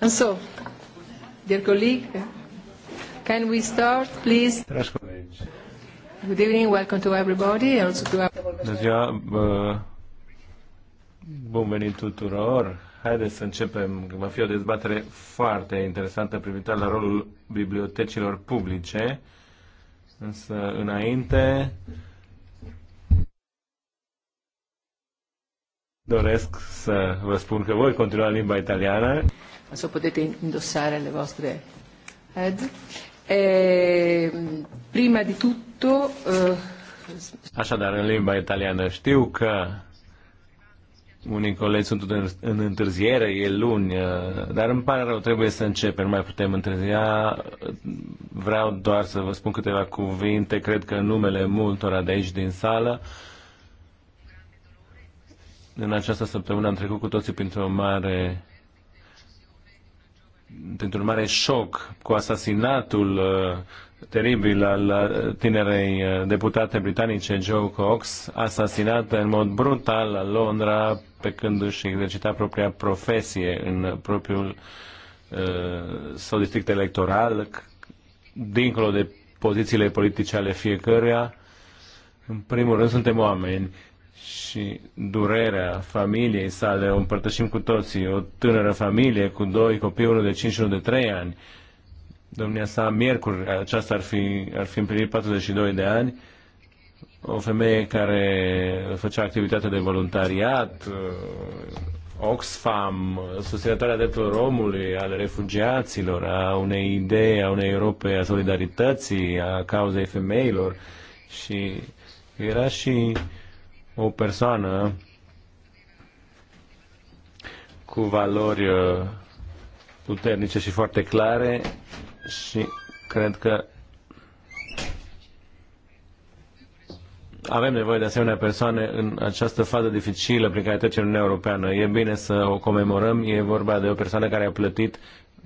And so, dear colleague, can we start, please? Dragi colegi. Good evening, welcome to everybody, also to our... Bună ziua, bă, bun venit tuturor. Haideți să începem. Va fi o dezbatere foarte interesantă privitoare la rolul bibliotecilor publice. Însă, înainte, doresc să vă spun că voi continua în limba italiană. Adesso puteți indossare le vostre head. E, prima di tutto... Uh... Așadar, în limba italiană știu că unii colegi sunt în întârziere, e luni, eh, dar îmi pare rău, trebuie să începem, mai putem întârzia. Vreau doar să vă spun câteva cuvinte, cred că numele multora de aici din sală. Uh, în această săptămână am trecut cu toții printr-o mare printr-un mare șoc cu asasinatul uh, teribil al uh, tinerei uh, deputate britanice Joe Cox, asasinată în mod brutal la Londra pe când își exercita propria profesie în propriul uh, sau district electoral, dincolo de pozițiile politice ale fiecăruia. În primul rând suntem oameni și durerea familiei sale o împărtășim cu toții. O tânără familie cu doi copii, unul de 5 și unul de 3 ani. Domnia sa, miercuri, aceasta ar fi, ar fi împlinit 42 de ani. O femeie care făcea activitate de voluntariat, uh, Oxfam, susținătoarea drepturilor omului, ale refugiaților, a unei idei, a unei Europe a solidarității, a cauzei femeilor și era și uh, o persoană cu valori uh, puternice și foarte clare și cred că avem nevoie de asemenea persoane în această fază dificilă prin care trece Uniunea Europeană. E bine să o comemorăm, e vorba de o persoană care a plătit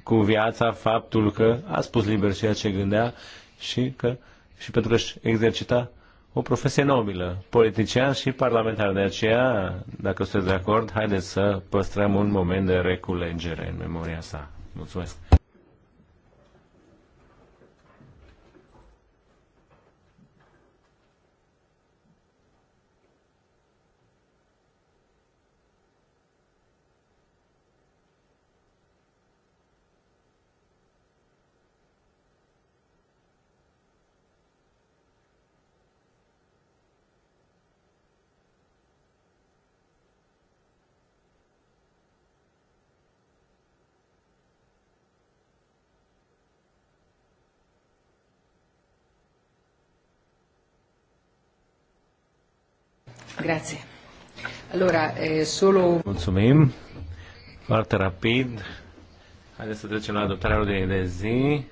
cu viața faptul că a spus liber ceea ce gândea și că și pentru că își exercita o profesie nobilă, politician și parlamentar. De aceea, dacă sunteți de acord, haideți să păstrăm un moment de reculegere în memoria sa. Mulțumesc! Grazie. Allora, eh, solo... Mulțumim. Foarte rapid. Haideți să trecem la adoptarea ordinii de zi.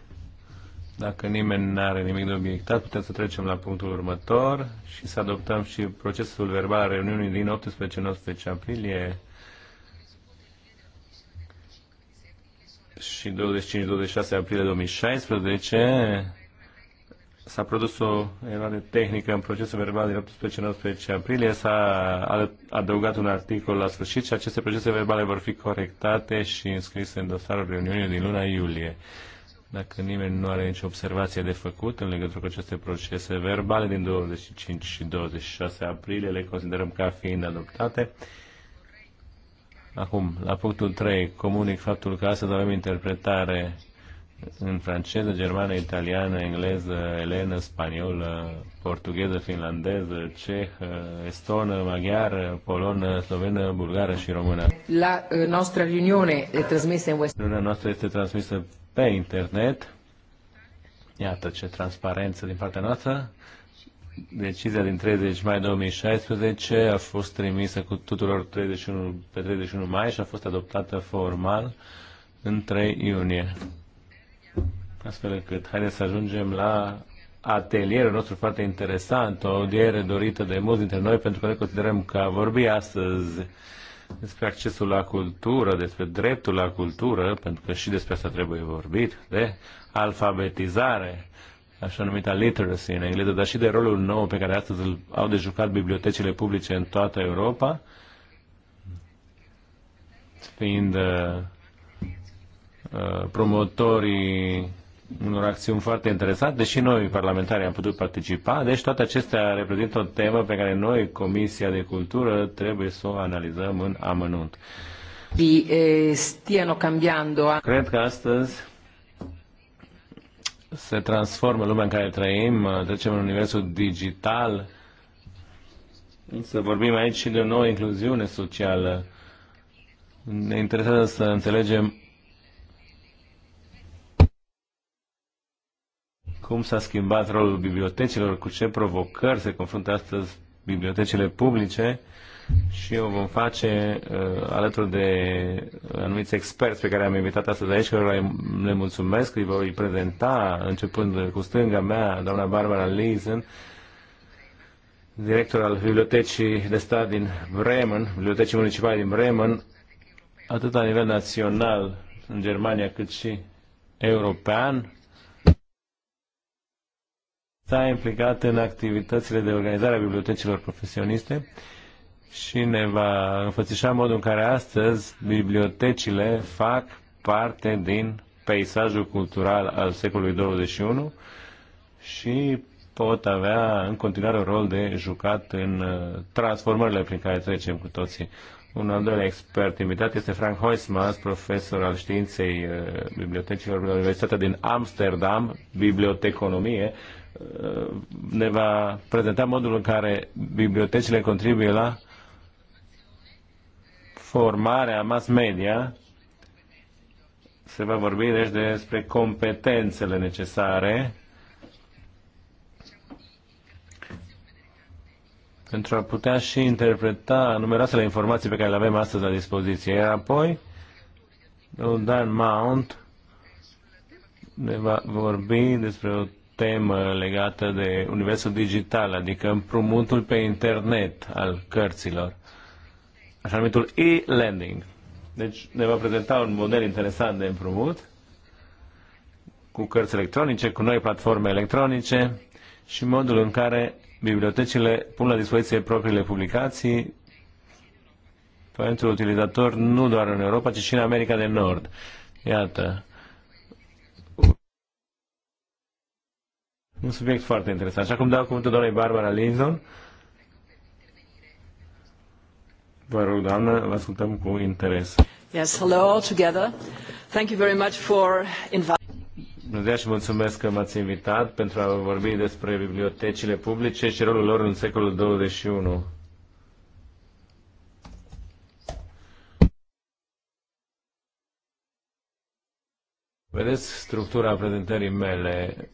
Dacă nimeni nu are nimic de obiectat, putem să trecem la punctul următor și să adoptăm și procesul verbal al reuniunii din 18-19 aprilie și 25-26 aprilie 2016 s-a produs o eroare tehnică în procesul verbal din 18-19 aprilie, s-a adăugat un articol la sfârșit și aceste procese verbale vor fi corectate și înscrise în dosarul reuniunii din luna iulie. Dacă nimeni nu are nicio observație de făcut în legătură cu aceste procese verbale din 25 și 26 aprilie, le considerăm ca fiind adoptate. Acum, la punctul 3, comunic faptul că astăzi avem interpretare în franceză, germană, italiană, engleză, elenă, spaniolă, portugheză, finlandeză, cehă, estonă, maghiară, polonă, slovenă, bulgară și română. La eh, noastră reuniune e transmisă în West... Reuniunea noastră este transmisă pe internet. Iată ce transparență din partea noastră. Decizia din 30 mai 2016 a fost trimisă cu tuturor 31, pe 31 mai și a fost adoptată formal în 3 iunie astfel încât haideți să ajungem la atelierul nostru foarte interesant, o audiere dorită de mulți dintre noi, pentru că noi considerăm că a vorbi astăzi despre accesul la cultură, despre dreptul la cultură, pentru că și despre asta trebuie vorbit, de alfabetizare, așa numita literacy în engleză, dar și de rolul nou pe care astăzi îl au de jucat bibliotecile publice în toată Europa, fiind uh, Uh, promotorii unor acțiuni foarte interesante deși noi, parlamentarii, am putut participa. Deci toate acestea reprezintă o temă pe care noi, Comisia de Cultură, trebuie să o analizăm în amănunt. Eh, Cred că astăzi se transformă lumea în care trăim, uh, trecem în universul digital, să vorbim aici și de o nouă incluziune socială. Ne interesează să înțelegem cum s-a schimbat rolul bibliotecilor, cu ce provocări se confruntă astăzi bibliotecile publice și o vom face uh, alături de uh, anumiți experți pe care am invitat astăzi aici, care le mulțumesc, îi voi prezenta începând cu stânga mea, doamna Barbara Leisen, director al Bibliotecii de Stat din Bremen, Bibliotecii Municipale din Bremen, atât la nivel național în Germania cât și european s-a implicat în activitățile de organizare a bibliotecilor profesioniste și ne va înfățișa modul în care astăzi bibliotecile fac parte din peisajul cultural al secolului 21 și pot avea în continuare un rol de jucat în uh, transformările prin care trecem cu toții. Un al doilea expert invitat este Frank Hoismas, profesor al științei uh, bibliotecilor de la Universitatea din Amsterdam, biblioteconomie, ne va prezenta modul în care bibliotecile contribuie la formarea mass media. Se va vorbi deci despre competențele necesare pentru a putea și interpreta numeroasele informații pe care le avem astăzi la dispoziție. Iar apoi, Dan Mount ne va vorbi despre o temă legată de universul digital, adică împrumutul pe internet al cărților, așa numitul e-lending. Deci ne va prezenta un model interesant de împrumut cu cărți electronice, cu noi platforme electronice și modul în care bibliotecile pun la dispoziție propriile publicații pentru utilizatori nu doar în Europa, ci și în America de Nord. Iată, un subiect foarte interesant. Așa cum dau cuvântul doamnei Barbara Linson. Vă rog, doamnă, vă ascultăm cu interes. Yes, hello all together. Thank you very much for inviting Bună și mulțumesc că m-ați invitat pentru a vorbi despre bibliotecile publice și rolul lor în secolul 21. Vedeți structura prezentării mele.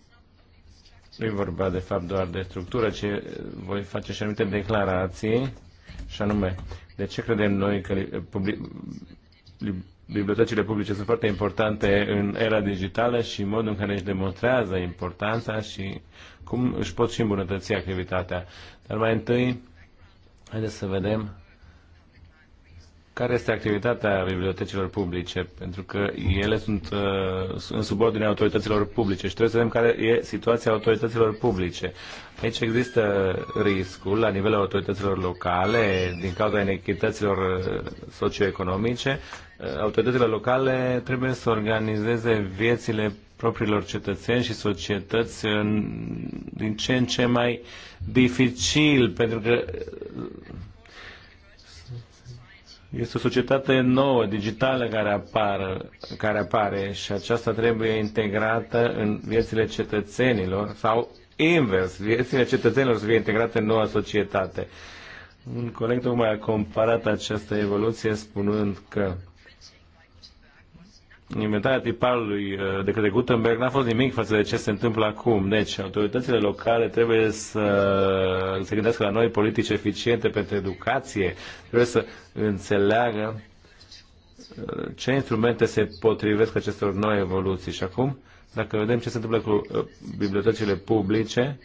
Nu e vorba de fapt doar de structură, ci voi face și anumite declarații, și anume, de ce credem noi că public, bibliotecile publice sunt foarte importante în era digitală și modul în care își demonstrează importanța și cum își pot și îmbunătăți activitatea. Dar mai întâi, haideți să vedem care este activitatea bibliotecilor publice, pentru că ele sunt uh, în subordine autorităților publice și trebuie să vedem care e situația autorităților publice. Aici există riscul la nivelul autorităților locale, din cauza inechităților uh, socioeconomice, uh, autoritățile locale trebuie să organizeze viețile propriilor cetățeni și societăți în, din ce în ce mai dificil, pentru că este o societate nouă, digitală, care, apară, care apare și aceasta trebuie integrată în viețile cetățenilor sau invers, viețile cetățenilor să fie integrate în noua societate. Un coleg tocmai a comparat această evoluție spunând că inventarea tiparului uh, de către Gutenberg n-a fost nimic față de ce se întâmplă acum. Deci, autoritățile locale trebuie să se gândească la noi politici eficiente pentru educație, trebuie să înțeleagă uh, ce instrumente se potrivesc acestor noi evoluții. Și acum, dacă vedem ce se întâmplă cu uh, bibliotecile publice,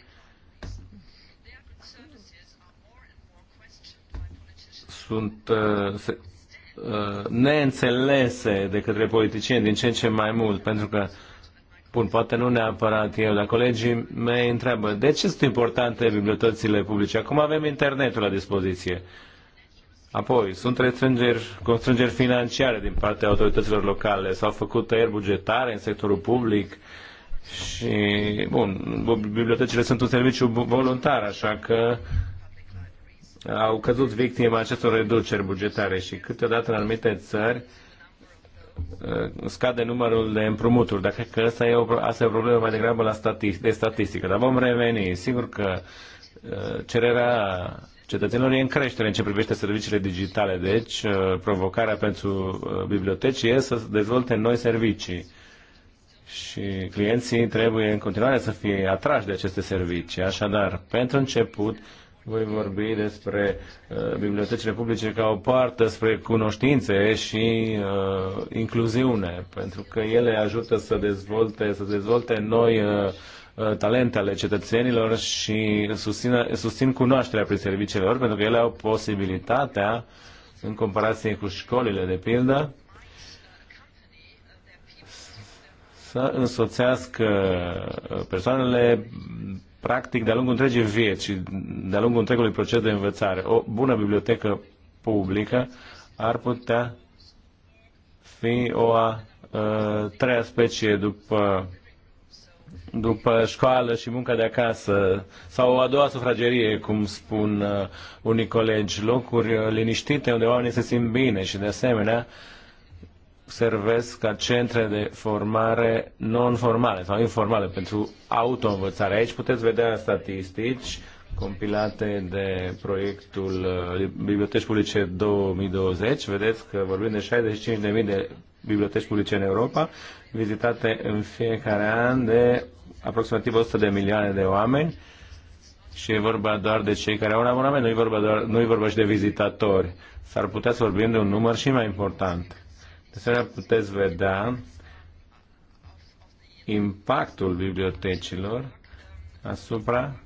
sunt, Uh, neînțelese de către politicieni din ce în ce mai mult, pentru că Bun, poate nu neapărat eu, dar colegii mei întreabă, de ce sunt importante bibliotățile publice? Acum avem internetul la dispoziție. Apoi, sunt restrângeri, constrângeri financiare din partea autorităților locale, s-au făcut tăieri bugetare în sectorul public și, bun, bibliotecile sunt un serviciu voluntar, așa că au căzut victima acestor reduceri bugetare și câteodată în anumite țări uh, scade numărul de împrumuturi, Dacă că asta e o, asta e o problemă mai degrabă la statistic, de statistică. Dar vom reveni. Sigur că uh, cererea cetățenilor e în creștere în ce privește serviciile digitale. Deci, uh, provocarea pentru biblioteci e să dezvolte noi servicii. Și clienții trebuie în continuare să fie atrași de aceste servicii. Așadar, pentru început, voi vorbi despre uh, bibliotecile publice ca o parte spre cunoștințe și uh, incluziune, pentru că ele ajută să dezvolte, să dezvolte noi uh, uh, talente ale cetățenilor și susțin, susțin cunoașterea prin serviciile lor, pentru că ele au posibilitatea, în comparație cu școlile, de pildă, să însoțească uh, persoanele practic de-a lungul întregii vieți și de-a lungul întregului proces de învățare. O bună bibliotecă publică ar putea fi o a, a treia specie după după școală și munca de acasă, sau o a doua sufragerie, cum spun unii colegi, locuri liniștite unde oamenii se simt bine și de asemenea servesc ca centre de formare non-formale sau informale pentru autoînvățare. Aici puteți vedea statistici compilate de proiectul uh, Biblioteci Publice 2020. Vedeți că vorbim de 65.000 de biblioteci publice în Europa, vizitate în fiecare an de aproximativ 100 de milioane de oameni și e vorba doar de cei care au un abonament, nu e vorba, doar, nu e vorba și de vizitatori. S-ar putea să vorbim de un număr și mai important asemenea, puteți vedea impactul bibliotecilor asupra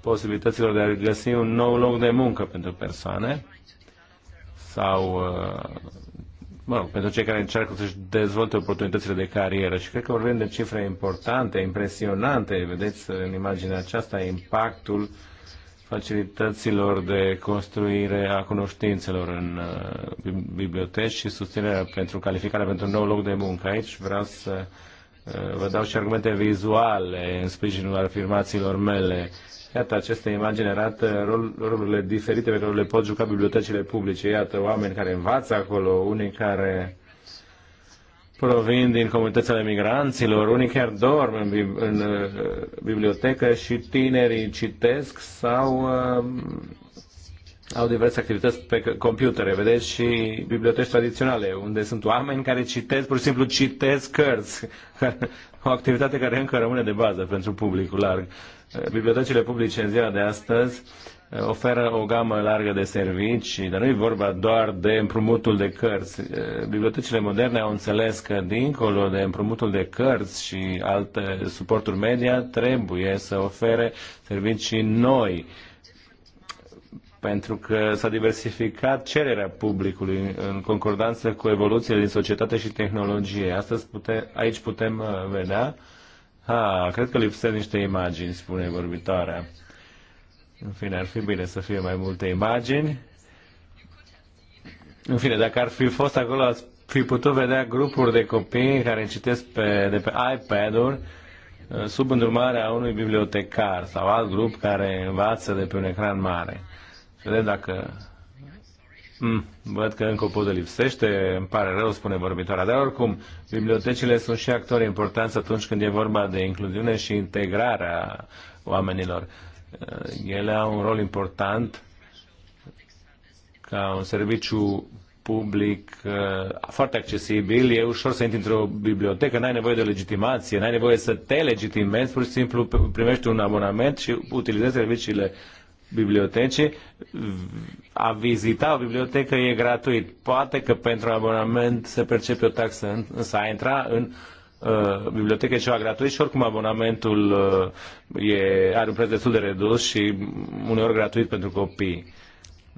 posibilităților de a găsi un nou loc de muncă pentru persoane sau uh, mă rog, pentru cei care încearcă să-și dezvolte oportunitățile de carieră. Și cred că vorbim de cifre importante, impresionante. Vedeți în imaginea aceasta impactul uh, facilităților de construire a cunoștințelor în uh, biblioteci și susținerea pentru calificarea pentru un nou loc de muncă. Aici vreau să uh, vă dau și argumente vizuale în sprijinul afirmațiilor mele. Iată, aceste imagini arată rolurile diferite pe care le pot juca bibliotecile publice. Iată, oameni care învață acolo, unii care provin din comunitățile migranților, unii chiar dorm în, în uh, bibliotecă și tinerii citesc sau uh, au diverse activități pe computere, vedeți, și biblioteci tradiționale, unde sunt oameni care citesc, pur și simplu citesc cărți, o activitate care încă rămâne de bază pentru publicul larg. Uh, bibliotecile publice în ziua de astăzi uh, Eh, oferă o gamă largă de servicii, dar nu e vorba doar de împrumutul de cărți. Eh, bibliotecile moderne au înțeles că, dincolo de împrumutul de cărți și alte suporturi media, trebuie să ofere servicii noi, pentru că s-a diversificat cererea publicului în concordanță cu evoluțiile din societate și tehnologie. Astăzi pute, aici putem eh, vedea, ha, cred că lipsesc niște imagini, spune vorbitoarea. În fine, ar fi bine să fie mai multe imagini. În fine, dacă ar fi fost acolo, ați fi putut vedea grupuri de copii care citesc pe, de pe iPad-uri uh, sub îndrumarea unui bibliotecar sau alt grup care învață de pe un ecran mare. Să vedem dacă... Mm, văd că încă o poză lipsește, îmi pare rău, spune vorbitoarea, dar oricum, bibliotecile sunt și actori importanți atunci când e vorba de incluziune și integrarea oamenilor. Eh, ele au un rol important ca un serviciu public eh, foarte accesibil, e ușor să intri într-o bibliotecă, n-ai nevoie de legitimație, n-ai nevoie să te legitimezi, pur și simplu primești un abonament și utilizezi serviciile bibliotecii. A vizita o bibliotecă e gratuit. Poate că pentru abonament se percepe o taxă, însă a intra în uh, Uh, biblioteca e ceva gratuit și oricum abonamentul uh, e, are un preț destul de redus și uneori gratuit pentru copii.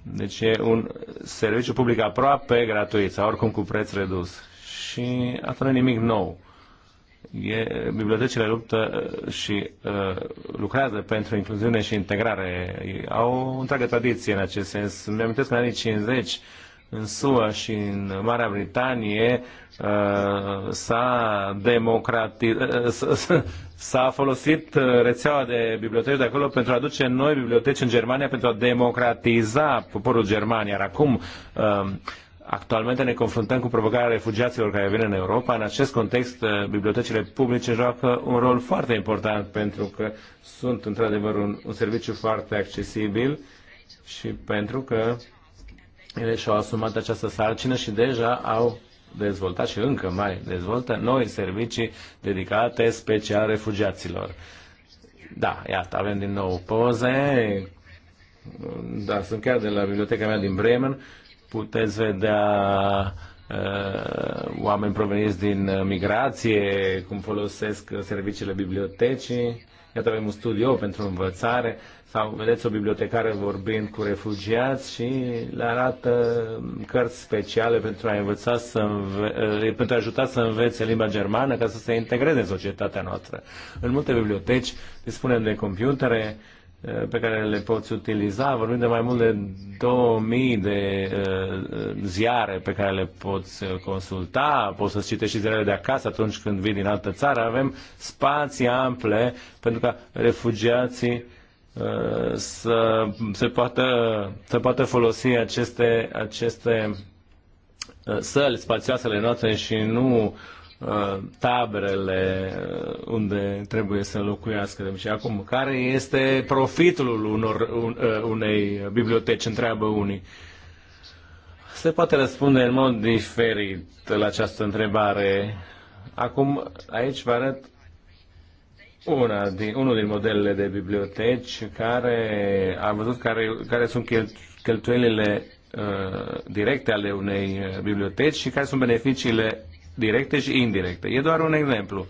Deci e un serviciu public aproape gratuit sau oricum cu preț redus. Și asta nu e nimic nou. E, bibliotecile luptă uh, și uh, lucrează pentru incluziune și integrare. Au o întreagă tradiție în acest sens. Mi-am că în anii 50 în SUA și în Marea Britanie uh, s-a uh, uh, s-a folosit rețeaua de biblioteci de acolo pentru a aduce noi biblioteci în Germania pentru a democratiza poporul german. Iar acum Actualmente ne confruntăm cu provocarea refugiaților care vin în Europa. În acest context, bibliotecile publice joacă un rol foarte important pentru că sunt într-adevăr un, un serviciu foarte accesibil și pentru că ele și-au asumat această sarcină și deja au dezvoltat și încă mai dezvoltă noi servicii dedicate special refugiaților. Da, iată, avem din nou poze, da, sunt chiar de la biblioteca mea din Bremen, puteți vedea uh, oameni proveniți din migrație, cum folosesc serviciile bibliotecii Iată avem un studio pentru învățare sau vedeți o bibliotecară vorbind cu refugiați și le arată cărți speciale pentru a învăța să înve- eh, pentru a ajuta să învețe limba germană ca să se integreze în societatea noastră. În multe biblioteci dispunem de computere, pe care le poți utiliza. Vorbim de mai mult de 2000 de uh, ziare pe care le poți uh, consulta, poți să-ți citești și ziarele de acasă atunci când vii din altă țară. Avem spații ample pentru ca refugiații uh, să se poată, să poată folosi aceste, aceste săli spațioasele noastre și nu Uh, taberele uh, unde trebuie să locuiască. Și acum, care este profitul unor, uh, unei biblioteci, întreabă unii. Se poate răspunde în mod diferit la această întrebare. Acum, aici vă arăt una din, unul din modelele de biblioteci care am văzut care, care sunt cheltuielile uh, directe ale unei biblioteci și care sunt beneficiile directe și indirecte. E doar un exemplu.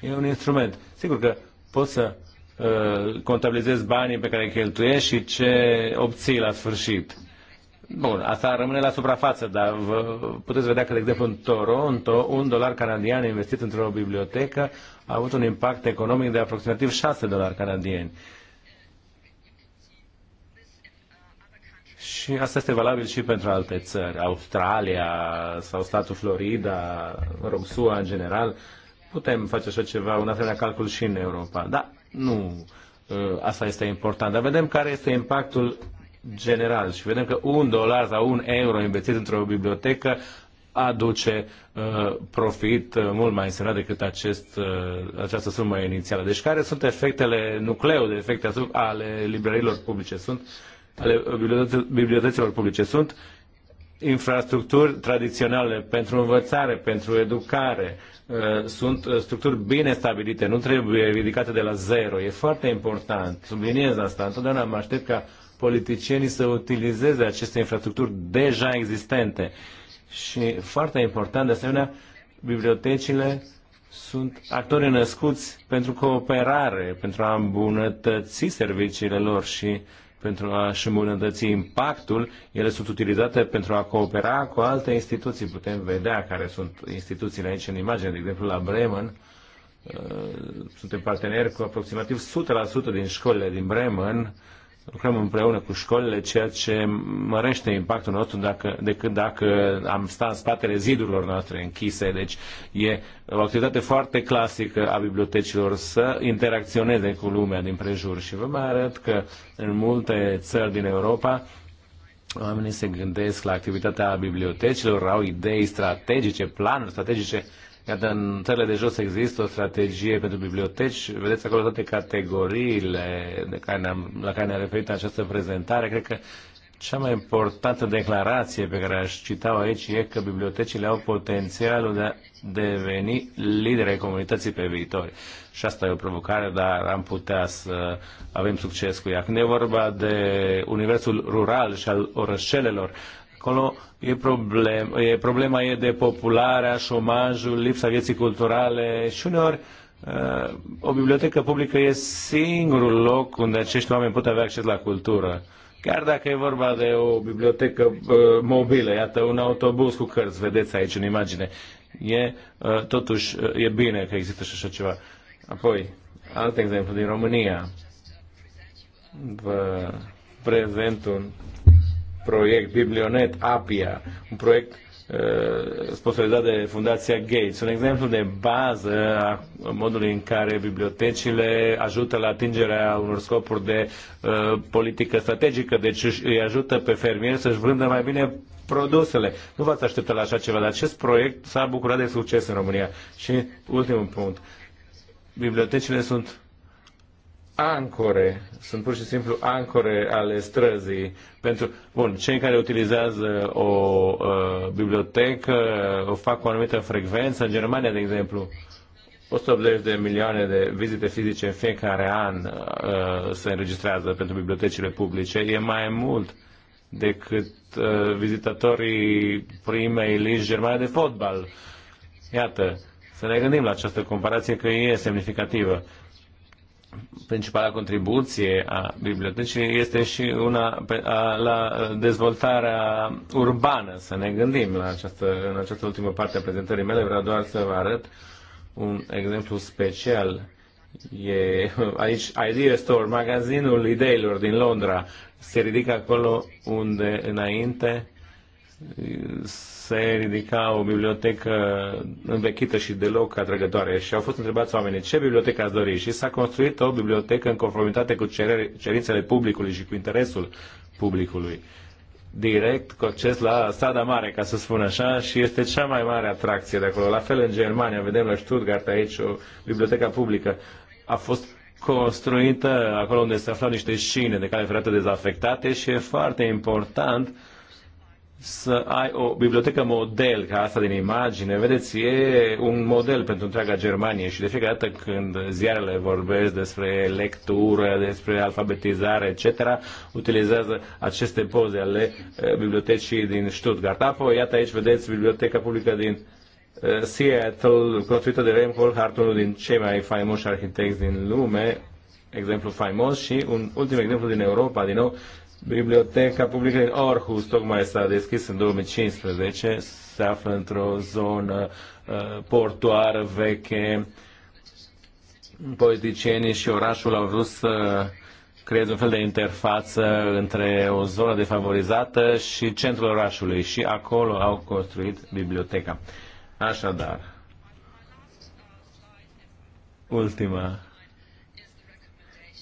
E un instrument. Sigur că poți să uh, contabilizezi banii pe care îi cheltuiești și ce obții la sfârșit. Bun, asta rămâne la suprafață, dar vă puteți vedea că, de exemplu, în Toronto, un dolar canadian investit într-o bibliotecă a avut un impact economic de aproximativ 6 dolari canadieni. Uh, Și asta este valabil și pentru alte țări, Australia sau statul Florida, mă rog, SUA în general. Putem face așa ceva, un asemenea calcul și în Europa. Da, nu ă, asta este important. Dar vedem care este impactul general și vedem că un dolar sau un euro investit într-o bibliotecă aduce uh, profit uh, mult mai însemnat decât acest, uh, această sumă inițială. Deci care sunt efectele, nucleul de efecte ale librărilor publice? Sunt uh, ale bibliotecilor publice. Sunt infrastructuri tradiționale pentru învățare, pentru educare, uh, sunt uh, structuri bine stabilite, nu trebuie ridicate de la zero. E foarte important. Subliniez asta. Întotdeauna mă aștept ca politicienii să utilizeze aceste infrastructuri deja existente. Și foarte important, de asemenea, bibliotecile sunt actori născuți pentru cooperare, pentru a îmbunătăți serviciile lor și uh, pentru a-și îmbunătăți impactul, ele sunt utilizate pentru a coopera cu alte instituții. Putem vedea care sunt instituțiile aici în imagine, de exemplu la Bremen, uh, suntem parteneri cu aproximativ 100% din școlile din Bremen, lucrăm împreună cu școlile, ceea ce mărește impactul nostru dacă, decât dacă am stat în spatele zidurilor noastre închise. Deci e o activitate foarte clasică a bibliotecilor să interacționeze cu lumea din prejur. Și vă mai arăt că în multe țări din Europa oamenii se gândesc la activitatea bibliotecilor, au idei strategice, planuri strategice Iată, în țările de jos există o strategie pentru biblioteci. Vedeți acolo toate categoriile de care ne-am, la care ne a referit în această prezentare. Cred că cea mai importantă declarație pe care aș cita-o aici e că bibliotecile au potențialul de a deveni lideri ai comunității pe viitor. Și asta e o provocare, dar am putea să avem succes cu ea. Când e vorba de universul rural și al orășelelor, Acolo e problem, e, problema e depopularea, șomajul, lipsa vieții culturale și uneori uh, o bibliotecă publică e singurul loc unde acești oameni pot avea acces la cultură. Chiar dacă e vorba de o bibliotecă uh, mobilă, iată un autobuz cu cărți, vedeți aici în imagine, e uh, totuși uh, e bine că există și așa ceva. Apoi, alt exemplu din România. Vă prezent un proiect Biblionet Apia, un proiect uh, sponsorizat de Fundația Gates. Un exemplu de bază a modului în care bibliotecile ajută la atingerea unor scopuri de uh, politică strategică, deci îi ajută pe fermieri să-și vândă mai bine produsele. Nu v-ați aștepta la așa ceva, dar acest proiect s-a bucurat de succes în România. Și ultimul punct. Bibliotecile sunt ancore, sunt pur și simplu ancore ale străzii. Pentru, bun, cei care utilizează o uh, bibliotecă o fac cu o anumită frecvență. În Germania, de exemplu, 180 de milioane de vizite fizice în fiecare an uh, se înregistrează pentru bibliotecile publice. E mai mult decât uh, vizitatorii primei ligi germane de fotbal. Iată, să ne gândim la această comparație că e semnificativă principala contribuție a bibliotecii este și una pe, a, la dezvoltarea urbană, să ne gândim la această, în această ultimă parte a prezentării mele. Vreau doar să vă arăt un exemplu special. E aici Idea Store, magazinul ideilor din Londra. Se ridică acolo unde înainte se ridica o bibliotecă învechită și deloc atrăgătoare și au fost întrebați oamenii ce bibliotecă ați dori și s-a construit o bibliotecă în conformitate cu cerințele publicului și cu interesul publicului direct cu acces la Sada Mare, ca să spun așa, și este cea mai mare atracție de acolo. La fel în Germania, vedem la Stuttgart aici o bibliotecă publică. A fost construită acolo unde se aflau niște șine de care ferată dezafectate și e foarte important uh, să ai o bibliotecă model ca asta din imagine. Vedeți, e un model pentru întreaga Germanie și de fiecare dată când ziarele vorbesc despre lectură, despre alfabetizare, etc., utilizează aceste poze ale eh, bibliotecii din Stuttgart. Apoi, iată aici, vedeți biblioteca publică din eh, Seattle, construită de Remhol, Hart, unul din cei mai faimoși arhitecți din lume, exemplu faimos și un ultim exemplu din Europa, din nou, Biblioteca Publică din Orhus tocmai s-a deschis în 2015, se află într-o zonă uh, portoară veche. Politicienii și orașul au vrut să creeze un fel de interfață între o zonă defavorizată și centrul orașului și acolo au construit biblioteca. Așadar, ultima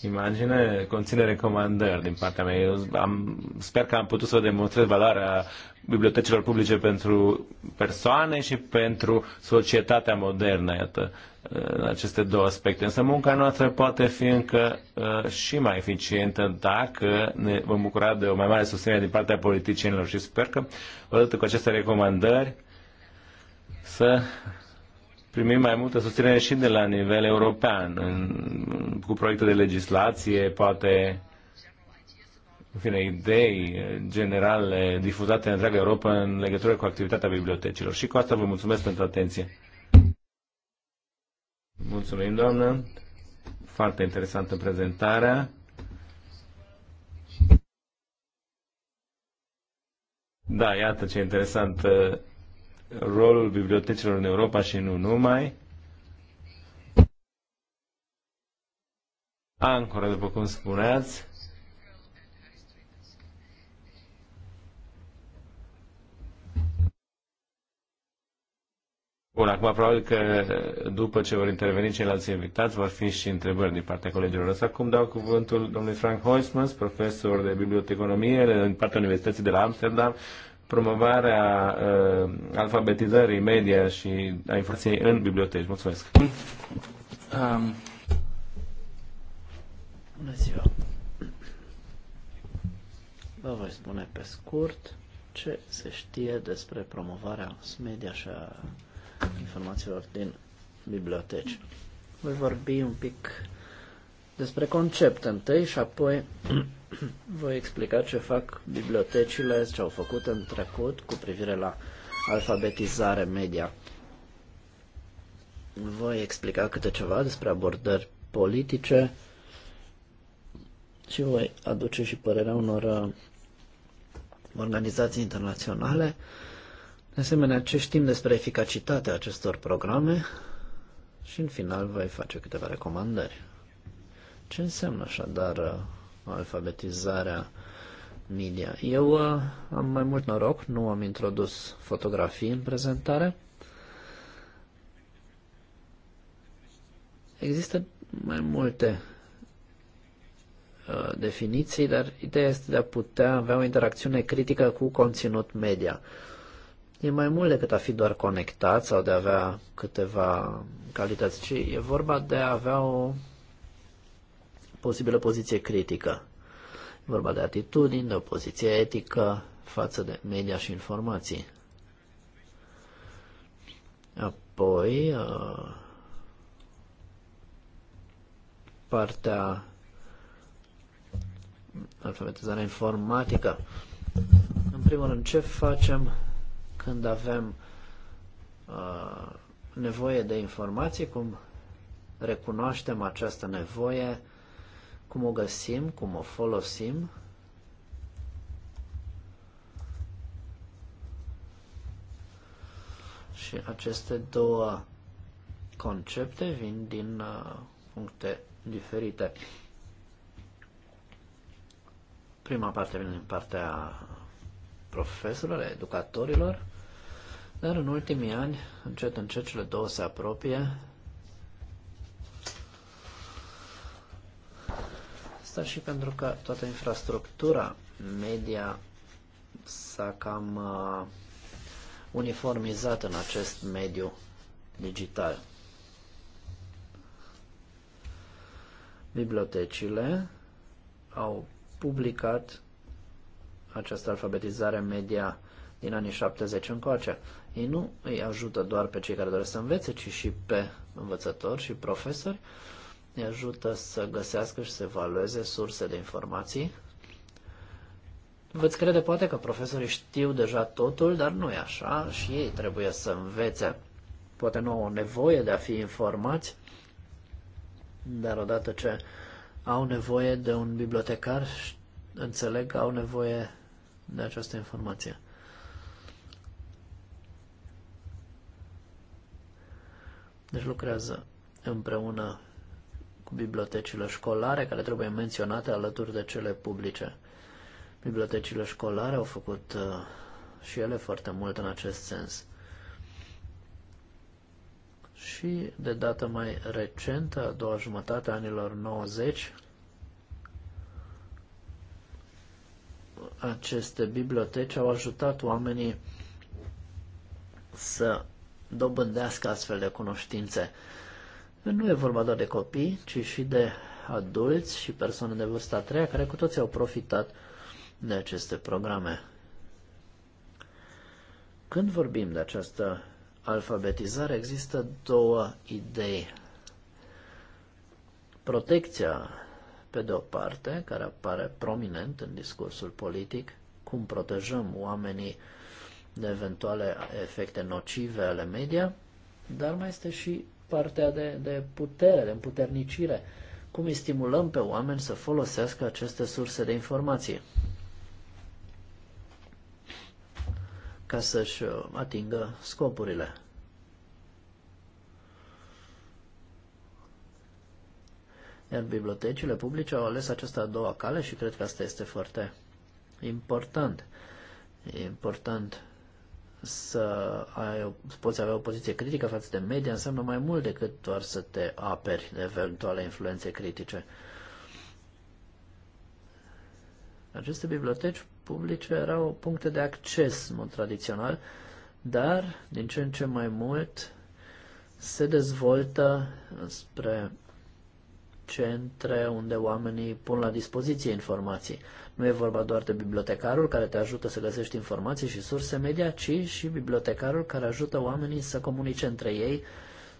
imagine conține recomandări din partea mea. Eu am, sper că am putut să demonstrez valoarea bibliotecilor publice pentru persoane și pentru societatea modernă, iată, în aceste două aspecte. Însă munca noastră poate fi încă uh, și mai eficientă dacă ne vom bucura de o mai mare susținere din partea politicienilor și sper că, odată cu aceste recomandări, să primim mai multă susținere și de la nivel european, în, cu proiecte de legislație, poate în fine, idei generale difuzate în întreaga Europa în legătură cu activitatea bibliotecilor. Și cu asta vă mulțumesc pentru atenție. Mulțumim, doamnă. Foarte interesantă prezentarea. Da, iată ce interesant rolul bibliotecilor în Europa și nu numai. Ancora, după cum spuneați, Bun, acum probabil că după ce vor interveni ceilalți invitați, vor fi și întrebări din partea colegilor. Să acum dau cuvântul domnului Frank Hoismans, profesor de biblioteconomie din partea Universității de la Amsterdam promovarea uh, alfabetizării media și a informației în biblioteci. Mulțumesc! Um. Bună ziua! Vă voi spune pe scurt ce se știe despre promovarea media și a informațiilor din biblioteci. Voi vorbi un pic despre concept întâi și apoi voi explica ce fac bibliotecile, ce au făcut în trecut cu privire la alfabetizare media. Voi explica câte ceva despre abordări politice și voi aduce și părerea unor uh, organizații internaționale. De asemenea, ce știm despre eficacitatea acestor programe și în final voi face câteva recomandări. Ce înseamnă așadar uh, alfabetizarea media? Eu uh, am mai mult noroc, nu am introdus fotografii în prezentare. Există mai multe uh, definiții, dar ideea este de a putea avea o interacțiune critică cu conținut media. E mai mult decât a fi doar conectat sau de a avea câteva calități, ci e vorba de a avea o posibilă poziție critică. E vorba de atitudini, de o poziție etică față de media și informații. Apoi, uh, partea alfabetizarea informatică. În primul rând, ce facem când avem uh, nevoie de informații, cum recunoaștem această nevoie, cum o găsim, cum o folosim. Și aceste două concepte vin din uh, puncte diferite. Prima parte vine din partea profesorilor, educatorilor, dar în ultimii ani, încet, încet, cele două se apropie asta și pentru că toată infrastructura media s-a cam uh, uniformizat în acest mediu digital. Bibliotecile au publicat această alfabetizare media din anii 70 încoace. Ei nu îi ajută doar pe cei care doresc să învețe, ci și pe învățători și profesori. Uh, ne ajută să găsească și să evalueze surse de informații. Veți crede poate că profesorii știu deja totul, dar nu e așa și ei trebuie să învețe. Poate nu au o nevoie de a fi informați, dar odată ce au nevoie de un bibliotecar, înțeleg că au nevoie de această informație. Deci lucrează împreună bibliotecile școlare, care trebuie menționate alături de cele publice. Bibliotecile școlare au făcut uh, și ele foarte mult în acest sens. Și de dată mai recentă, a doua jumătate a anilor 90, aceste biblioteci au ajutat oamenii să dobândească astfel de cunoștințe. Nu e vorba doar de copii, ci și de adulți și persoane de vârsta a treia care cu toții au profitat de aceste programe. Când vorbim de această alfabetizare, există două idei. Protecția, pe de o parte, care apare prominent în discursul politic, cum protejăm oamenii de eventuale efecte nocive ale media, dar mai este și partea de, de putere, de împuternicire. Cum îi stimulăm pe oameni să folosească aceste surse de informație ca să-și uh, atingă scopurile. Iar bibliotecile publice au ales această a doua cale și cred că asta este foarte important. E important să ai, poți avea o poziție critică față de media înseamnă mai mult decât doar să te aperi de eventuale influențe critice. Aceste biblioteci publice erau puncte de acces în mod tradițional, dar din ce în ce mai mult se dezvoltă spre centre unde oamenii pun la dispoziție informații. Nu e vorba doar de bibliotecarul care te ajută să găsești informații și surse media, ci și bibliotecarul care ajută oamenii să comunice între ei,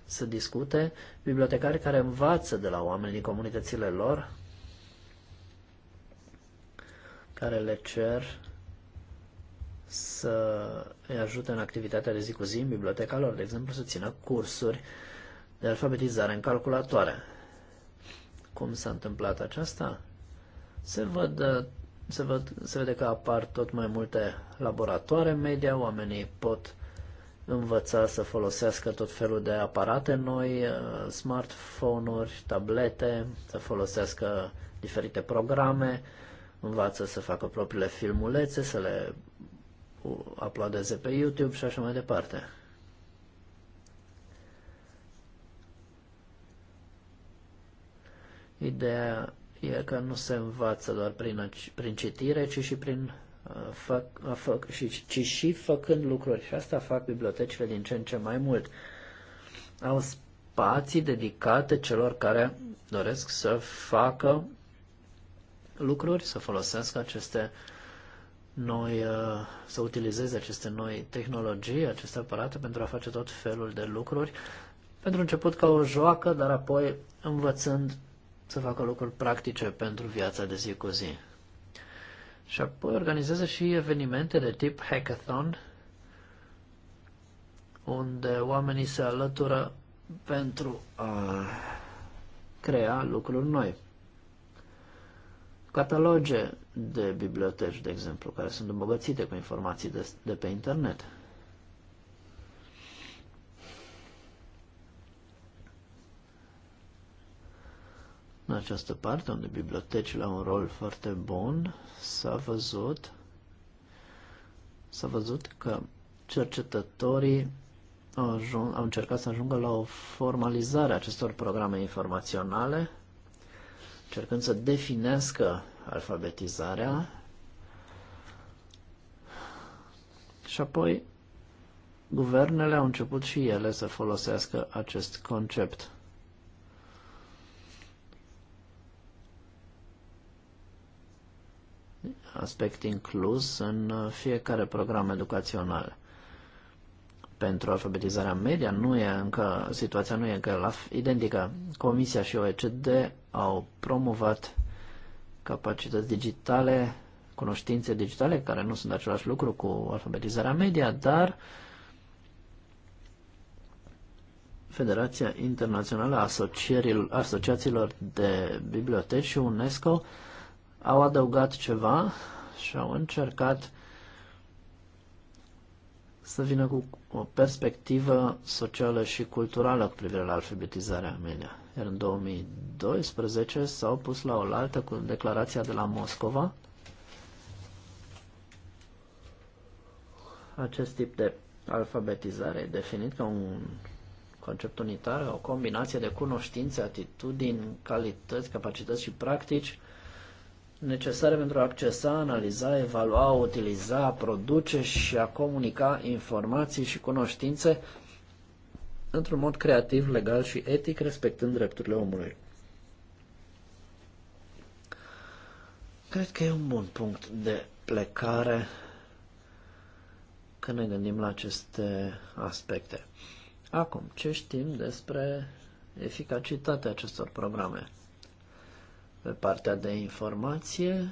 să discute, bibliotecari care învață de la oamenii din comunitățile lor, care le cer să îi ajute în activitatea de zi cu zi în biblioteca lor, de exemplu, să țină cursuri de alfabetizare în calculatoare. Cum s-a întâmplat aceasta? Se, văd, se, văd, se vede că apar tot mai multe laboratoare media, oamenii pot învăța să folosească tot felul de aparate noi, uh, smartphone-uri, tablete, să folosească diferite programe, învață să facă propriile filmulețe, să le aplaudeze pe YouTube și așa mai departe. Ideea e că nu se învață doar prin, prin citire, ci și prin uh, fac, fac, și, ci și făcând lucruri. Și asta fac bibliotecile din ce în ce mai mult. Au spații dedicate celor care doresc să facă lucruri, să folosească aceste noi, uh, să utilizeze aceste noi tehnologii, aceste aparate pentru a face tot felul de lucruri. Pentru început ca o joacă, dar apoi învățând să facă lucruri practice pentru viața de zi cu zi. Și apoi organizează și evenimente de tip hackathon, unde oamenii se alătură pentru a crea lucruri noi. Cataloge de biblioteci, de exemplu, care sunt îmbogățite cu informații de, de pe internet. În această parte, unde bibliotecile au un rol foarte bun, s-a văzut, s-a văzut că cercetătorii au, ajung, au încercat să ajungă la o formalizare a acestor programe informaționale, încercând să definească alfabetizarea și apoi guvernele au început și ele să folosească acest concept. aspect inclus în uh, fiecare program educațional. Pentru alfabetizarea media nu e încă, situația nu e încă la, identică. Comisia și OECD au promovat capacități digitale, cunoștințe digitale, care nu sunt același lucru cu alfabetizarea media, dar Federația Internațională a Asociațiilor de Biblioteci și UNESCO au adăugat ceva și au încercat să vină cu o perspectivă socială și culturală cu privire la alfabetizarea media. Iar în 2012 s-au pus la oaltă cu declarația de la Moscova acest tip de alfabetizare e definit ca un concept unitar, o combinație de cunoștințe, atitudini, calități, capacități și practici necesare pentru a accesa, analiza, evalua, utiliza, produce și a comunica informații și cunoștințe într-un mod creativ, legal și etic, respectând drepturile omului. Cred că e un bun punct de plecare când ne gândim la aceste aspecte. Acum, ce știm despre eficacitatea acestor programe? pe partea de informație.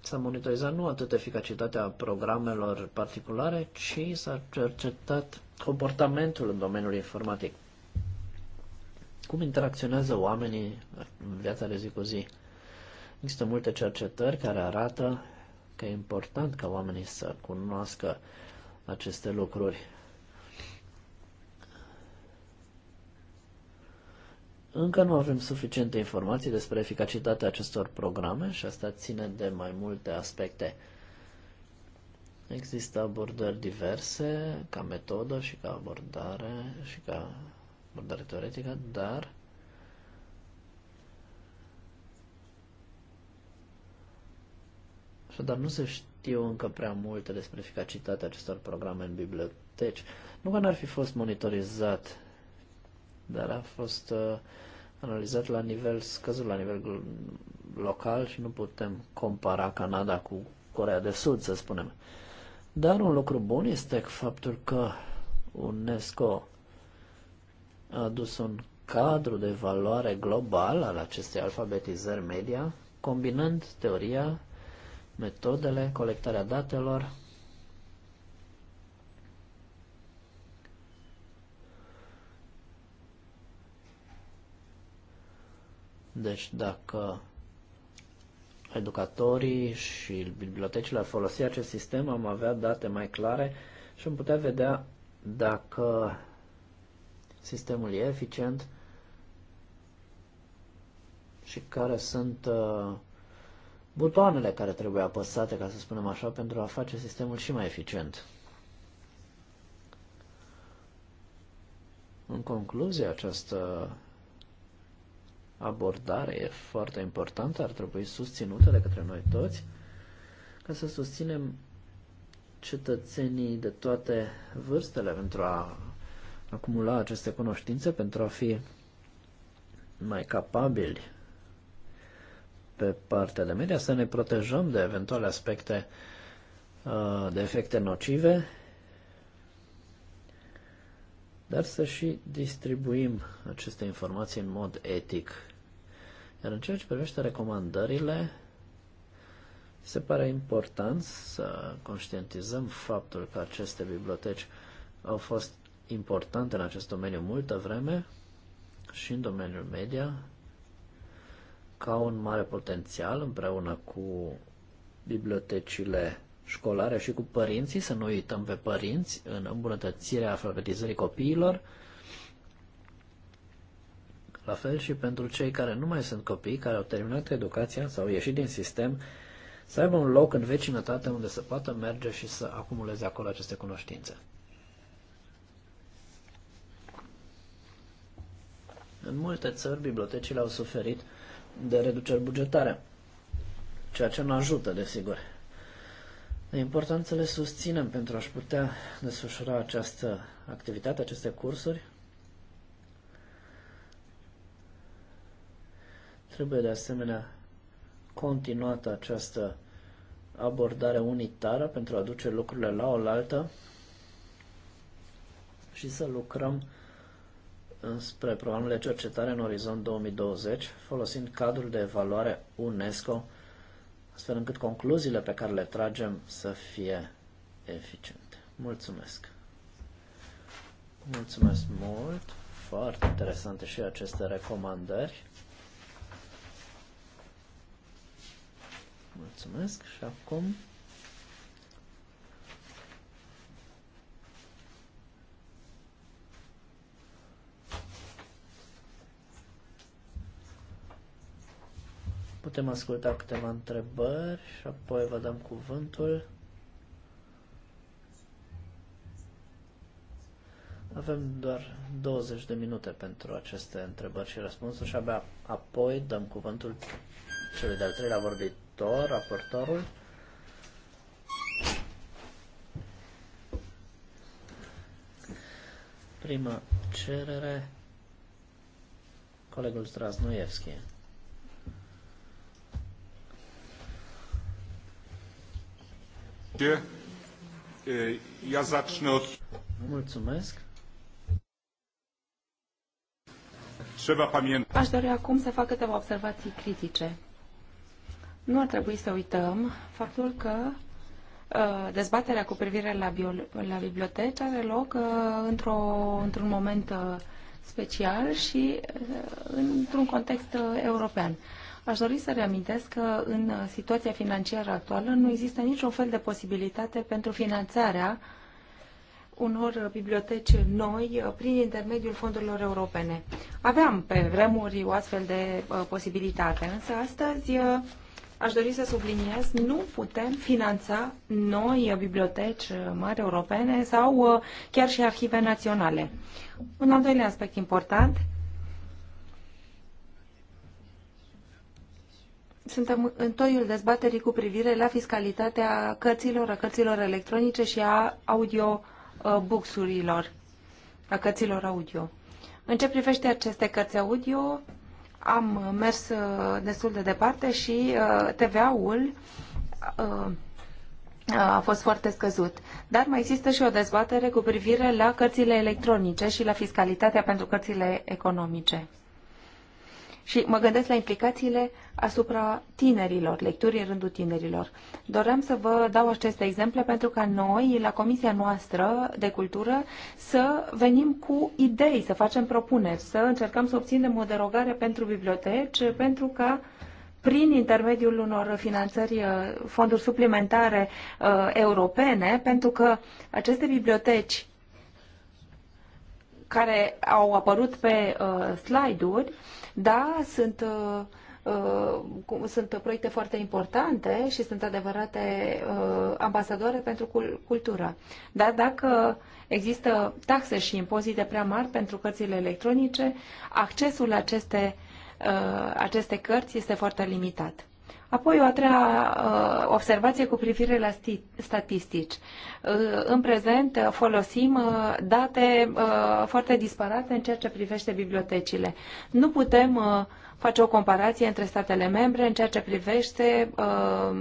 S-a monitorizat nu atât eficacitatea programelor particulare, ci s-a cercetat comportamentul în domeniul informatic. Cum interacționează oamenii în viața de zi cu zi? Există multe cercetări care arată că e important ca oamenii să cunoască aceste lucruri. Încă nu avem suficiente informații despre eficacitatea acestor programe și asta ține de mai multe aspecte. Există abordări diverse ca metodă și ca abordare și ca abordare teoretică, dar dar nu se știu încă prea multe despre eficacitatea acestor programe în biblioteci. Nu că n-ar fi fost monitorizat dar a fost uh, analizat la nivel scăzut, la nivel local și nu putem compara Canada cu Corea de Sud, să spunem. Dar un lucru bun este faptul că UNESCO a adus un cadru de valoare global al acestei alfabetizări media, combinând teoria, metodele, colectarea datelor Deci dacă educatorii și bibliotecile ar folosi acest sistem, am avea date mai clare și am putea vedea dacă sistemul e eficient și care sunt uh, butoanele care trebuie apăsate, ca să spunem așa, pentru a face sistemul și mai eficient. În concluzie, această abordare foarte importantă, ar trebui susținută de către noi toți, ca să susținem cetățenii de toate vârstele pentru a acumula aceste cunoștințe, pentru a fi mai capabili pe partea de media, să ne protejăm de eventuale aspecte, uh, de efecte nocive, dar să și distribuim aceste informații în mod etic iar în ceea ce privește recomandările, se pare important să conștientizăm faptul că aceste biblioteci au fost importante în acest domeniu multă vreme și în domeniul media, ca un mare potențial împreună cu bibliotecile școlare și cu părinții, să nu uităm pe părinți, în îmbunătățirea alfabetizării copiilor, la fel și pentru cei care nu mai sunt copii, care au terminat educația sau au ieșit din sistem, să aibă un loc în vecinătate unde să poată merge și să acumuleze acolo aceste cunoștințe. În multe țări, bibliotecile au suferit de reduceri bugetare, ceea ce nu ajută, desigur. E important să le susținem pentru a-și putea desfășura această activitate, aceste cursuri, Trebuie de asemenea continuată această abordare unitară pentru a duce lucrurile la oaltă și să lucrăm spre programele cercetare în orizont 2020, folosind cadrul de evaluare UNESCO, astfel încât concluziile pe care le tragem să fie eficiente. Mulțumesc! Mulțumesc mult! Foarte interesante și aceste recomandări. Mulțumesc și acum Putem asculta câteva întrebări și apoi vă dăm cuvântul. Avem doar 20 de minute pentru aceste întrebări și răspunsuri și abia apoi dăm cuvântul celui de-al treilea vorbit raportor, raportorul. Prima cerere, colegul Straznoievski. Ja zacznę od... Mulțumesc. Aș dori acum să fac câteva observații critice nu ar trebui să uităm faptul că uh, dezbaterea cu privire la, bio- la biblioteci are loc uh, într-o, într-un moment uh, special și într-un context european. Aș dori să reamintesc că în situația financiară actuală nu există niciun fel de posibilitate pentru finanțarea unor biblioteci noi prin intermediul fondurilor europene. Aveam pe vremuri o astfel de posibilitate, însă astăzi aș dori să subliniez, nu putem finanța noi biblioteci uh, mari europene sau uh, chiar și arhive naționale. Un al doilea aspect important, suntem în toiul dezbaterii cu privire la fiscalitatea cărților, a cărților electronice și a audio uh, boxurilor, a cărților audio. În ce privește aceste cărți audio, am mers uh, destul de departe și uh, TVA-ul uh, a fost foarte scăzut. Dar mai există și o dezbatere cu privire la cărțile electronice și la fiscalitatea pentru cărțile economice. Și mă gândesc la implicațiile asupra tinerilor, lecturii în rândul tinerilor. Doream să vă dau aceste exemple pentru ca noi, la Comisia noastră de Cultură, să venim cu idei, să facem propuneri, să încercăm să obținem o derogare pentru biblioteci, pentru ca prin intermediul unor finanțări, uh, fonduri suplimentare uh, europene, pentru că aceste biblioteci care au apărut pe uh, slide-uri, uh, da, sunt uh, sunt proiecte foarte importante și sunt adevărate uh, ambasadoare pentru cultură. Dar dacă există taxe și impozite prea mari pentru cărțile electronice, accesul la aceste, uh, aceste cărți este foarte limitat. Apoi o a treia uh, observație cu privire la statistici. Uh, în prezent uh, folosim date foarte disparate în ceea ce privește bibliotecile. Nu putem face o comparație între statele membre în ceea ce privește uh,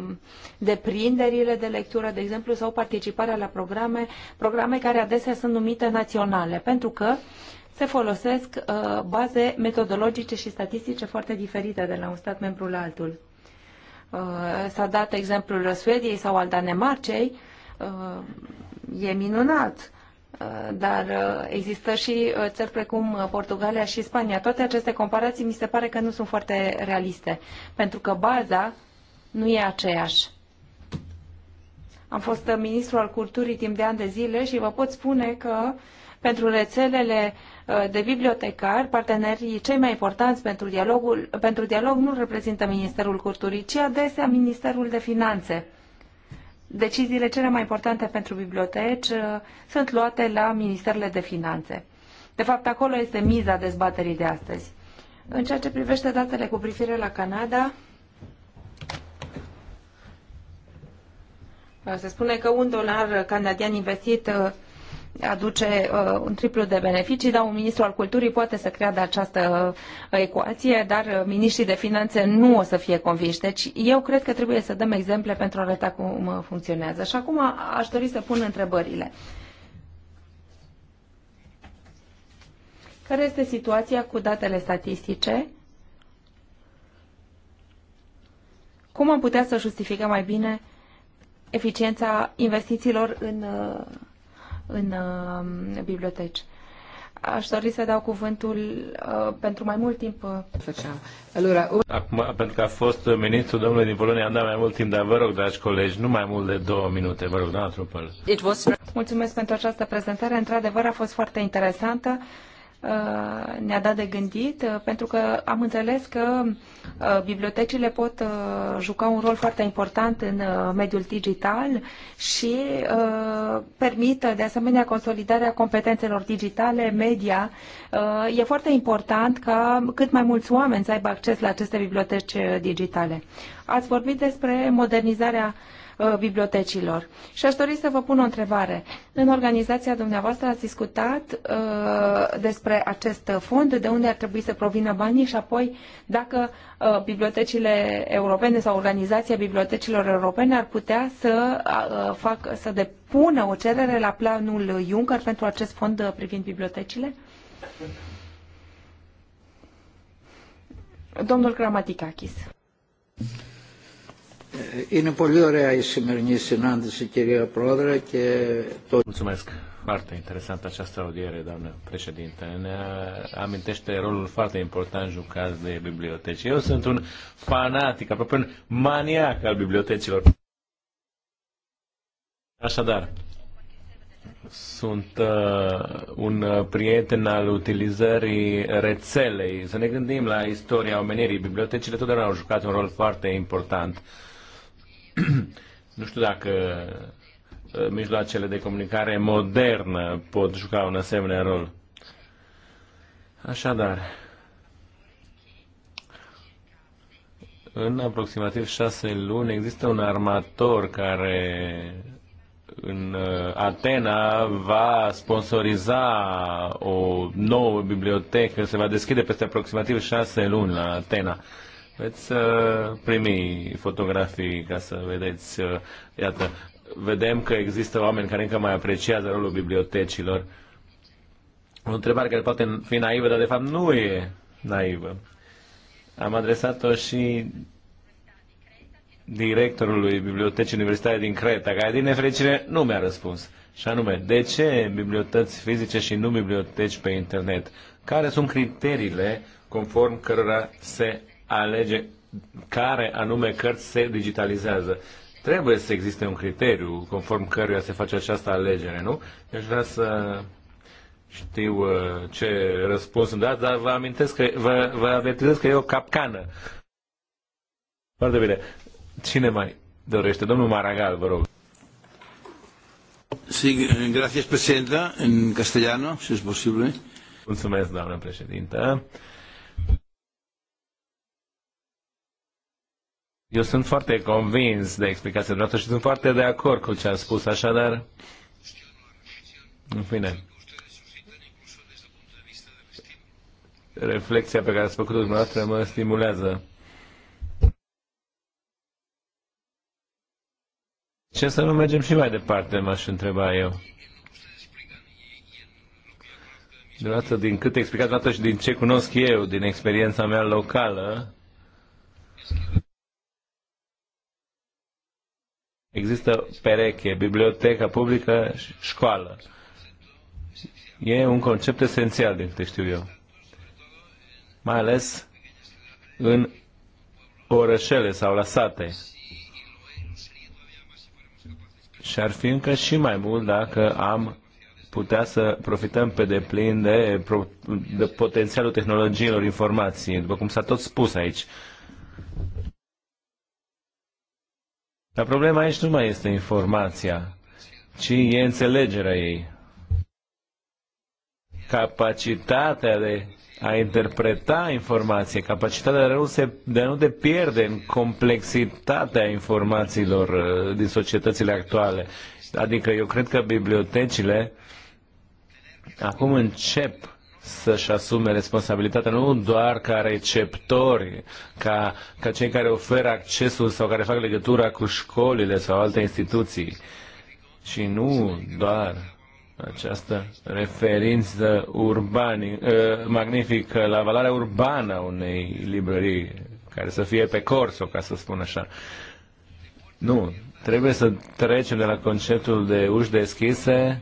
deprinderile de lectură, de exemplu, sau participarea la programe, programe care adesea sunt numite naționale, pentru că se folosesc uh, baze metodologice și statistice foarte diferite de la un stat membru la altul. Uh, s-a dat exemplul Suediei sau al Danemarcei. Uh, e minunat uh, dar există și țări precum Portugalia și Spania. Toate aceste comparații mi se pare că nu sunt foarte realiste, pentru că baza nu e aceeași. Am fost ministru al culturii timp de ani de zile și vă pot spune că pentru rețelele Uh, de bibliotecari, partenerii cei mai importanți pentru, dialogul, pentru dialog nu reprezintă Ministerul Culturii, ci adesea Ministerul de Finanțe. Deciziile cele mai importante pentru biblioteci uh, sunt luate la Ministerele de Finanțe. De fapt, acolo este miza dezbaterii de astăzi. În ceea ce privește datele cu privire la Canada, se spune că un dolar canadian investit uh, aduce uh, un triplu de beneficii, dar un ministru al culturii poate să creadă această uh, ecuație, dar uh, miniștrii de finanțe nu o să fie convinși. Deci eu cred că trebuie să dăm exemple pentru a arăta cum funcționează. Și acum aș dori să pun întrebările. Care este situația cu datele statistice? Cum am putea să justificăm mai bine eficiența investițiilor în în uh, biblioteci. Aș dori să dau cuvântul uh, pentru mai mult timp. Făceam. Uh, Alura, Acum, pentru că a fost ministrul domnului din Polonia, am dat mai mult timp, dar vă rog, dragi colegi, nu mai mult de două minute, vă rog, doamna Trupăl. Was... Mulțumesc pentru această prezentare, într-adevăr a fost foarte interesantă. Uh, ne-a dat de gândit, uh, pentru că am înțeles că uh, bibliotecile pot juca un rol foarte important în mediul digital și permit de asemenea consolidarea competențelor digitale, media. E foarte important ca cât mai mulți oameni să aibă acces la aceste biblioteci digitale. Ați vorbit despre modernizarea uh, Uh, bibliotecilor. Și aș dori să vă pun o întrebare. În organizația dumneavoastră ați discutat uh, despre acest fond, de unde ar trebui să provină banii și apoi dacă uh, bibliotecile europene sau organizația bibliotecilor europene ar putea să, fac, să depună o cerere la planul Juncker pentru acest fond privind bibliotecile? Domnul Gramaticakis. Eh, είναι πολύ ωραία η σημερινή συνάντηση, κυρία Πρόεδρε, και το... Mulțumesc. Foarte interesantă această audiere, doamnă președinte. Ne amintește rolul foarte important jucat de biblioteci. Eu sunt un fanatic, aproape un maniac al bibliotecilor. Așadar, sunt uh, un prieten al utilizării rețelei. Să ne gândim la istoria omenirii. Bibliotecile totdeauna au jucat un rol foarte important nu știu dacă uh, mijloacele de comunicare modernă pot juca un asemenea rol. Așadar, în aproximativ șase luni există un armator care în uh, Atena va sponsoriza o nouă bibliotecă, se va deschide peste aproximativ șase luni la Atena. Veți uh, primi fotografii ca să vedeți, uh, iată, vedem că există oameni care încă mai apreciază rolul bibliotecilor. O întrebare care poate fi naivă, dar de fapt nu e naivă. Am adresat-o și directorului Bibliotecii Universitare din Creta, care din nefericire nu mi-a răspuns. Și anume, de ce biblioteci fizice și nu biblioteci pe internet? Care sunt criteriile conform cărora se alege care anume cărți se digitalizează. Trebuie să existe un criteriu conform căruia se face această alegere, nu? Eu deci aș vrea să știu uh, ce răspuns îmi dați, dar vă amintesc că, vă, vă avertizez că e o capcană. Foarte bine. Cine mai dorește? Domnul Maragal, vă rog. Sí, gracias, presidenta. En castellano, si es posible. Mulțumesc, doamnă președintă. Eu sunt foarte convins de explicația noastră și sunt foarte de acord cu ce a spus, așadar, în fine, reflexia pe care ați făcut-o dumneavoastră mă stimulează. Ce să nu mergem și mai departe, m-aș întreba eu. Dumneavoastră, din cât explicați dumneavoastră și din ce cunosc eu, din experiența mea locală, Există pereche, biblioteca publică și școală. E un concept esențial, din câte știu eu. Mai ales în orășele sau la sate. Și ar fi încă și mai mult dacă am putea să profităm pe deplin de, de potențialul tehnologiilor informației, după cum s-a tot spus aici. Dar problema aici nu mai este informația, ci e înțelegerea ei. Capacitatea de a interpreta informație, capacitatea de a, nu se, de a nu de pierde în complexitatea informațiilor uh, din societățile actuale. Adică eu cred că bibliotecile acum încep să-și asume responsabilitatea nu doar ca receptori, ca, ca cei care oferă accesul sau care fac legătura cu școlile sau alte instituții, și nu doar această referință urbani, ă, magnifică la valoarea urbană a unei librării, care să fie pe corso, ca să spun așa. Nu, trebuie să trecem de la conceptul de uși deschise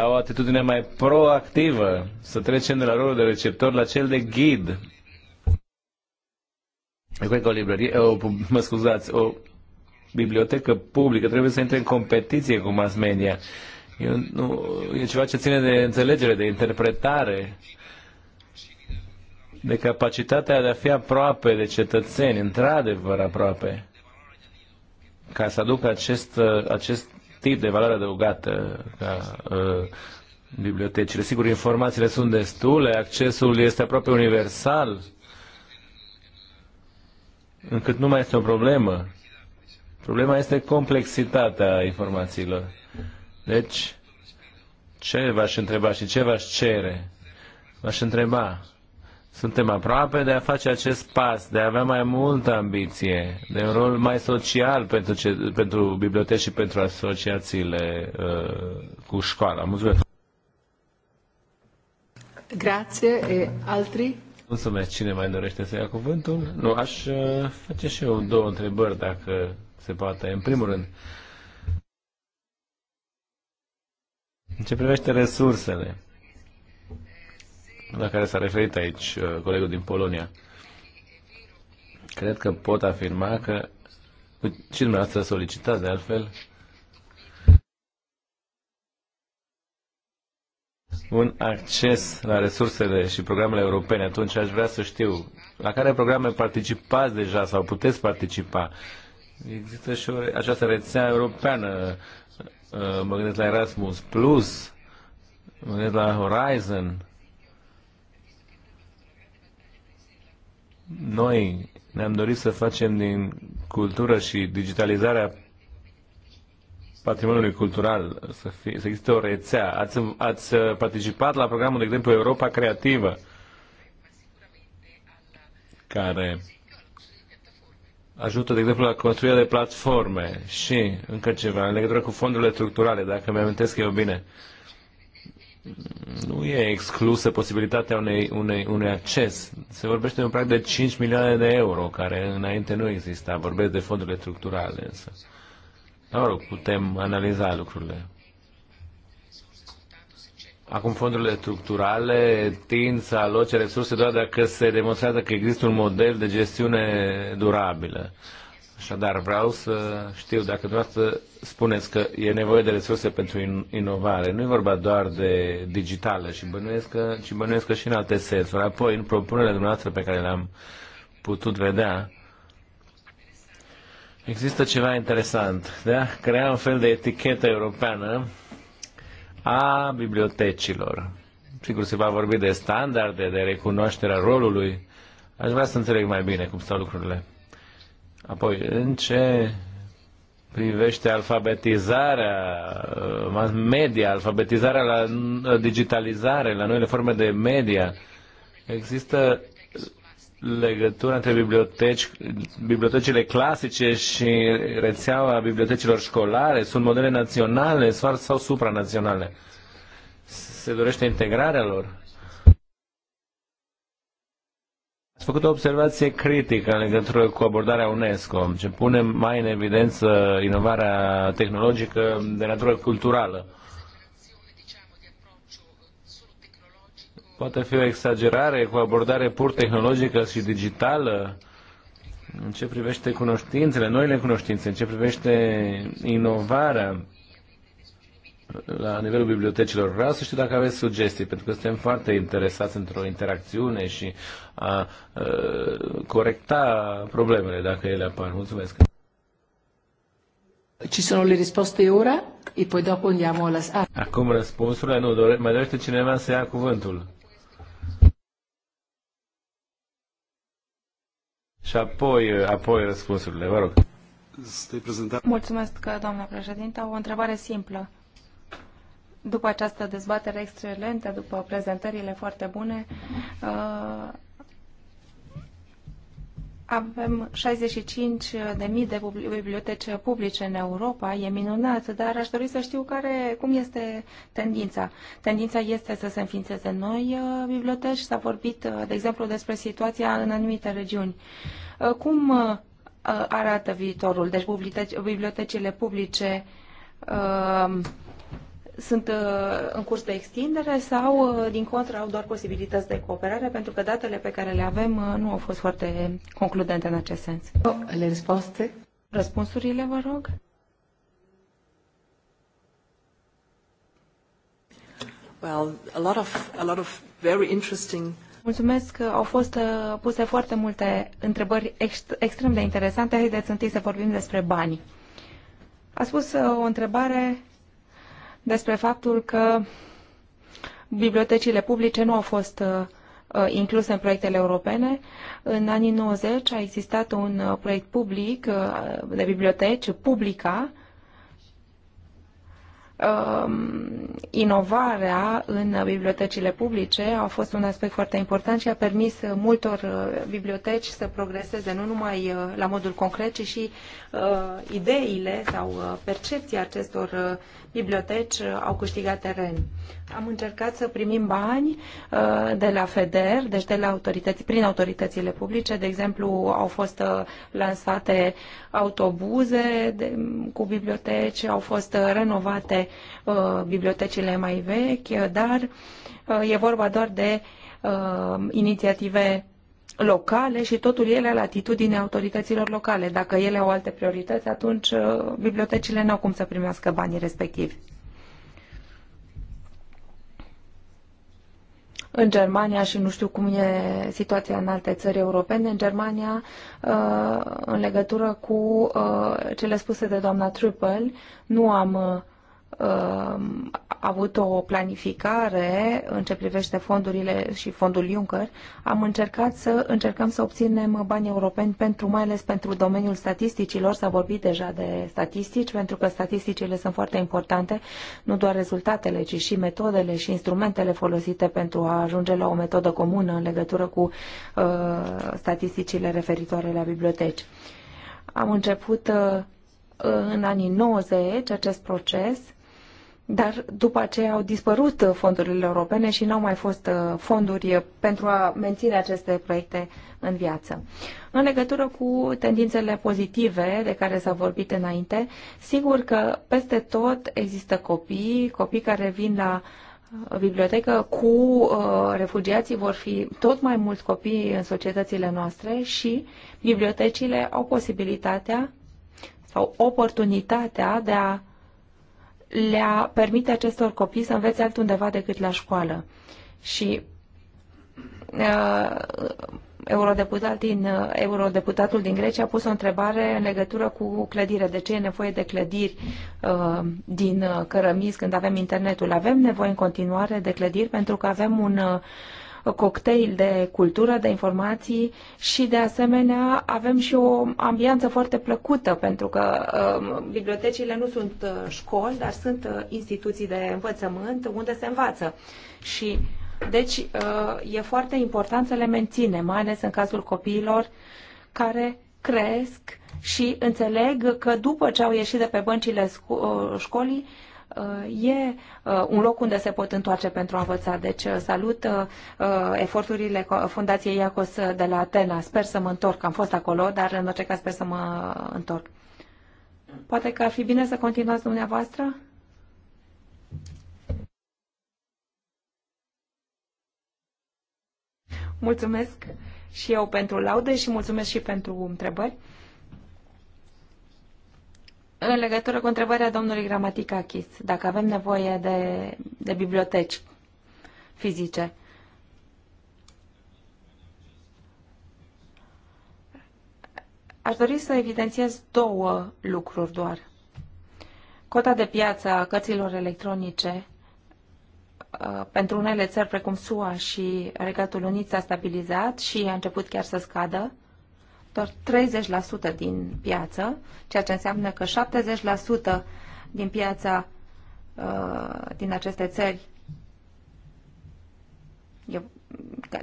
la o atitudine mai proactivă, să trecem de la rolul de receptor la cel de ghid. Eu cred că o librărie, o, mă scuzați, o bibliotecă publică trebuie să intre în competiție cu mass media. Eu nu, e ceva ce ține de înțelegere, de interpretare, de capacitatea de a fi aproape de cetățeni, într-adevăr aproape, ca să aducă acest, acest tip de valoare adăugată ca uh, bibliotecile. Sigur, informațiile sunt destule, accesul este aproape universal, încât nu mai este o problemă. Problema este complexitatea informațiilor. Deci, ce v-aș întreba și ce v-aș cere? V-aș întreba, suntem aproape de a face acest pas, de a avea mai multă ambiție, de un rol mai social pentru, ce, pentru biblioteci și pentru asociațiile uh, cu școala. Mulțumesc! Grație. E altri? Mulțumesc. Cine mai dorește să ia cuvântul? Nu, aș uh, face și eu două întrebări, dacă se poate. În primul rând, în ce privește resursele, la care s-a referit aici uh, colegul din Polonia. Cred că pot afirma că și dumneavoastră solicitați de altfel un acces la resursele și programele europene. Atunci aș vrea să știu la care programe participați deja sau puteți participa. Există și o, această rețea europeană. Uh, mă gândesc la Erasmus Plus, mă gândesc la Horizon, Noi ne-am dorit să facem din cultură și digitalizarea patrimoniului cultural, să, fie, să existe o rețea. Ați, ați uh, participat la programul, de exemplu, Europa Creativă, care ajută, de exemplu, la construirea de platforme și încă ceva, în legătură cu fondurile structurale, dacă mi-amintesc eu bine. Uh, nu e exclusă posibilitatea unei, unei, unei acces. Se vorbește de un prag de 5 milioane de euro, care înainte nu exista. Vorbesc de fondurile structurale, însă. Mă rog, putem analiza lucrurile. Acum fondurile structurale tind să aloce resurse doar dacă se demonstrează că există un model de gestiune durabilă. Așadar, vreau să știu dacă dumneavoastră spuneți că e nevoie de resurse pentru inovare. Nu e vorba doar de digitală, și bănuiesc că, ci bănuiesc că și în alte sensuri. Apoi, în propunerea dumneavoastră pe care le-am putut vedea, există ceva interesant. De a crea un fel de etichetă europeană a bibliotecilor. Sigur, se va vorbi de standarde, de recunoașterea rolului. Aș vrea să înțeleg mai bine cum stau lucrurile. Apoi, în ce privește alfabetizarea, media, alfabetizarea la digitalizare, la noile forme de media, există legătura între biblioteci, bibliotecile clasice și rețeaua bibliotecilor școlare? Sunt modele naționale sau supranaționale? Se dorește integrarea lor? făcut o observație critică în legătură cu abordarea UNESCO, ce pune mai în evidență inovarea tehnologică de natură culturală. Poate fi o exagerare cu abordare pur tehnologică și digitală în ce privește cunoștințele, noile cunoștințe, în ce privește inovarea la nivelul bibliotecilor. Vreau să știu dacă aveți sugestii, pentru că suntem foarte interesați într-o interacțiune și a, a corecta problemele dacă ele apar. Mulțumesc! Ci sono le risposte ora e poi dopo andiamo alla... Ah. Acum răspunsurile, nu, dore... mai dorește cineva să ia cuvântul. Și apoi, apoi răspunsurile, vă rog. Mulțumesc, doamna președintă. O întrebare simplă după această dezbatere excelentă, după prezentările foarte bune, uh, avem 65.000 de biblioteci publice în Europa, e minunat, dar aș dori să știu care, cum este tendința. Tendința este să se înființeze noi uh, biblioteci, s-a vorbit, uh, de exemplu, despre situația în anumite regiuni. Cum arată viitorul? Deci bibliotecile publice sunt uh, în curs de extindere sau, uh, din contră, au doar posibilități de cooperare, pentru că datele pe care le avem uh, nu au fost foarte concludente în acest sens. Oh, le răspunste? Răspunsurile, vă rog. Well, a lot of, a lot of very interesting Mulțumesc că au fost puse foarte multe întrebări extrem de interesante. Haideți întâi să vorbim despre bani. A spus o întrebare despre faptul că bibliotecile publice nu au fost uh, uh, incluse în proiectele europene. În anii 90 a existat un uh, proiect public de biblioteci, Publica, Um, inovarea în bibliotecile publice a fost un aspect foarte important și a permis multor uh, biblioteci să progreseze nu numai uh, la modul concret, ci și uh, ideile sau percepția acestor biblioteci au câștigat teren. Am încercat să primim bani de la FEDER, deci de la autorități, prin autoritățile publice. De exemplu, au fost lansate autobuze de, cu biblioteci, au fost renovate uh, bibliotecile mai vechi, uh, dar uh, e vorba doar de uh, inițiative locale și totul ele la atitudine autorităților locale. Dacă ele au alte priorități, atunci uh, bibliotecile nu au cum să primească banii respectivi. în Germania și nu știu cum e situația în alte țări europene, în Germania, uh, în legătură cu uh, cele spuse de doamna Triple, nu am Um, avut o planificare în ce privește fondurile și fondul Juncker, am încercat să încercăm să obținem bani europeni pentru, mai ales pentru domeniul statisticilor. S-a vorbit deja de statistici, pentru că statisticile sunt foarte importante, nu doar rezultatele, ci și metodele și instrumentele folosite pentru a ajunge la o metodă comună în legătură cu uh, statisticile referitoare la biblioteci. Am început uh, în anii 90 acest proces uh, dar după aceea au dispărut fondurile europene și n-au mai fost uh, fonduri pentru a menține aceste proiecte în viață. În legătură cu tendințele pozitive de care s-a vorbit înainte, sigur că peste tot există copii, copii care vin la uh, bibliotecă cu uh, refugiații vor fi tot mai mulți copii în societățile noastre și bibliotecile au posibilitatea sau oportunitatea de a le-a permite acestor copii să învețe altundeva decât la școală. Și uh, eurodeputat din, uh, eurodeputatul din Grecia a pus o întrebare în legătură cu clădire. De ce e nevoie de clădiri uh, din uh, cărămizi când avem internetul? Avem nevoie în continuare de clădiri pentru că avem un uh, cocktail de cultură, de informații și de asemenea avem și o ambianță foarte plăcută pentru că um, bibliotecile nu sunt uh, școli, dar sunt uh, instituții de învățământ unde se învață. Și deci uh, e foarte important să le menținem, mai ales în cazul copiilor care cresc și înțeleg că după ce au ieșit de pe băncile școlii, Uh, e uh, un loc unde se pot întoarce pentru a învăța. Deci uh, salut eforturile Fundației IACOS de la Atena. Sper să mă întorc. Am fost acolo, dar în orice caz sper să mă întorc. Poate că ar fi bine să continuați dumneavoastră? Mulțumesc și eu pentru laude și mulțumesc și pentru întrebări. În legătură cu întrebarea domnului Gramaticachis, dacă avem nevoie de, de biblioteci fizice, aș dori să evidențiez două lucruri doar. Cota de piață a cărților electronice uh, pentru unele țări precum SUA și Regatul Unit s-a stabilizat și a început chiar să scadă doar 30% din piață, ceea ce înseamnă că 70% din piața uh, din aceste țări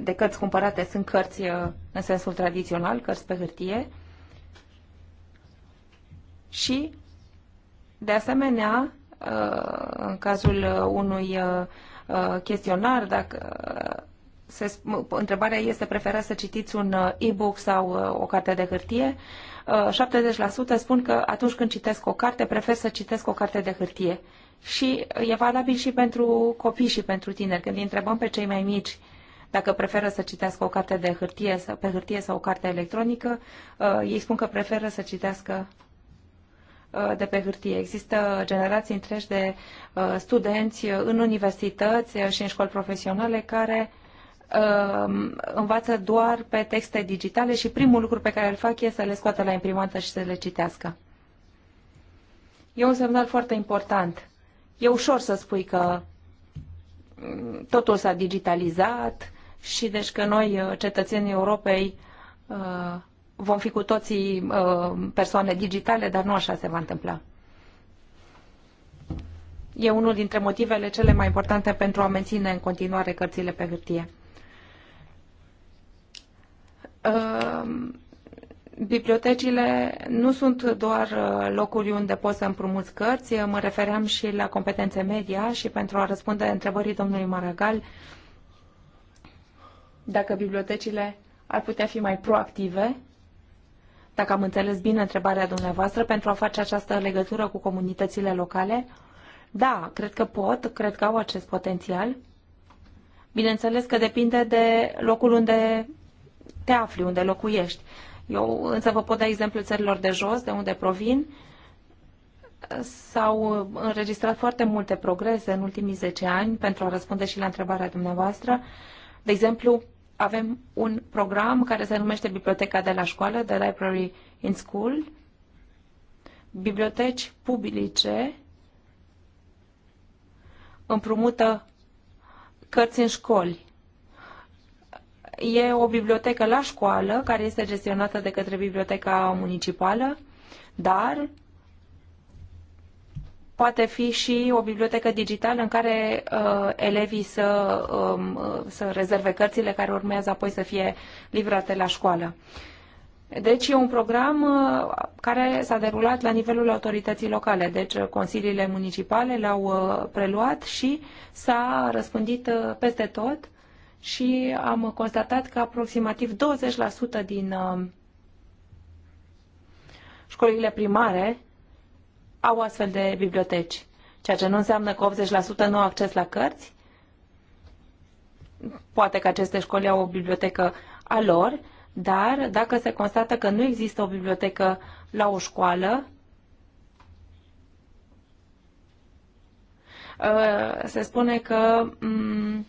de cărți cumpărate sunt cărți uh, în sensul tradițional, cărți pe hârtie și de asemenea uh, în cazul unui chestionar, dacă se, întrebarea este, preferați să citiți un uh, e-book sau uh, o carte de hârtie? 70% uh, spun că atunci când citesc o carte, prefer să citesc o carte de hârtie. Și e valabil și pentru copii și pentru tineri. Când îi întrebăm pe cei mai mici dacă preferă să citească o carte de hârtie, pe hârtie sau o carte electronică, ei spun că preferă să citească de pe hârtie. Există generații întregi de studenți în universități și în școli profesionale care Um, învață doar pe texte digitale și primul lucru pe care îl fac e să le scoată la imprimantă și să le citească. E un semnal foarte important. E ușor să spui că mm, totul s-a digitalizat și deci că noi, uh, cetățenii Europei, uh, vom fi cu toții uh, persoane digitale, dar nu așa se va întâmpla. E unul dintre motivele cele mai importante pentru a menține în continuare cărțile pe hârtie. Ehm, bibliotecile nu sunt doar uh, locuri unde poți să împrumuți cărți, mă refeream și la competențe media și pentru a răspunde întrebării domnului Maragal, dacă bibliotecile ar putea fi mai proactive, dacă am înțeles bine întrebarea dumneavoastră, pentru a face această legătură cu comunitățile locale, da, cred că pot, cred că au acest potențial. Bineînțeles că depinde de locul unde te afli, unde locuiești. Eu însă vă pot da exemplu țărilor de jos, de unde provin. S-au înregistrat foarte multe progrese în ultimii 10 ani pentru a răspunde și la întrebarea dumneavoastră. De exemplu, avem un program care se numește Biblioteca de la școală, The Library in School, biblioteci publice împrumută cărți în școli e o bibliotecă la școală care este gestionată de către biblioteca municipală, dar poate fi și o bibliotecă digitală în care uh, elevii să, um, uh, să rezerve cărțile care urmează apoi să fie livrate la școală. Deci e un program uh, care s-a derulat la nivelul autorității locale, deci consiliile municipale l-au uh, preluat și s-a răspândit uh, peste tot și am constatat că aproximativ 20% din uh, școlile primare au astfel de biblioteci, ceea ce nu înseamnă că 80% nu au acces la cărți. Poate că aceste școli au o bibliotecă a lor, dar dacă se constată că nu există o bibliotecă la o școală, uh, se spune că mm,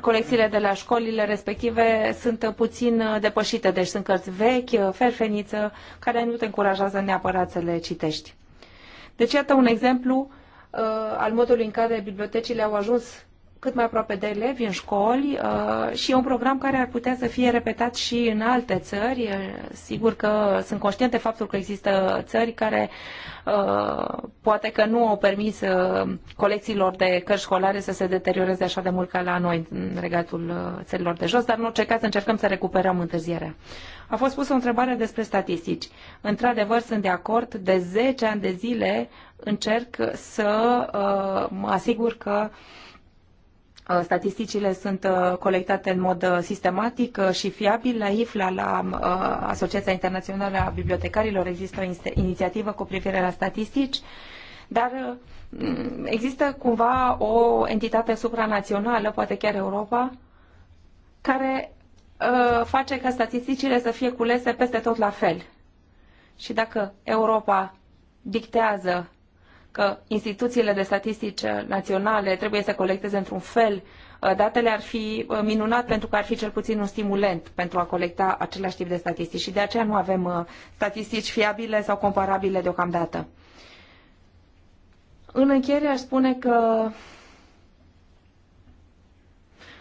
colecțiile de la școlile respective sunt puțin uh, depășite, deci sunt cărți vechi, uh, ferfeniță, care nu te încurajează neapărat să le citești. Deci iată un exemplu uh, al modului în care bibliotecile au ajuns cât mai aproape de elevi în școli uh, și e un program care ar putea să fie repetat și în alte țări. Sigur că sunt conștient de faptul că există țări care uh, poate că nu au permis uh, colecțiilor de cărți școlare să se deterioreze așa de mult ca la noi în regatul țărilor de jos, dar în orice caz încercăm să recuperăm întârzierea. A fost pusă o întrebare despre statistici. Într-adevăr, sunt de acord. De 10 ani de zile încerc să mă asigur că Uh, statisticile sunt uh, colectate în mod uh, sistematic și fiabil. La IFLA, la Asociația Internațională a Bibliotecarilor, există o inițiativă cu privire la statistici, dar există cumva o entitate supranațională, poate chiar Europa, care face ca statisticile să fie culese peste tot la fel. Și dacă Europa dictează că instituțiile de statistice naționale trebuie să colecteze într-un fel uh, datele ar fi uh, minunat pentru că ar fi cel puțin un stimulent pentru a colecta același tip de statistici și de aceea nu avem uh, statistici fiabile sau comparabile deocamdată. În încheiere aș spune că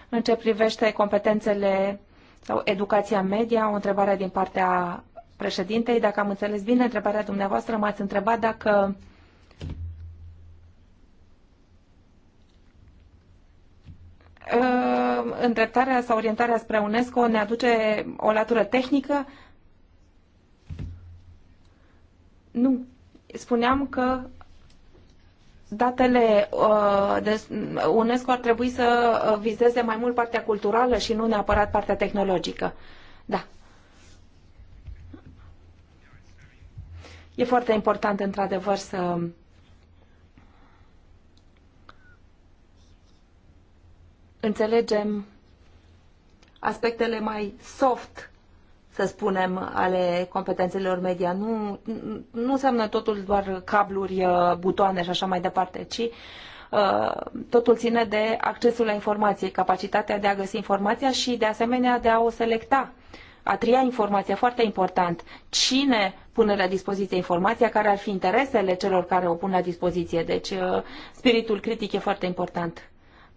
în ce privește competențele sau educația media, o întrebare din partea președintei, dacă am înțeles bine întrebarea dumneavoastră, m-ați întrebat dacă Ehm, îndreptarea sau orientarea spre UNESCO ne aduce o latură tehnică? Nu. Spuneam că datele uh, de UNESCO ar trebui să uh, vizeze mai mult partea culturală și nu neapărat partea tehnologică. Da. E foarte important, într-adevăr, să înțelegem aspectele mai soft, să spunem, ale competențelor media. Nu, nu înseamnă totul doar cabluri, uh, butoane și așa mai departe, ci uh, totul ține de accesul la informație, capacitatea de a găsi informația și, de asemenea, de a o selecta. A tria informația, foarte important. Cine pune la dispoziție informația, care ar fi interesele celor care o pun la dispoziție. Deci, uh, spiritul critic e foarte important.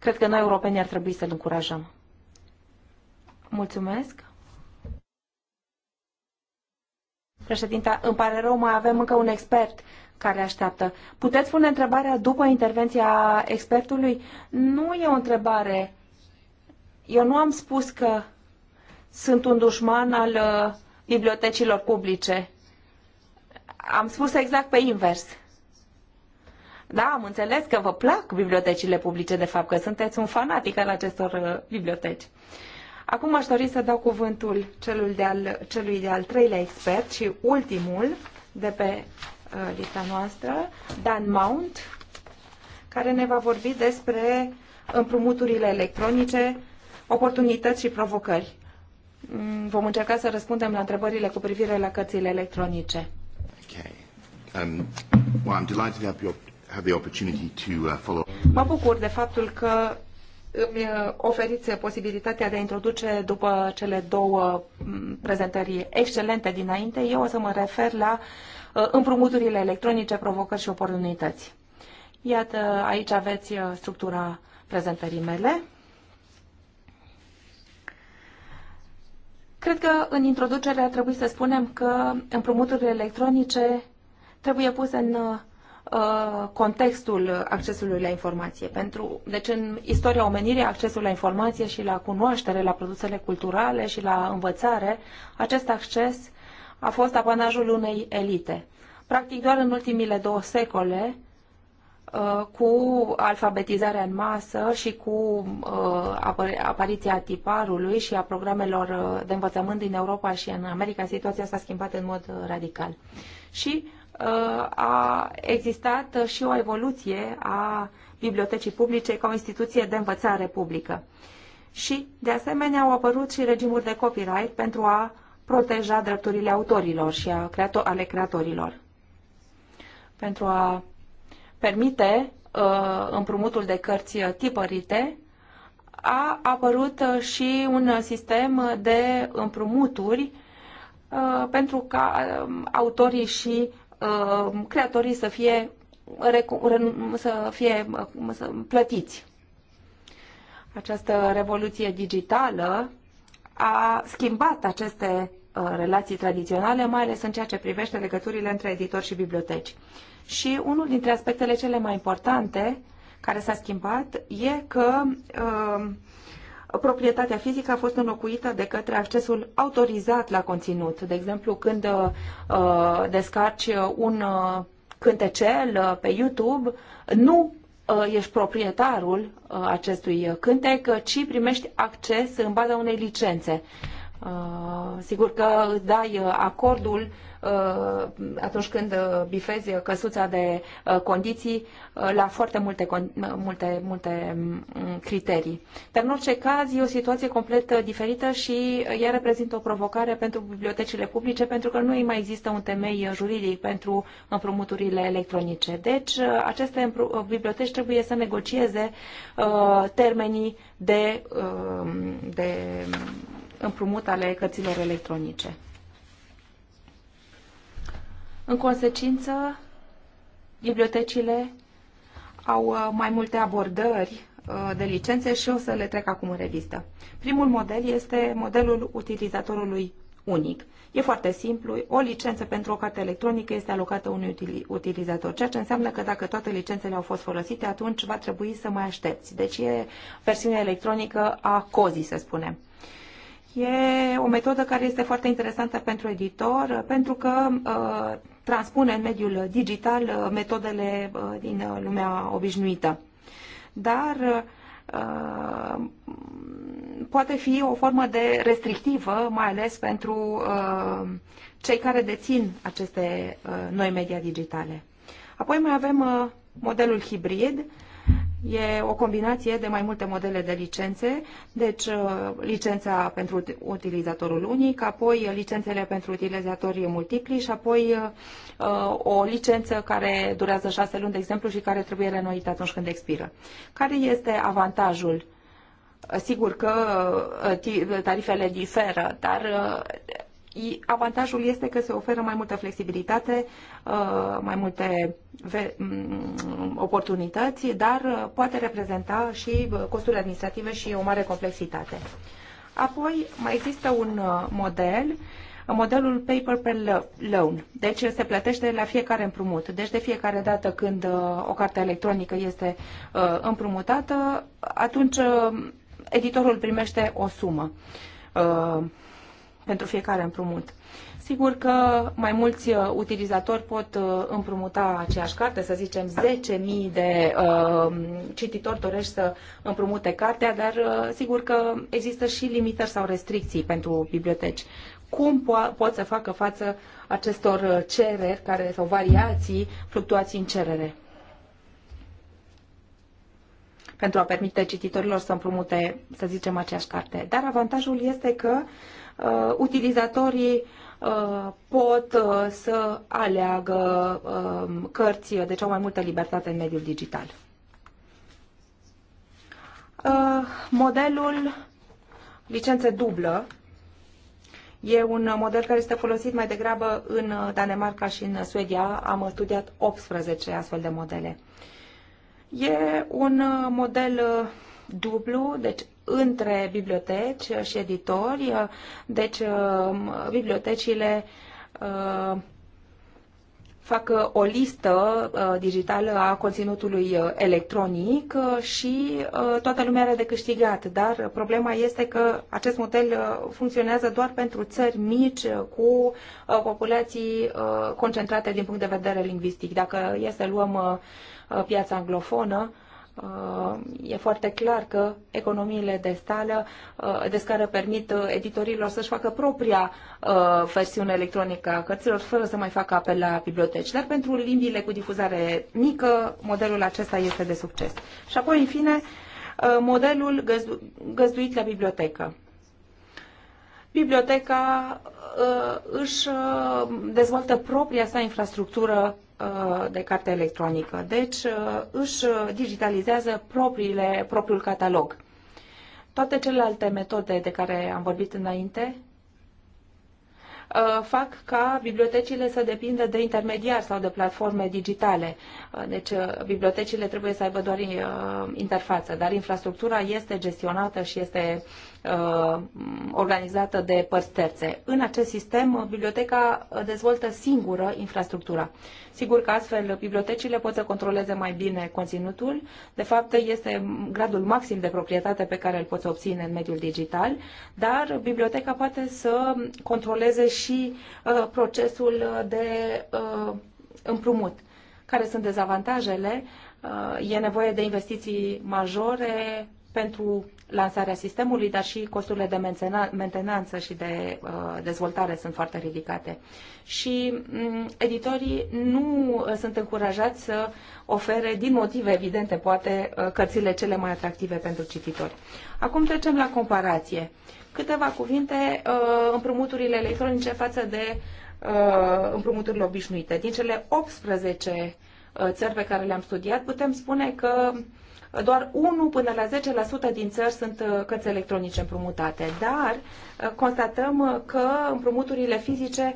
Cred că noi, europenii, ar trebui să-l încurajăm. Mulțumesc. Președinta, îmi pare rău, mai avem încă un expert care așteaptă. Puteți pune întrebarea după intervenția expertului? Nu e o întrebare. Eu nu am spus că sunt un dușman al uh, bibliotecilor publice. Am spus exact pe invers. Da, am înțeles că vă plac bibliotecile publice, de fapt, că sunteți un fanatic al acestor uh, biblioteci. Acum aș dori să dau cuvântul celui de-al, celui de-al treilea expert și ultimul de pe uh, lista noastră, Dan Mount, care ne va vorbi despre împrumuturile electronice, oportunități și provocări. Mm, vom încerca să răspundem la întrebările cu privire la cărțile electronice. Okay. Um, well, I'm delighted to have your have the opportunity to uh, follow. Mă bucur de faptul că îmi uh, oferiți posibilitatea de a introduce după cele două mm, prezentări excelente dinainte. Eu o să mă refer la uh, împrumuturile electronice, provocări și oportunități. Iată, aici aveți uh, structura prezentării mele. Cred că în introducere ar trebui să spunem că împrumuturile electronice trebuie puse în Uh, contextul accesului la informație. Pentru, deci în istoria omenirii, accesul la informație și la cunoaștere, la produsele culturale și la învățare, acest acces a fost apanajul unei elite. Practic doar în ultimile două secole, uh, cu alfabetizarea în masă și cu uh, apariția tiparului și a programelor de învățământ din Europa și în America, situația s-a schimbat în mod radical. Și Uh, a existat și o evoluție a bibliotecii publice ca o instituție de învățare publică. Și, de asemenea, au apărut și regimuri de copyright pentru a proteja drepturile autorilor și a creator- ale creatorilor. Pentru a permite uh, împrumutul de cărți tipărite, a apărut și un sistem de împrumuturi uh, pentru ca um, autorii și Uh, creatorii să fie, să fie uh, să plătiți. Această revoluție digitală a schimbat aceste uh, relații tradiționale, mai ales în ceea ce privește legăturile între editori și biblioteci. Și unul dintre aspectele cele mai importante care s-a schimbat e că uh, proprietatea fizică a fost înlocuită de către accesul autorizat la conținut. De exemplu, când uh, uh descarci un uh, cântecel uh, pe YouTube, nu uh, ești proprietarul acestui cântec, ci primești acces în baza unei licențe. Sigur că dai acordul Uh, atunci când uh, bifezi căsuța de uh, condiții la foarte multe, multe, multe mm, criterii. Dar în orice caz e o situație complet diferită și ea reprezintă o provocare pentru bibliotecile publice pentru că nu mai există un temei juridic pentru împrumuturile electronice. Deci aceste biblioteci trebuie să negocieze termenii de, de împrumut ale cărților electronice. În consecință, bibliotecile au uh, mai multe abordări uh, de licențe și o să le trec acum în revistă. Primul model este modelul utilizatorului unic. E foarte simplu, o licență pentru o carte electronică este alocată unui utilizator, ceea ce înseamnă că dacă toate licențele au fost folosite, atunci va trebui să mai aștepți. Deci e versiunea electronică a COZI, să spunem. E o metodă care este foarte interesantă pentru editor, pentru că uh, transpune în mediul digital uh, metodele uh, din lumea obișnuită. Dar poate fi o formă de restrictivă, mai ales pentru cei care dețin aceste noi media digitale. Apoi mai avem modelul hibrid, E o combinație de mai multe modele de licențe, deci uh, licența pentru utilizatorul unic, apoi licențele pentru utilizatorii multipli și apoi uh, uh, o licență care durează șase luni, de exemplu, și care trebuie renoită atunci când expiră. Care este avantajul? Sigur că tarifele diferă, dar avantajul este că se oferă mai multă flexibilitate, uh, mai multe mm, oportunități, dar uh, poate reprezenta și uh, costuri administrative și o mare complexitate. Apoi mai există un model, modelul paper per loan. Deci se plătește la fiecare împrumut. Deci de fiecare dată când o carte electronică este împrumutată, atunci editorul primește o sumă pentru fiecare împrumut. Sigur că mai mulți uh, utilizatori pot uh, împrumuta aceeași carte, să zicem 10.000 de uh, cititori dorești să împrumute cartea, dar uh, sigur că există și limitări sau restricții pentru biblioteci. Cum po- pot să facă față acestor uh, cereri care, sau variații, fluctuații în cerere? pentru a permite cititorilor să împrumute, să zicem, aceeași carte. Dar avantajul este că uh, uh, utilizatorii uh, pot uh, să aleagă um, cărți uh, deci au mai multă libertate în mediul digital. modelul licențe dublă E un model care este folosit mai degrabă în Danemarca și în Suedia. Am studiat 18 astfel de modele. E un model dublu, deci între biblioteci și editori, deci uh, bibliotecile uh, fac o listă uh, digitală a conținutului electronic și toată lumea are de câștigat, dar problema este că acest model funcționează doar pentru țări mici cu populații concentrate din punct de vedere lingvistic. Dacă e să luăm piața anglofonă, Uh, e foarte clar că economiile de, stală, uh, de scară permit uh, editorilor să-și facă propria versiune electronică a cărților fără să mai facă apel la biblioteci. Dar pentru limbile cu difuzare mică, modelul acesta este de succes. Și apoi, în fine, modelul găzduit la bibliotecă biblioteca uh, își uh, dezvoltă propria sa infrastructură uh, de carte electronică, deci își digitalizează propriile, propriul catalog. Toate celelalte metode de care am vorbit înainte fac ca bibliotecile să depindă de intermediari sau de platforme digitale. Deci bibliotecile trebuie să aibă doar interfață, dar infrastructura este gestionată și este Uh, organizată de părți terțe. În acest sistem, uh, biblioteca uh, dezvoltă singură infrastructura. Sigur că astfel bibliotecile pot să controleze mai bine conținutul. De fapt, este gradul maxim de proprietate pe care îl poți obține în mediul digital, dar biblioteca poate să controleze și uh, procesul de uh, împrumut. Care sunt dezavantajele? Uh, e nevoie de investiții majore pentru lansarea sistemului, dar și costurile de mentenanță și de uh, dezvoltare sunt foarte ridicate. Și mm, editorii nu uh, sunt încurajați să ofere, din motive evidente, poate, uh, cărțile cele mai atractive pentru cititori. Acum trecem la comparație. Câteva cuvinte, împrumuturile electronice față de împrumuturile obișnuite. Din cele 18 țări pe care le-am studiat, putem spune că doar 1 până la 10% din țări sunt uh, cărți electronice împrumutate, dar uh, constatăm uh, că împrumuturile fizice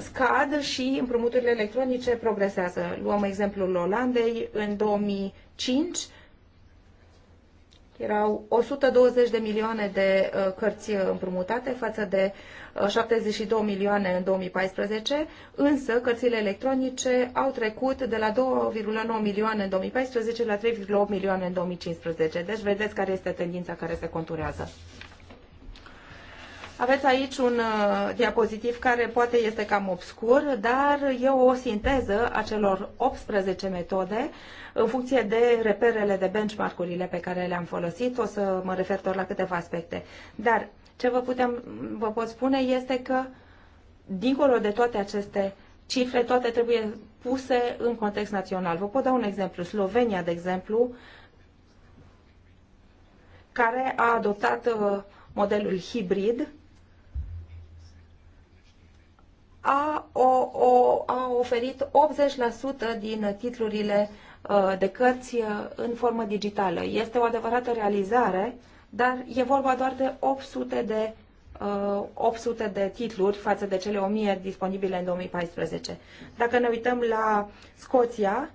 scad și împrumuturile electronice progresează. Luăm exemplul Olandei în 2005 erau 120 de milioane de uh, cărți împrumutate față de 72 uh, milioane în 2014, însă cărțile electronice au trecut de la 2,9 milioane în 2014 la 3,8 milioane în 2015. Deci vedeți care este tendința care se conturează. Aveți aici un uh, diapozitiv care poate este cam obscur, dar e o sinteză a celor 18 metode în funcție de reperele de benchmark-urile pe care le-am folosit. O să mă refer doar la câteva aspecte. Dar ce vă, putem, vă pot spune este că, dincolo de toate aceste cifre, toate trebuie puse în context național. Vă pot da un exemplu. Slovenia, de exemplu, care a adoptat uh, modelul hibrid, a, o, o, a oferit 80% din titlurile uh, de cărți uh, în formă digitală. Este o adevărată realizare, dar e vorba doar de 800 de 800 uh, de titluri față de cele 1000 disponibile în 2014. Dacă ne uităm la Scoția,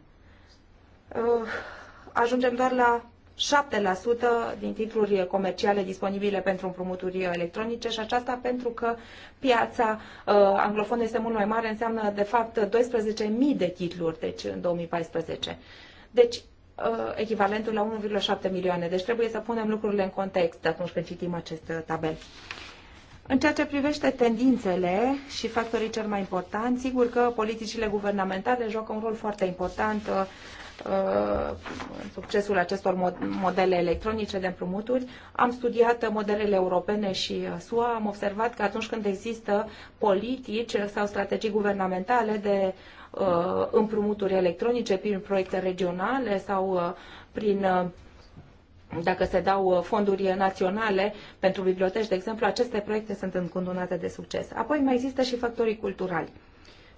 ajungem doar la 7% din titluri comerciale disponibile pentru împrumuturi electronice și aceasta pentru că piața uh, anglofonă este mult mai mare, înseamnă de fapt 12.000 de titluri deci în 2014. Deci uh, echivalentul la 1,7 milioane. Deci trebuie să punem lucrurile în context atunci când citim acest uh, tabel. În ceea ce privește tendințele și factorii cel mai importanți, sigur că politicile guvernamentale joacă un rol foarte important uh, Uh, succesul acestor modele electronice de împrumuturi. Am studiat modelele europene și uh, SUA, am observat că atunci când există politici sau strategii guvernamentale de uh, împrumuturi electronice prin proiecte regionale sau prin dacă se dau fonduri naționale pentru biblioteci, de exemplu, aceste proiecte sunt încununate de succes. Apoi mai există și factorii culturali.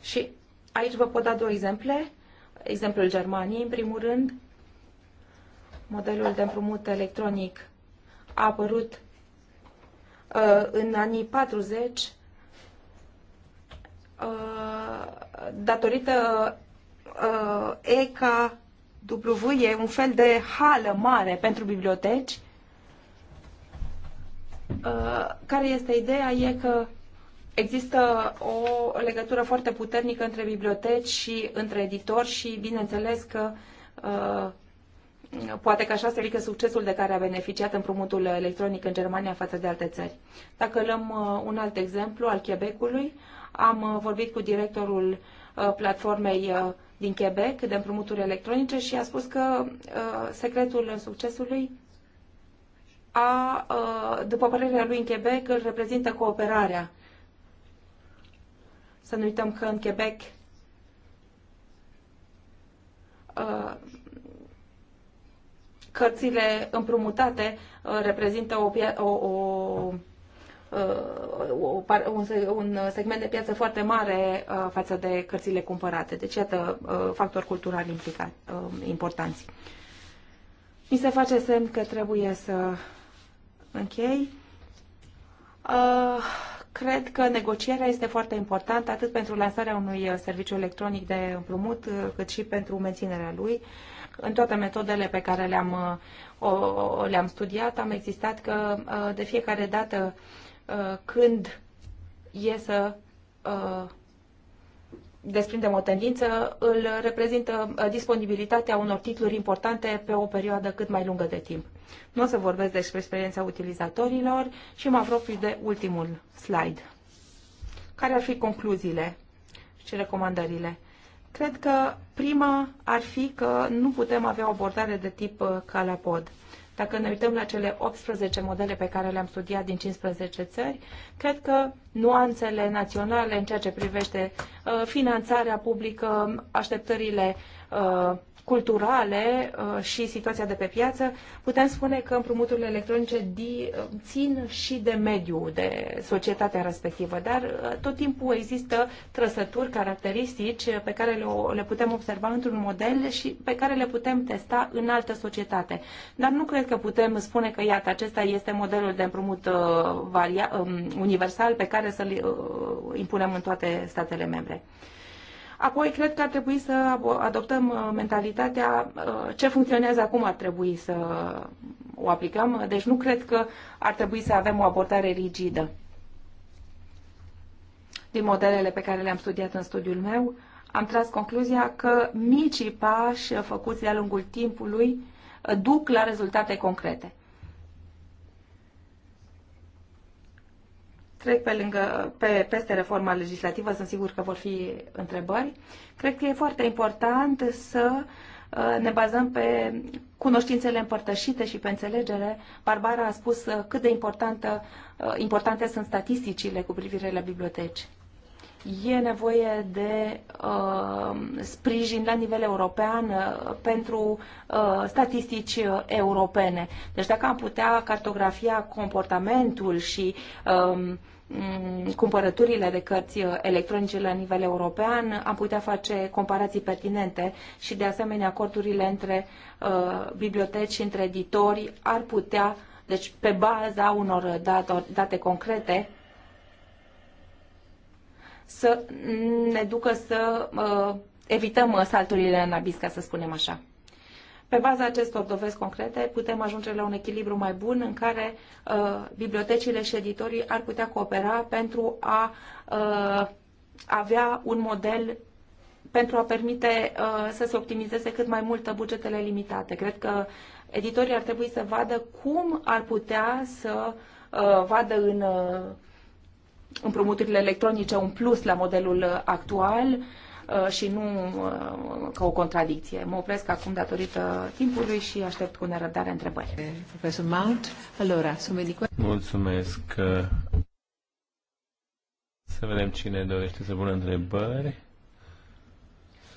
Și aici vă pot da două exemple exemplul Germaniei, în primul rând, modelul de împrumut electronic a apărut uh, în anii 40 uh, datorită uh, eca, W e un fel de hală mare pentru biblioteci. Care este ideea? E că Există o legătură foarte puternică între biblioteci și între editori și bineînțeles că uh, poate că așa se ridică succesul de care a beneficiat împrumutul electronic în Germania față de alte țări. Dacă luăm uh, un alt exemplu al Quebecului, am uh, vorbit cu directorul platformei din Quebec de împrumuturi electronice și a spus că secretul succesului a, după părerea lui în Quebec, îl reprezintă cooperarea să nu uităm că în Quebec uh, cărțile împrumutate uh, reprezintă o, o, o uh, o, un, un segment de piață foarte mare uh, față de cărțile cumpărate. Deci, iată, uh, factori culturali implicat, uh, importanți. Mi se face semn că trebuie să închei. Uh, Cred că negocierea este foarte importantă atât pentru lansarea unui uh, serviciu electronic de împrumut, uh, cât și pentru menținerea lui. În toate metodele pe care le-am uh, le studiat, am existat că de fiecare dată când e să desprindem o tendință, îl reprezintă disponibilitatea unor titluri importante pe o perioadă cât mai lungă de timp. Nu o să vorbesc despre experiența utilizatorilor și mă apropii de ultimul slide. Care ar fi concluziile și recomandările? Cred că prima ar fi că nu putem avea o abordare de tip uh, calapod. Dacă ne uităm la cele 18 modele pe care le-am studiat din 15 țări, cred că nuanțele naționale în ceea ce privește uh, finanțarea publică, așteptările Uh, culturale uh, și situația de pe piață, putem spune că împrumuturile electronice țin și de mediu, de societatea respectivă, dar uh, tot timpul există trăsături, caracteristici pe care le putem observa într-un model și pe care le putem testa în altă societate. Dar nu cred că putem spune că, iată, acesta este modelul de împrumut um, universal pe care să-l impunem în toate statele membre. Apoi, cred că ar trebui să adoptăm uh, mentalitatea uh, ce funcționează acum ar trebui să o aplicăm. Deci nu cred că ar trebui să avem o abordare rigidă. Din modelele pe care le-am studiat în studiul meu, am tras concluzia că micii pași făcuți de-a lungul timpului uh, duc la rezultate concrete. cred pe lângă, pe, peste reforma legislativă, sunt sigur că vor fi întrebări. Cred că e foarte important să uh, ne bazăm pe cunoștințele împărtășite și pe înțelegere. Barbara a spus uh, cât de importantă, uh, importante sunt statisticile cu privire la biblioteci. E nevoie de uh, sprijin la nivel european uh, pentru uh, statistici europene. Deci dacă am putea cartografia comportamentul și uh, Mm, cumpărăturile de cărți uh, electronice la nivel european, am putea face comparații pertinente și, de asemenea, acordurile între uh, biblioteci și între editori ar putea, deci pe baza unor date concrete, să ne ducă să uh, evităm salturile în abis, ca să spunem așa. Pe baza acestor dovezi concrete putem ajunge la un echilibru mai bun în care uh, bibliotecile și editorii ar putea coopera pentru a uh, avea un model pentru a permite uh, să se optimizeze cât mai mult bugetele limitate. Cred că editorii ar trebui să vadă cum ar putea să uh, vadă în uh, împrumuturile electronice un plus la modelul actual, Uh, și nu uh, ca o contradicție. Mă opresc acum datorită timpului și aștept cu nerăbdare întrebări. Profesor Mount, alora, Mulțumesc. Să vedem cine dorește să pună întrebări.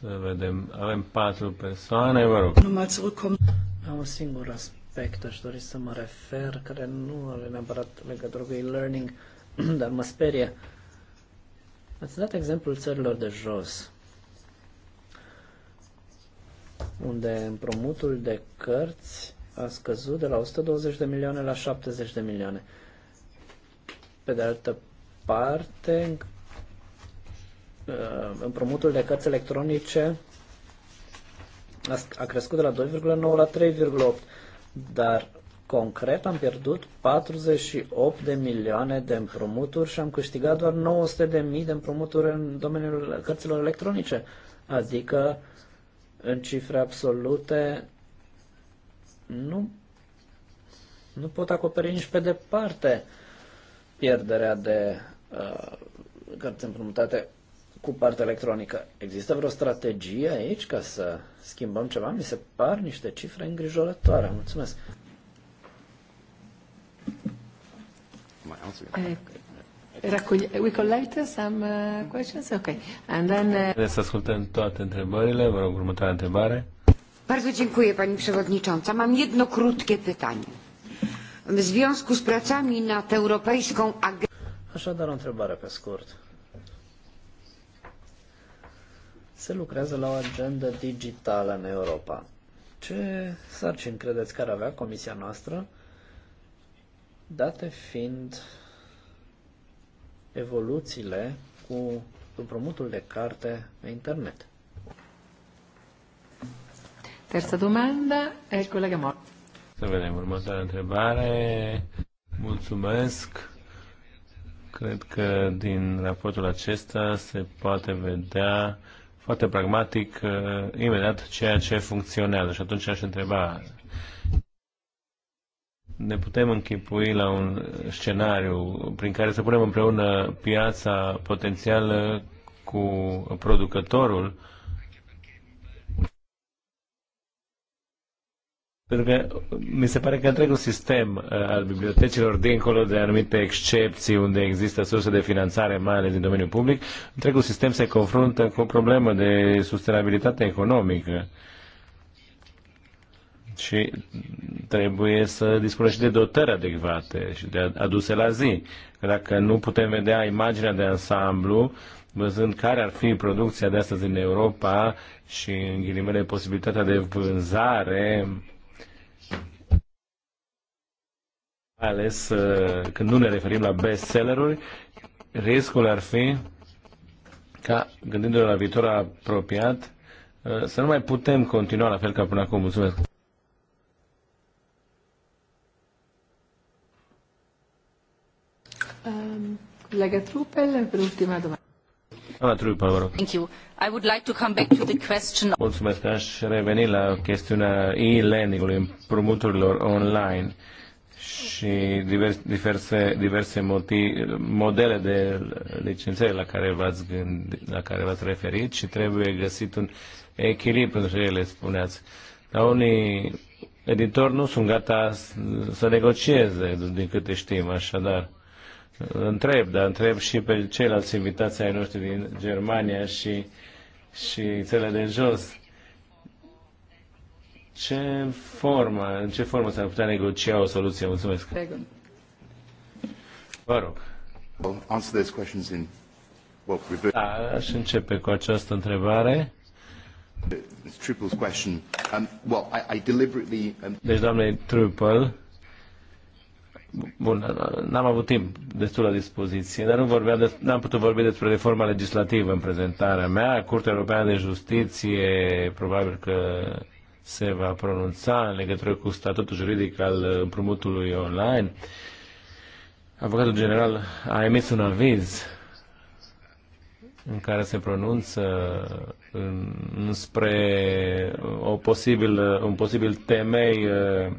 Să vedem. Avem patru persoane, vă rog. Am un singur aspect, aș dori să mă refer, care nu are neapărat legătură cu e-learning, dar mă sperie. Ați dat exemplul țărilor de jos unde împrumutul de cărți a scăzut de la 120 de milioane la 70 de milioane. Pe de altă parte, uh, împrumutul de cărți electronice a crescut de la 2,9 la 3,8, dar concret am pierdut 48 de milioane de împrumuturi și am câștigat doar 900 de mii de împrumuturi în domeniul cărților electronice, adică uh, în cifre absolute nu, nu pot acoperi nici pe departe pierderea de uh, cărți împrumutate cu partea electronică. Există vreo strategie aici ca să schimbăm ceva? Mi se par niște cifre îngrijorătoare. Mulțumesc. We collect some uh, questions? okay, And then... Uh... să ascultăm toate întrebările. Vă rog, următoarea întrebare. Bardzo dziękuję Pani Przewodnicząca. Mam jedno krótkie pytanie. W związku z pracami nad Europejską Agendą... Așadar, o întrebare pe scurt. Se lucrează la o agendă digitală în Europa. Ce sarcini credeți că ar avea Comisia noastră, date fiind evoluțiile cu împrumutul de carte pe internet. Terza domanda e il collega Mor. Să vedem următoarea întrebare. Mulțumesc. Cred că din raportul acesta se poate vedea foarte pragmatic uh, imediat ceea ce funcționează. Și atunci aș întreba ne putem închipui la un scenariu prin care să punem împreună piața potențială cu producătorul Pentru că mi se pare că întregul sistem uh, al bibliotecilor, dincolo de anumite excepții unde există surse de finanțare, mai ales din domeniul public, întregul sistem se confruntă cu o problemă de sustenabilitate economică. Uh, și trebuie să dispună și de dotări adecvate și de aduse la zi. Că dacă nu putem vedea imaginea de ansamblu, văzând care ar fi producția de astăzi în Europa și, în ghilimele, posibilitatea de vânzare, mai ales uh, când nu ne referim la bestselleruri, riscul ar fi ca, gândindu-ne la viitorul apropiat, uh, să nu mai putem continua la fel ca până acum. Mulțumesc! Um, colega Trupel, per ultima domanda. Mulțumesc. Aș reveni la chestiunea e-lending-ului, împrumuturilor online și divers, diverse, diverse motive, modele de licențări la care v-ați la care v-ați referit și trebuie găsit un echilibru între ele, spuneați. Dar unii editori nu sunt gata să negocieze, din câte știm, așadar întreb, dar întreb și pe ceilalți invitați ai noștri din Germania și, și țările de jos. Ce formă, în ce formă s-ar putea negocia o soluție? Mulțumesc. Vă rog. Da, aș începe cu această întrebare. Um, um, deci, doamne, triple. Bun, n-am avut timp destul la dispoziție, dar nu vorbeam n-am putut vorbi despre reforma legislativă în prezentarea mea. Curtea Europeană de Justiție probabil că se va pronunța în legătură cu statutul juridic al împrumutului online. Avocatul general a emis un aviz în care se pronunță înspre o posibil, un posibil temei uh,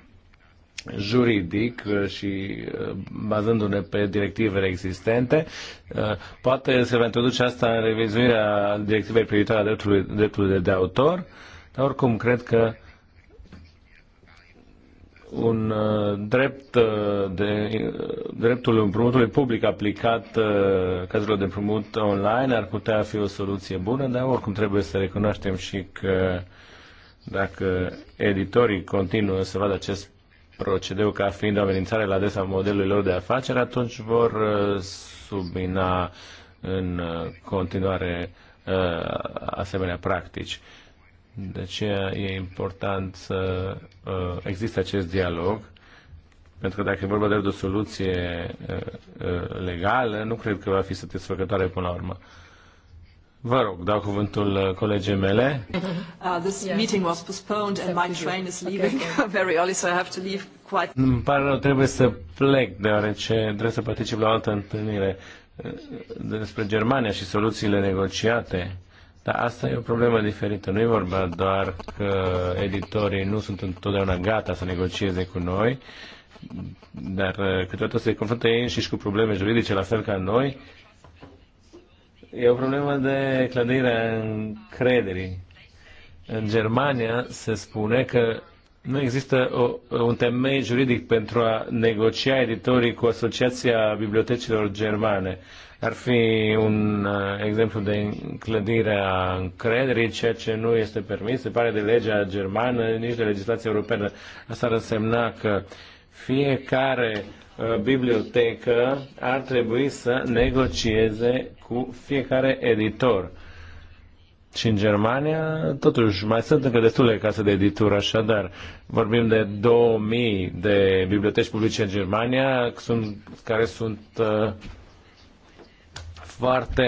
juridic uh, și uh, bazându-ne pe directivele existente. Uh, poate se va introduce asta în revizuirea directivei privitoare a dreptului, dreptului de autor, dar oricum cred că un drept de, dreptul împrumutului public aplicat cazurilor de împrumut online ar putea fi o soluție bună, dar oricum trebuie să recunoaștem și că dacă editorii continuă să vadă acest procedeu ca fiind o amenințare la adresa modelului lor de afaceri, atunci vor uh, submina în uh, continuare uh, asemenea practici. De aceea e important să existe acest dialog, pentru că dacă e vorba de o soluție legală, nu cred că va fi satisfăcătoare până la urmă. Vă rog, dau cuvântul uh, colegii mele. Uh, this meeting was postponed and my train is leaving very early, so I have to leave quite... Mm, îmi pare rău, trebuie să plec, deoarece trebuie să particip la o altă întâlnire uh, despre Germania și soluțiile negociate. Dar asta e o problemă diferită. Nu e vorba doar că editorii nu sunt întotdeauna gata să negocieze cu noi, dar câteodată se confruntă ei înșiși cu probleme juridice la fel ca noi E o problemă de clădire în crederi. În Germania se spune că nu există o, un temei juridic pentru a negocia editorii cu Asociația Bibliotecilor Germane. Ar fi un uh, exemplu de clădire a încrederii, ceea ce nu este permis, se pare de legea germană, nici de legislația europeană. Asta ar însemna că fiecare uh, Uh, bibliotecă ar trebui să negocieze cu fiecare editor. Și în Germania, totuși, mai sunt încă destule case de editură, așadar, vorbim de 2000 de biblioteci publice în Germania, sunt, care sunt uh, foarte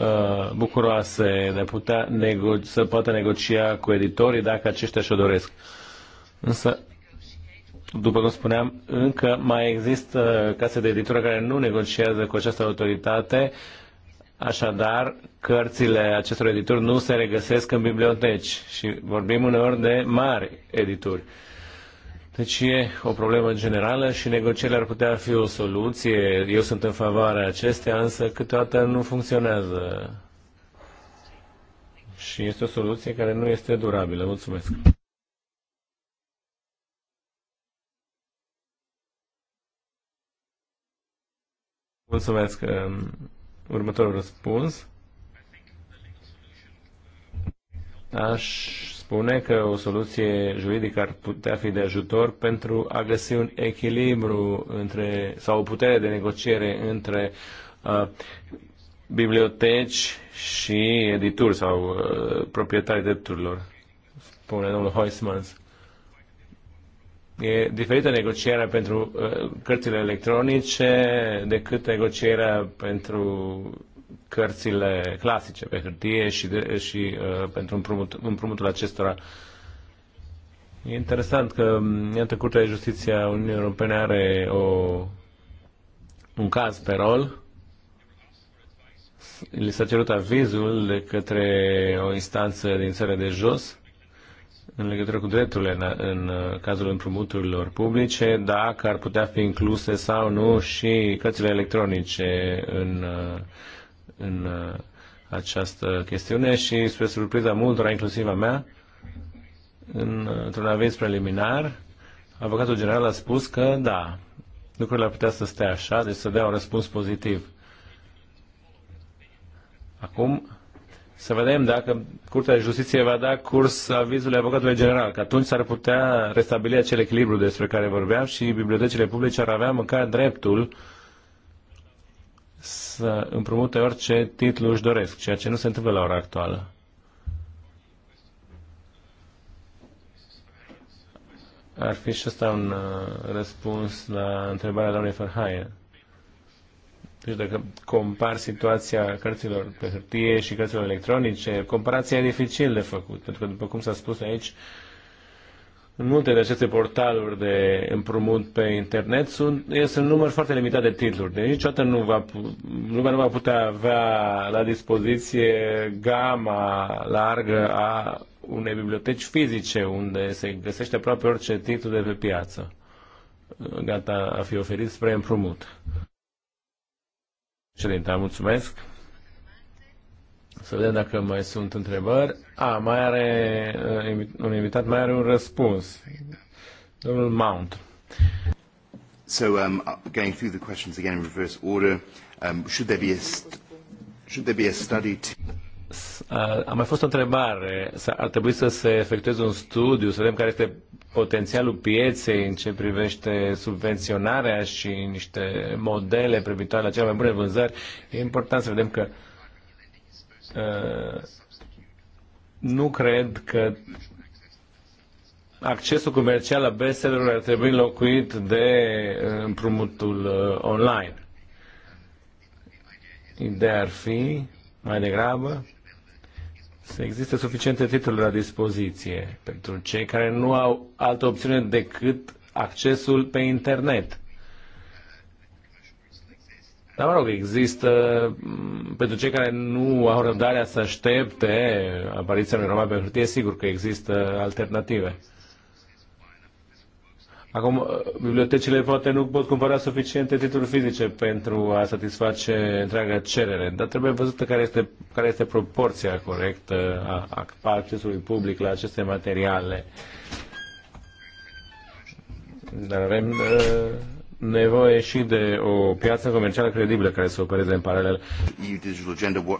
uh, bucuroase de putea nego- să poată negocia cu editorii dacă aceștia și-o doresc. Însă după cum spuneam, încă mai există case de editură care nu negociază cu această autoritate, așadar cărțile acestor edituri nu se regăsesc în biblioteci și vorbim uneori de mari edituri. Deci e o problemă generală și negocierile ar putea fi o soluție. Eu sunt în favoarea acestea, însă câteodată nu funcționează. Și este o soluție care nu este durabilă. Mulțumesc! Mulțumesc. Um, următorul răspuns. Aș spune că o soluție juridică ar putea fi de ajutor pentru a găsi un echilibru între, sau o putere de negociere între uh, biblioteci și edituri sau uh, proprietari drepturilor, spune domnul Heusmans. E diferită negocierea pentru uh, cărțile electronice decât negocierea pentru cărțile clasice pe hârtie și, de, și uh, pentru împrumut, împrumutul acestora. E interesant că, mm, iată, Curtea de Justiție a Uniunii Europene are o, un caz pe rol. Li s-a cerut avizul de către o instanță din țările de jos în legătură cu drepturile în, în cazul împrumuturilor publice, dacă ar putea fi incluse sau nu și cărțile electronice în, în această chestiune și, spre surpriza multora, inclusiv a mea, în, într-un aviz preliminar, avocatul general a spus că da, lucrurile ar putea să stea așa, deci să dea un răspuns pozitiv. Acum, să vedem dacă Curtea de Justiție va da curs avizului avocatului general, că atunci s-ar putea restabili acel echilibru despre care vorbeam și bibliotecile publice ar avea măcar dreptul să împrumute orice titlu își doresc, ceea ce nu se întâmplă la ora actuală. Ar fi și asta un uh, răspuns la întrebarea doamnei Ferhaie. Deci dacă compar situația cărților pe hârtie și cărților electronice, comparația e dificil de făcut, pentru că, după cum s-a spus aici, în multe de aceste portaluri de împrumut pe internet sunt, este un număr foarte limitat de titluri. Deci niciodată nu va, lumea nu va putea avea la dispoziție gama largă a unei biblioteci fizice unde se găsește aproape orice titlu de pe piață gata a fi oferit spre împrumut. Ședinta, mulțumesc. Să vedem dacă mai sunt întrebări. A, mai are uh, un invitat, mai are un răspuns. Domnul Mount. So, um, uh, going through the questions again in reverse order, um, should there be a should there be a study to uh, a mai fost o întrebare. Ar trebui să se efectueze un studiu, să vedem care este potențialul pieței în ce privește subvenționarea și niște modele privitoare la cele mai bune vânzări, e important să vedem că uh, nu cred că accesul comercial la bestseller ar trebui înlocuit de uh, împrumutul uh, online. Ideea ar fi, mai degrabă, să existe suficiente titluri la dispoziție pentru cei care nu au altă opțiune decât accesul pe internet. Dar mă rog, există mm, pentru cei care nu au răbdarea să aștepte apariția unui roman pe hârtie, sigur că există alternative. Acum, uh, bibliotecile poate nu pot cumpăra suficiente titluri fizice pentru a satisface întreaga cerere, dar trebuie văzută care este, care este proporția corectă a, a accesului public la aceste materiale. Dar avem uh, nevoie și de o piață comercială credibilă care să opereze în paralel. Uh,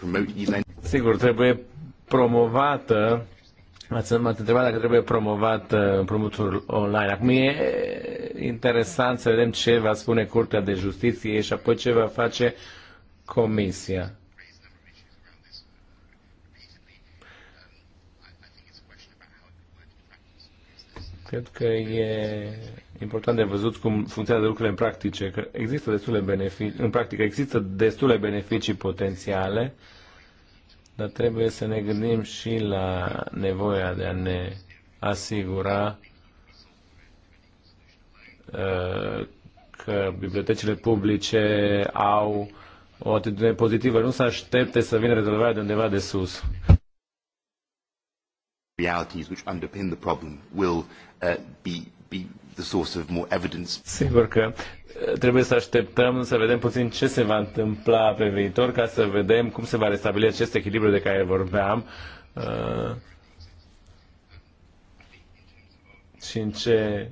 uh, Sigur, trebuie promovată Ați m-ați întrebat dacă trebuie promovat uh, împrumutul online. Acum e interesant să vedem ce va spune Curtea de Justiție și apoi ce va face Comisia. Cred că e important de văzut cum funcționează lucrurile în practice, că există destule beneficii, în practică există destule beneficii potențiale uh, dar trebuie să ne gândim și la nevoia de a ne asigura uh, că bibliotecile publice au o atitudine pozitivă, nu să aștepte să vină rezolvarea de undeva de sus. Realities which underpin the problem will uh, be, be the source of more evidence. Sigur că uh, trebuie să așteptăm să vedem puțin ce se va întâmpla pe viitor ca să vedem cum se va restabili acest echilibru de care vorbeam uh, și în ce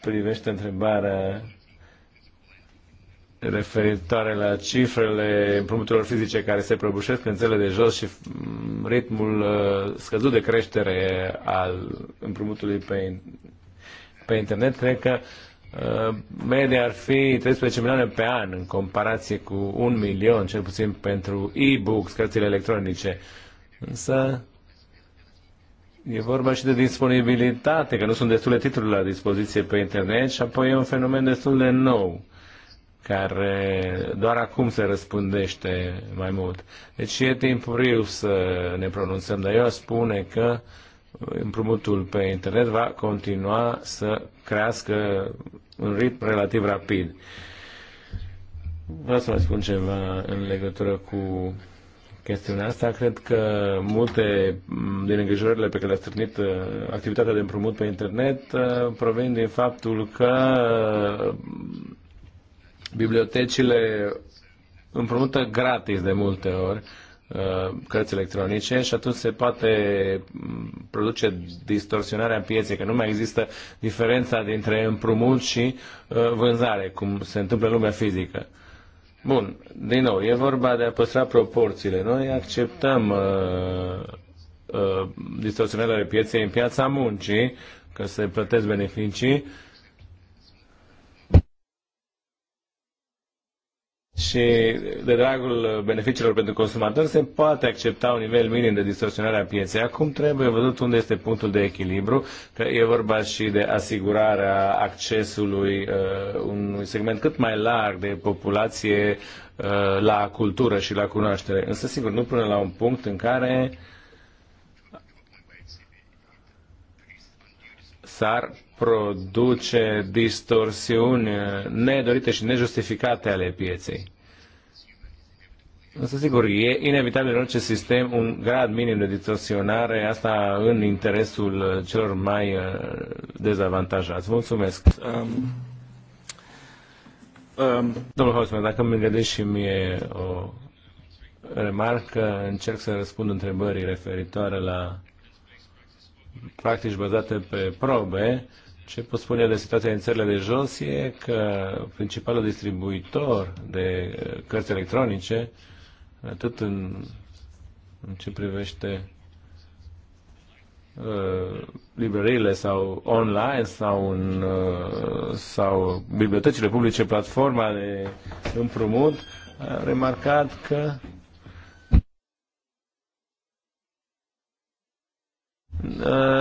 privește întrebarea referitoare la cifrele împrumuturilor fizice care se prăbușesc în țele de jos și mm, ritmul uh, scăzut de creștere al împrumutului pe pe internet, cred că uh, media ar fi 13 milioane pe an în comparație cu un milion, cel puțin pentru e-books, cărțile electronice. Însă e vorba și de disponibilitate, că nu sunt destule titluri la dispoziție pe internet și apoi e un fenomen destul de nou care doar acum se răspândește mai mult. Deci e timpuriu să ne pronunțăm, dar eu spune că uh, împrumutul pe internet va continua să crească în ritm relativ rapid. Vreau să mai spun ceva în legătură cu chestiunea asta. Cred că multe din îngrijorările pe care le-a strânit uh, activitatea de împrumut pe internet uh, provin din faptul că uh, bibliotecile împrumută gratis de multe ori Uh, cărți electronice și atunci se poate mm, produce distorsionarea pieței, că nu mai există diferența dintre împrumut și uh, vânzare, cum se întâmplă în lumea fizică. Bun, din nou, e vorba de a păstra proporțiile. Noi acceptăm uh, uh, distorsionarea pieței în piața muncii, că se plătesc beneficii, uh, Și de dragul beneficiilor pentru consumatori se poate accepta un nivel minim de distorsionare a pieței. Acum trebuie văzut unde este punctul de echilibru, că e vorba și de asigurarea accesului uh, unui segment cât mai larg de populație uh, la cultură și la cunoaștere. Însă, sigur, nu până la un punct în care uh, s-ar produce distorsiuni nedorite și nejustificate ale pieței. Însă, sigur, e inevitabil în orice sistem un grad minim de distorsionare, asta în interesul celor mai uh, dezavantajați. Mulțumesc! Um, um, Domnul Hausman, dacă mi gândesc și mie o remarcă, încerc să răspund întrebării referitoare la practici bazate pe probe, ce pot spune de situația în țările de jos e că principalul distribuitor de uh, cărți electronice, atât în, în ce privește uh, librăriile sau online sau, în, uh, sau bibliotecile publice, platforma de împrumut, a remarcat că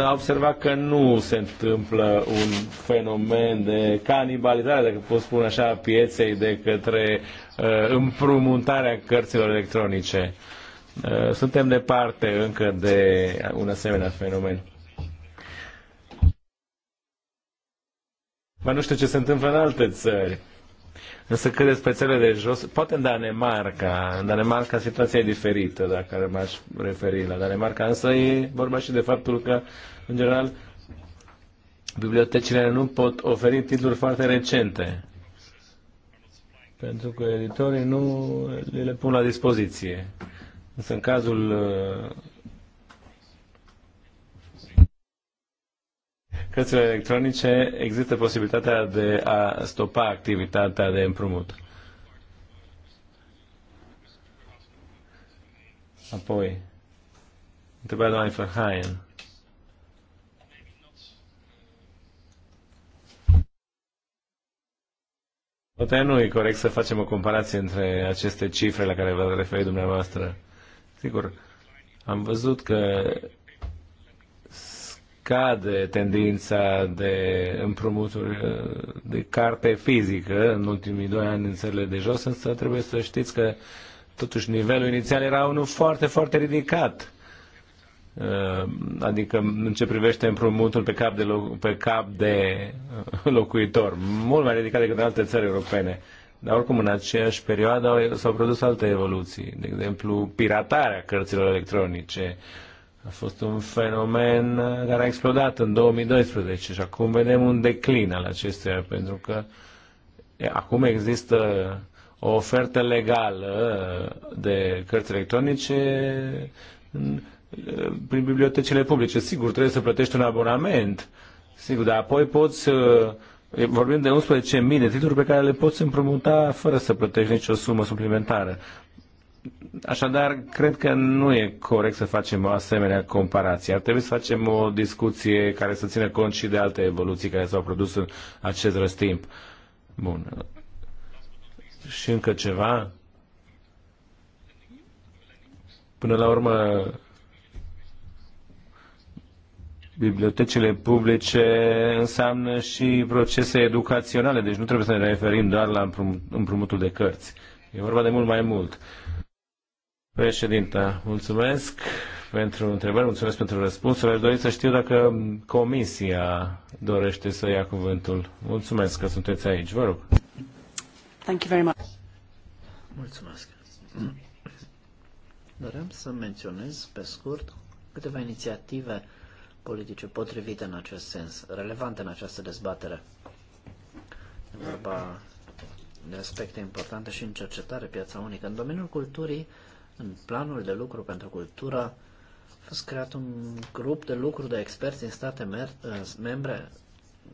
a observat că nu se întâmplă un fenomen de canibalizare, dacă pot spune așa, a pieței de către uh, împrumuntarea cărților electronice. Uh, suntem departe încă de un asemenea fenomen. Mă nu știu ce se întâmplă în alte țări. Însă cât despre țările de jos, poate în Danemarca, în Danemarca situația e diferită, dacă m-aș referi la Danemarca, însă e vorba și de faptul că, în general, bibliotecile nu pot oferi titluri foarte recente, pentru că editorii nu le pun la dispoziție. Însă în cazul cărțile electronice există posibilitatea de a stopa activitatea de împrumut. Apoi, întrebarea doamnei Verheyen. Poate nu e corect să facem o comparație între aceste cifre la care v referi referit dumneavoastră. Sigur, am văzut că scade tendința de împrumuturi uh, de carte fizică în ultimii doi ani în țările de jos, însă trebuie să știți că totuși nivelul inițial era unul foarte, foarte ridicat. Uh, adică în ce privește împrumutul pe cap de, loc, pe cap de uh, locuitor, mult mai ridicat decât în alte țări europene. Dar oricum în aceeași perioadă s-au produs alte evoluții, de exemplu piratarea cărților electronice, uh, a fost un fenomen uh, care a explodat în 2012 și acum vedem un declin al acestuia, pentru că acum există o ofertă legală uh, de cărți electronice uh, prin bibliotecile publice. Sigur, trebuie să plătești un abonament, sigur, dar apoi poți, vorbim de 11.000 de titluri pe care le poți împrumuta fără să plătești nicio sumă suplimentară. Așadar, cred că nu e corect să facem o asemenea comparație. Ar trebui să facem o discuție care să țină cont și de alte evoluții care s-au produs în acest răstimp. Bun. Și încă ceva? Până la urmă, bibliotecile publice înseamnă și procese educaționale, deci nu trebuie să ne referim doar la împrumutul de cărți. E vorba de mult mai mult. Președinta, mulțumesc pentru întrebări, mulțumesc pentru răspunsuri. Aș dori să știu dacă Comisia dorește să ia cuvântul. Mulțumesc că sunteți aici. Vă rog. Thank you very much. Mulțumesc. Doream să menționez pe scurt câteva inițiative politice potrivite în acest sens, relevante în această dezbatere. E vorba de aspecte importante și în cercetare piața unică. În domeniul culturii, în planul de lucru pentru cultură a fost creat un grup de lucru de experți din state ă, membre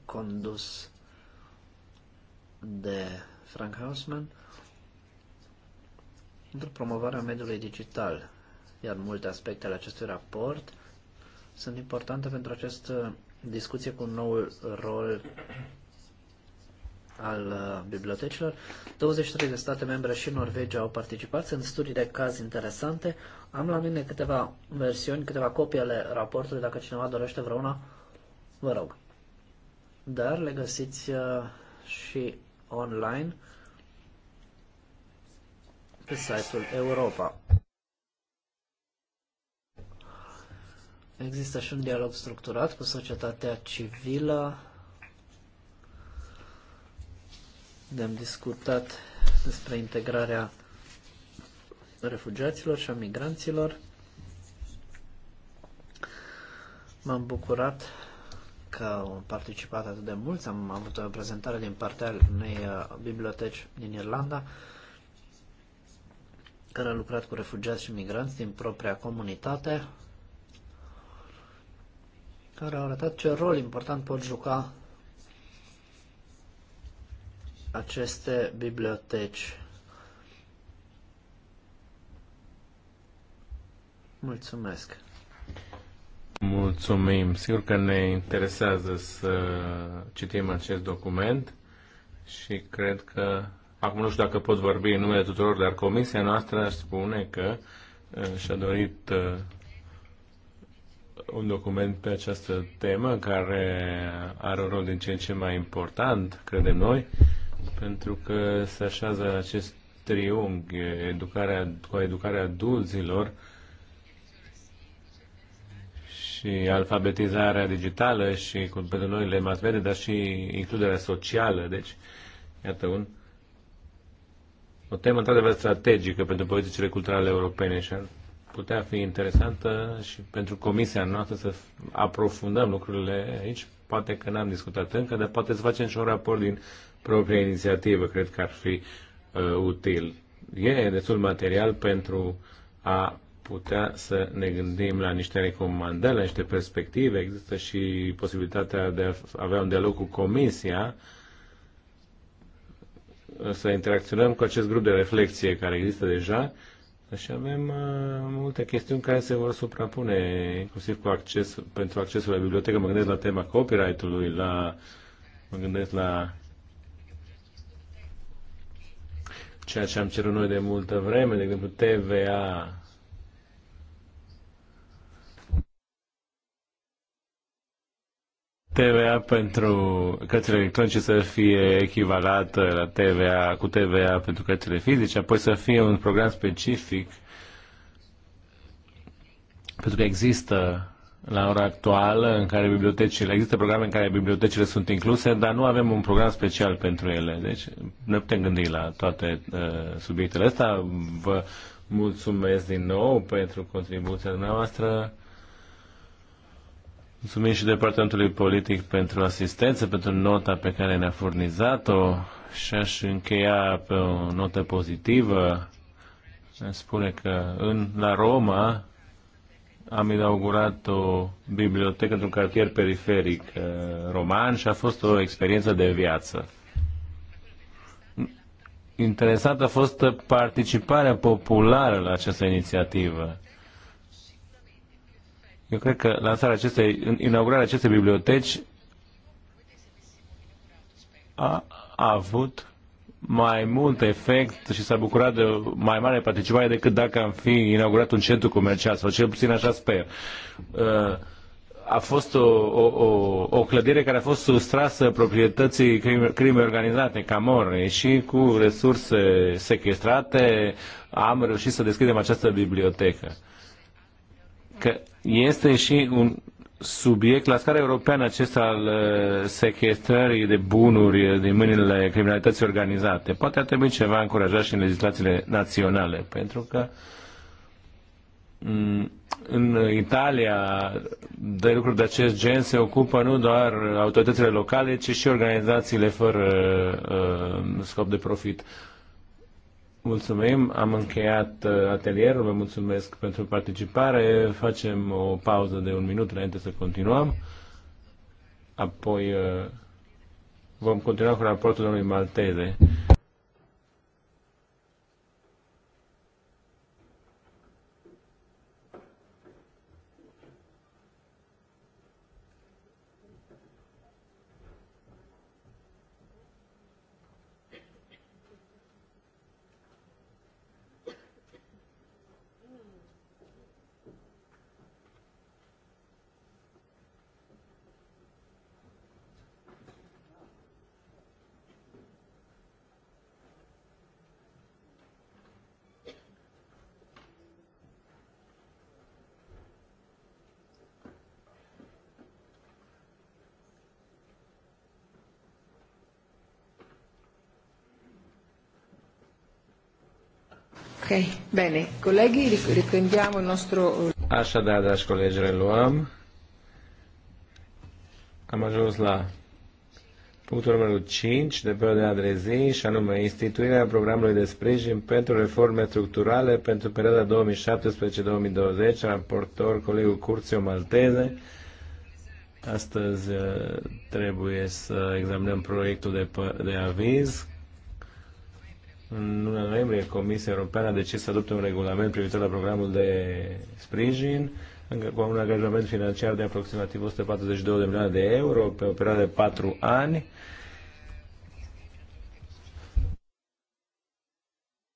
condus de Frank Hausman pentru promovarea mediului digital, iar multe aspecte ale acestui raport sunt importante pentru această discuție cu noul rol al uh, bibliotecilor. 23 de state membre și Norvegia au participat. Sunt studii de caz interesante. Am la mine câteva versiuni, câteva copii ale raportului. Dacă cineva dorește vreuna, vă rog. Dar le găsiți uh, și online pe site-ul Europa. Există și un dialog structurat cu societatea civilă, unde am discutat despre integrarea refugiaților și a migranților. M-am bucurat că au participat atât de mulți. Am avut o prezentare din partea unei uh, biblioteci din Irlanda care a lucrat cu refugiați și migranți din propria comunitate, care au arătat ce rol important pot juca aceste biblioteci. Mulțumesc! Mulțumim! Sigur că ne interesează să citim acest document și cred că, acum nu știu dacă pot vorbi în numele tuturor, dar comisia noastră spune că uh, și-a dorit uh, un document pe această temă care are un rol din ce în ce mai important, credem noi, pentru că se așează acest triunghi, educarea, cu educarea adulților și alfabetizarea digitală și cu pentru noile mass media, dar și includerea socială. Deci, iată un o temă într-adevăr strategică pentru politicile culturale europene și ar putea fi interesantă și pentru comisia noastră să aprofundăm lucrurile aici. Poate că n-am discutat încă, dar poate să facem și un raport din propria inițiativă. Cred că ar fi uh, util. E destul material pentru a putea să ne gândim la niște recomandări, la niște perspective. Există și posibilitatea de a avea un dialog cu Comisia, să interacționăm cu acest grup de reflexie care există deja și deci avem uh, multe chestiuni care se vor suprapune, inclusiv cu acces, pentru accesul la bibliotecă. Mă gândesc la tema copyright-ului, la, mă gândesc la ceea ce am cerut noi de multă vreme, de exemplu TVA. TVA pentru cărțile electronice să fie echivalată la TVA, cu TVA pentru cărțile fizice, apoi să fie un program specific pentru că există la ora actuală în care bibliotecile, există programe în care bibliotecile sunt incluse, dar nu avem un program special pentru ele. Deci ne putem gândi la toate uh, subiectele astea. Vă mulțumesc din nou pentru contribuția dumneavoastră. Mulțumim și Departamentului Politic pentru asistență, pentru nota pe care ne-a furnizat-o și aș încheia pe o notă pozitivă. Spune că în, la Roma am inaugurat o bibliotecă într-un cartier periferic eh, roman și a fost o experiență de viață. Interesantă a fost participarea populară la această inițiativă. Eu cred că lansarea acestei, inaugurarea acestei biblioteci a, a avut mai mult efect și s-ar bucura de mai mare participare decât dacă am fi inaugurat un centru comercial, sau cel puțin așa sper. Uh, a fost o, o, o, o clădire care a fost sustrasă proprietății crime, crime organizate, camorne, și cu resurse sequestrate am reușit să deschidem această bibliotecă. Că este și un subiect la scară europeană acesta al uh, sequestrării de bunuri uh, din mâinile criminalității organizate. Poate ar trebui ceva încurajat și în legislațiile naționale, pentru că mm, în Italia de lucruri de acest gen se ocupă nu doar autoritățile locale, ci și organizațiile fără uh, scop de profit. Mulțumim, am încheiat uh, atelierul, vă mulțumesc pentru participare. Facem o pauză de un minut înainte să continuăm. Apoi uh, vom continua cu raportul domnului Malteze. bene. Colleghi, riprendiamo il nostro... Eh, Așadar, dragi colegi, reluăm. Am ajuns la punctul numărul 5 de pe de adrezi și anume instituirea programului de sprijin pentru reforme structurale pentru perioada 2017-2020, raportor colegul Curțiu Malteze. Astăzi eh, trebuie să examinăm proiectul de, de aviz în luna noiembrie, Comisia Europeană a decis să adopte un regulament privitor la programul de sprijin cu un angajament financiar de aproximativ 142 de milioane de euro pe o perioadă de 4 ani.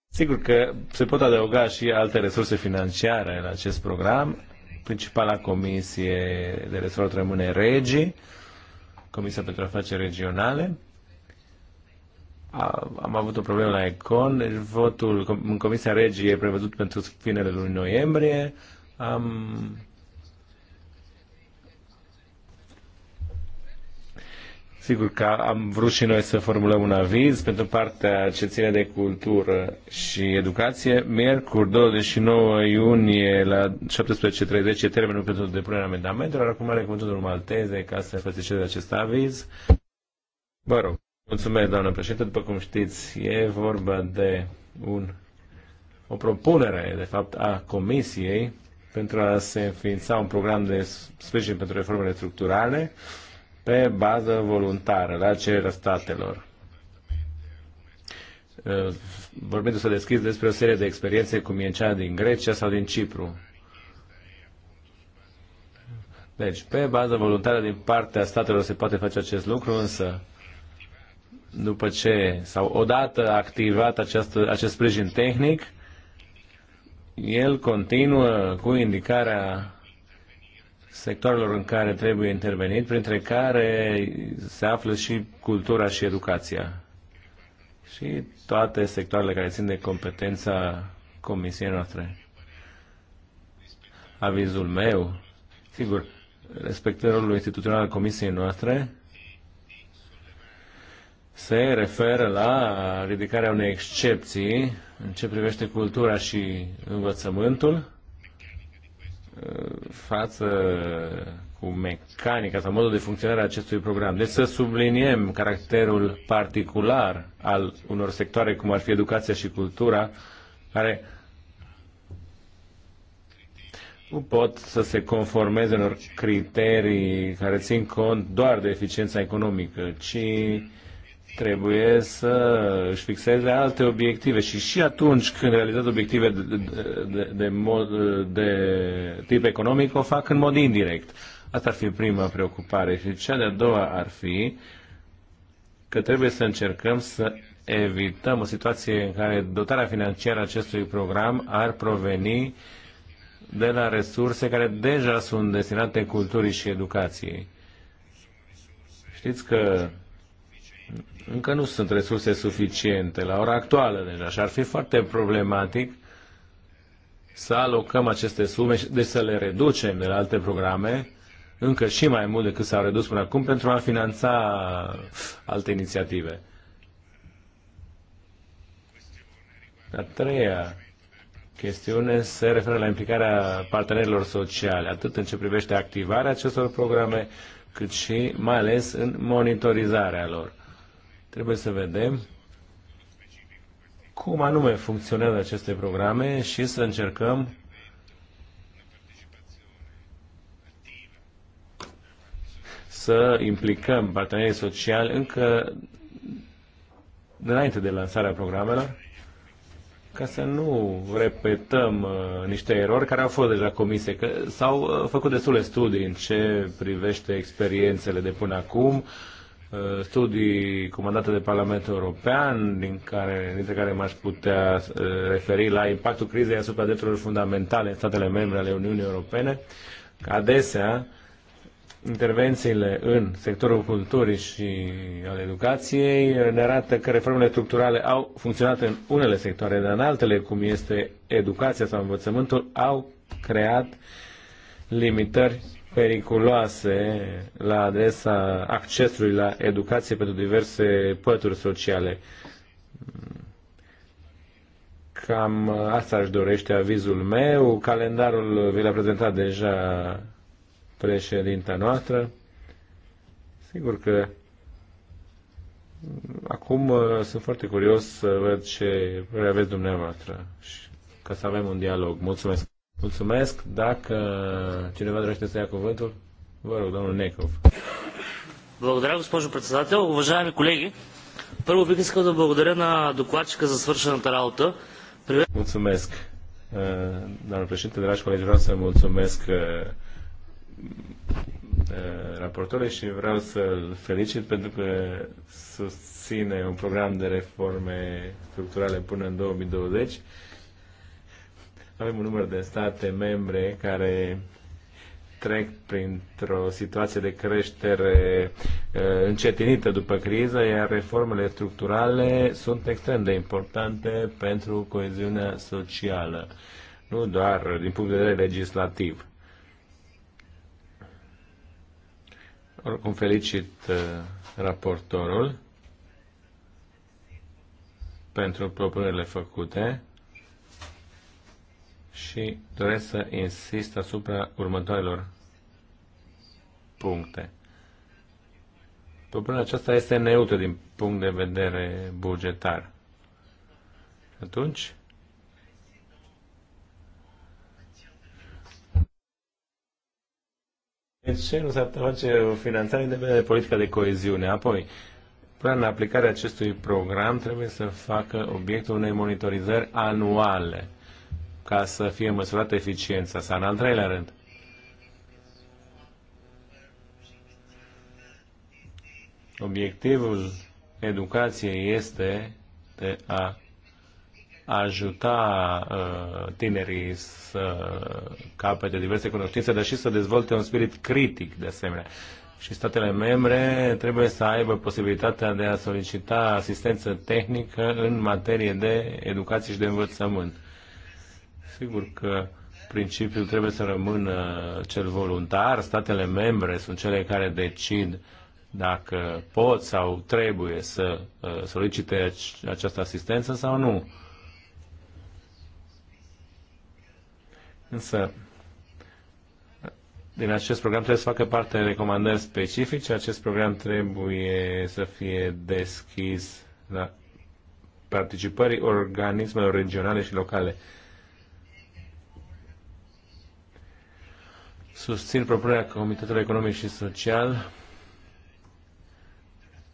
Sigur că se pot adăuga și alte resurse financiare la acest program. Principala comisie de resort rămâne Regi, Comisia pentru Afaceri Regionale am avut o problemă la Econ, deci votul în Comisia Regii e prevăzut pentru finele lunii noiembrie. Am Sigur că am vrut și noi să formulăm un aviz pentru partea ce ține de cultură și educație. Miercuri, 29 iunie, la 17.30, e termenul pentru depunerea amendamentelor. Acum are cuvântul domnul Malteze ca să facă acest aviz. Vă rog. Mulțumesc, doamnă președinte. După cum știți, e vorba de un, o propunere, de fapt, a Comisiei pentru a se înființa un program de sprijin pentru reformele structurale pe bază voluntară, la cererea statelor. Vorbindu-se deschis despre o serie de experiențe, cum e cea din Grecia sau din Cipru. Deci, pe bază voluntară din partea statelor se poate face acest lucru, însă după ce sau odată activat această, acest sprijin tehnic, el continuă cu indicarea sectoarelor în care trebuie intervenit, printre care se află și cultura și educația. Și toate sectoarele care țin de competența comisiei noastre. Avizul meu, sigur, respectând rolul instituțional al comisiei noastre, se referă la ridicarea unei excepții în ce privește cultura și învățământul uh, față cu mecanica sau modul de funcționare a acestui program. Deci să subliniem caracterul particular al unor sectoare cum ar fi educația și cultura, care nu pot să se conformeze unor criterii care țin cont doar de eficiența economică, ci trebuie să își fixeze alte obiective și și atunci când realizează obiective de, de, de, mod, de tip economic, o fac în mod indirect. Asta ar fi prima preocupare. Și cea de-a doua ar fi că trebuie să încercăm să evităm o situație în care dotarea financiară acestui program ar proveni de la resurse care deja sunt destinate culturii și educației. Știți că încă nu sunt resurse suficiente la ora actuală deja și ar fi foarte problematic să alocăm aceste sume, deci să le reducem de la alte programe, încă și mai mult decât s-au redus până acum, pentru a finanța alte inițiative. A treia chestiune se referă la implicarea partenerilor sociale, atât în ce privește activarea acestor programe, cât și mai ales în monitorizarea lor. Trebuie să vedem cum anume funcționează aceste programe și să încercăm să implicăm partenerii sociali încă înainte de lansarea programelor ca să nu repetăm uh, niște erori care au fost deja comise, că s-au uh, făcut destule studii în ce privește experiențele de până acum, uh, Uh, studii comandate de Parlamentul European, din care, dintre care m-aș putea uh, referi la impactul crizei asupra drepturilor fundamentale în statele membre ale Uniunii Europene. Adesea, intervențiile în sectorul culturii și al educației ne arată că reformele structurale au funcționat în unele sectoare, dar în altele, cum este educația sau învățământul, au creat limitări periculoase la adresa accesului la educație pentru diverse pături sociale. Cam asta își dorește avizul meu. Calendarul vi l-a prezentat deja președinta noastră. Sigur că acum uh, sunt foarte curios să văd ce aveți dumneavoastră și ca să avem un dialog. Mulțumesc! Mulțumesc. Dacă cineva dorește să ia cuvântul, vă rog, domnul Necov. Благодаря, госпожо председател. Уважаеми колеги, първо бих искал да благодаря на докладчика за свършената работа. Привет. Mulțumesc. Doamnă președinte, dragi colegi, vreau să mulțumesc raportorului și vreau să-l felicit pentru că susține un program de reforme structurale până în 2020 avem un număr de state membre care trec printr-o situație de creștere uh, încetinită după criză, iar reformele structurale sunt extrem de importante pentru coeziunea socială, nu doar din punct de vedere legislativ. Oricum felicit uh, raportorul pentru propunerile făcute și doresc să insist asupra următoarelor puncte. Propunerea aceasta este neutră din punct de vedere bugetar. Atunci, De ce nu s-ar face o finanțare independentă de politica de coeziune? Apoi, până în aplicarea acestui program trebuie să facă obiectul unei monitorizări anuale ca să fie măsurată eficiența sa. În al treilea rând, obiectivul educației este de a ajuta uh, tinerii să capete diverse cunoștințe, dar și să dezvolte un spirit critic de asemenea. Și statele membre trebuie să aibă posibilitatea de a solicita asistență tehnică în materie de educație și de învățământ. Sigur că principiul trebuie să rămână cel voluntar. Statele membre sunt cele care decid dacă pot sau trebuie să uh, solicite această asistență sau nu. Însă, din acest program trebuie să facă parte recomandări specifice, acest program trebuie să fie deschis la participării organismelor regionale și locale. Susțin propunerea Comitetului Economic și Social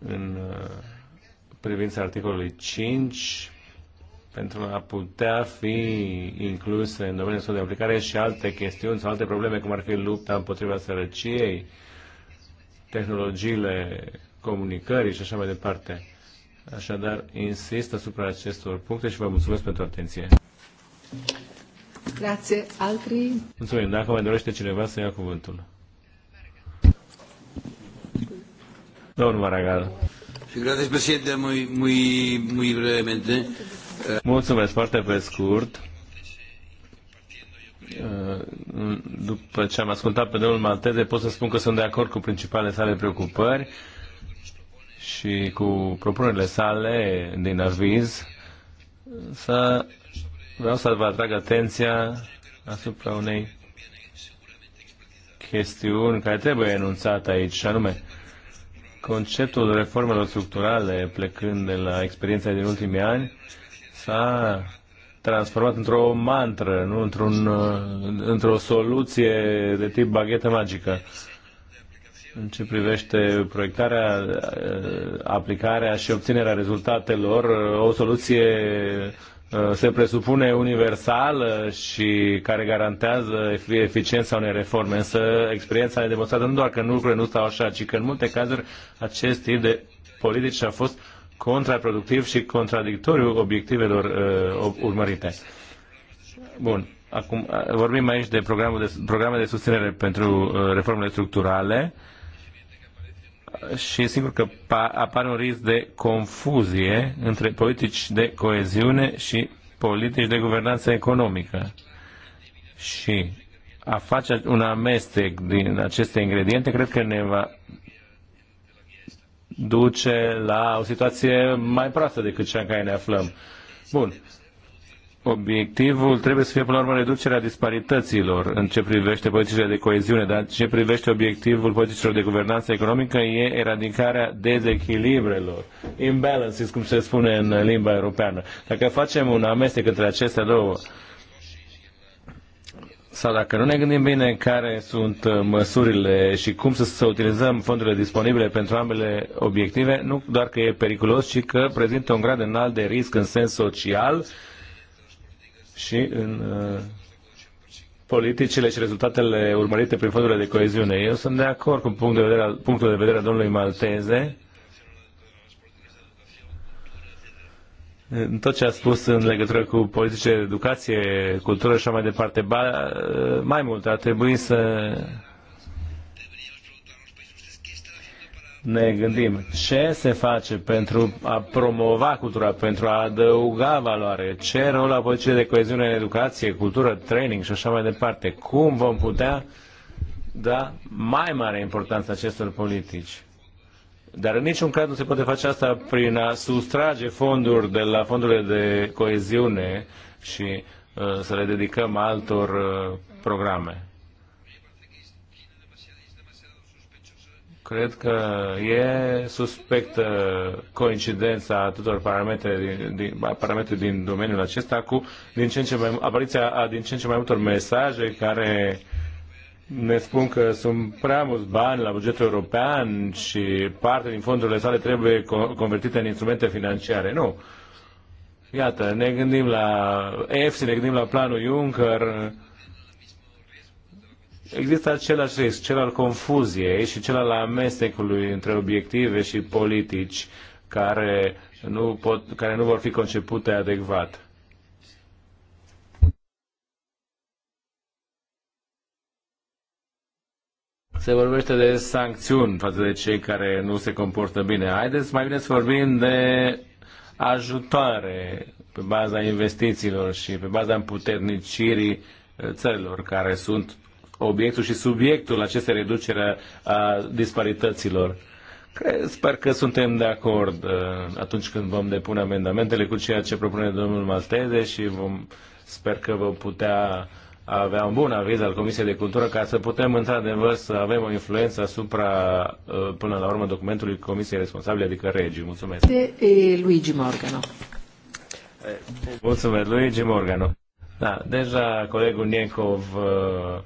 în uh, privința articolului 5 pentru a putea fi incluse în domeniul său de aplicare și alte chestiuni sau alte probleme, cum ar fi lupta împotriva sărăciei, tehnologiile comunicării și așa mai departe. Așadar, insist asupra acestor puncte și vă mulțumesc pentru atenție. Grazie. Altri? Mulțumim. Dacă mai dorește cineva să ia cuvântul. Domnul Maragal. Gracias, presidente. brevemente. Mulțumesc foarte pe scurt. După ce am ascultat pe domnul Malteze, pot să spun că sunt de acord cu principalele sale preocupări și cu propunerile sale din aviz să vreau să vă atrag atenția asupra unei chestiuni care trebuie enunțată aici, și anume conceptul reformelor structurale, plecând de la experiența din ultimii ani, s-a transformat într-o mantră, nu într-un, într-o soluție de tip baghetă magică. În ce privește proiectarea, aplicarea și obținerea rezultatelor, o soluție Uh, se presupune universală uh, și care garantează eficiența unei reforme. Însă experiența a demonstrat nu doar că lucrurile nu stau așa, ci că în multe cazuri acest tip de politici a fost contraproductiv și contradictoriu obiectivelor uh, urmărite. Bun. Acum uh, vorbim aici de, programul de programe de susținere pentru uh, reformele structurale. Uh, și sigur că apare un risc de confuzie între politici de coeziune și politici de guvernanță economică. Și a face un amestec din aceste ingrediente, cred că ne va duce la o situație mai proastă decât cea în care ne aflăm. Bun obiectivul trebuie să fie până la urmă reducerea disparităților în ce privește politicile de coeziune, dar în ce privește obiectivul politicilor de guvernanță economică e eradicarea dezechilibrelor, imbalances, cum se spune în limba europeană. Dacă facem un amestec între aceste două, sau dacă nu ne gândim bine care sunt uh, măsurile și cum să, să utilizăm fondurile disponibile pentru ambele obiective, nu doar că e periculos, ci că prezintă un grad înalt de risc în sens social, și în uh, politicile și rezultatele urmărite prin fondurile de coeziune. Eu sunt de acord cu punctul de vedere, punctul de vedere al domnului Malteze în tot ce a spus în legătură cu politice, educație, cultură și așa mai departe. Ba, uh, mai mult, ar trebui să ne gândim ce se face pentru a promova cultura, pentru a adăuga valoare, ce rol a politicii de coeziune în educație, cultură, training și așa mai departe. Cum vom putea da mai mare importanță acestor politici? Dar în niciun caz nu se poate face asta prin a sustrage fonduri de la fondurile de coeziune și uh, să le dedicăm altor uh, programe. cred că e suspectă coincidența tuturor parametrii din, din, parametri din domeniul acesta cu din ce în ce mai, apariția a din ce în ce mai multor mesaje care ne spun că sunt prea mulți bani la bugetul european și parte din fondurile sale trebuie convertite în instrumente financiare. Nu. Iată, ne gândim la EFSI, ne gândim la planul Juncker, există același risc, cel al confuziei și cel al amestecului între obiective și politici care nu, pot, care nu vor fi concepute adecvat. se vorbește de sancțiuni față de cei care nu se comportă bine. Haideți mai bine să vorbim de ajutoare pe baza investițiilor și pe baza împuternicirii țărilor care sunt obiectul și subiectul acestei reducere a disparităților. Cred, sper că suntem de acord uh, atunci când vom depune amendamentele cu ceea ce propune domnul Malteze și vom, sper că vom putea avea un bun aviz al Comisiei de Cultură ca să putem într-adevăr să avem o influență asupra, uh, până la urmă, documentului Comisiei Responsabile, adică Regii. Mulțumesc. De Luigi Morgano. Mulțumesc, Luigi Morgano. Da, deja colegul Uh,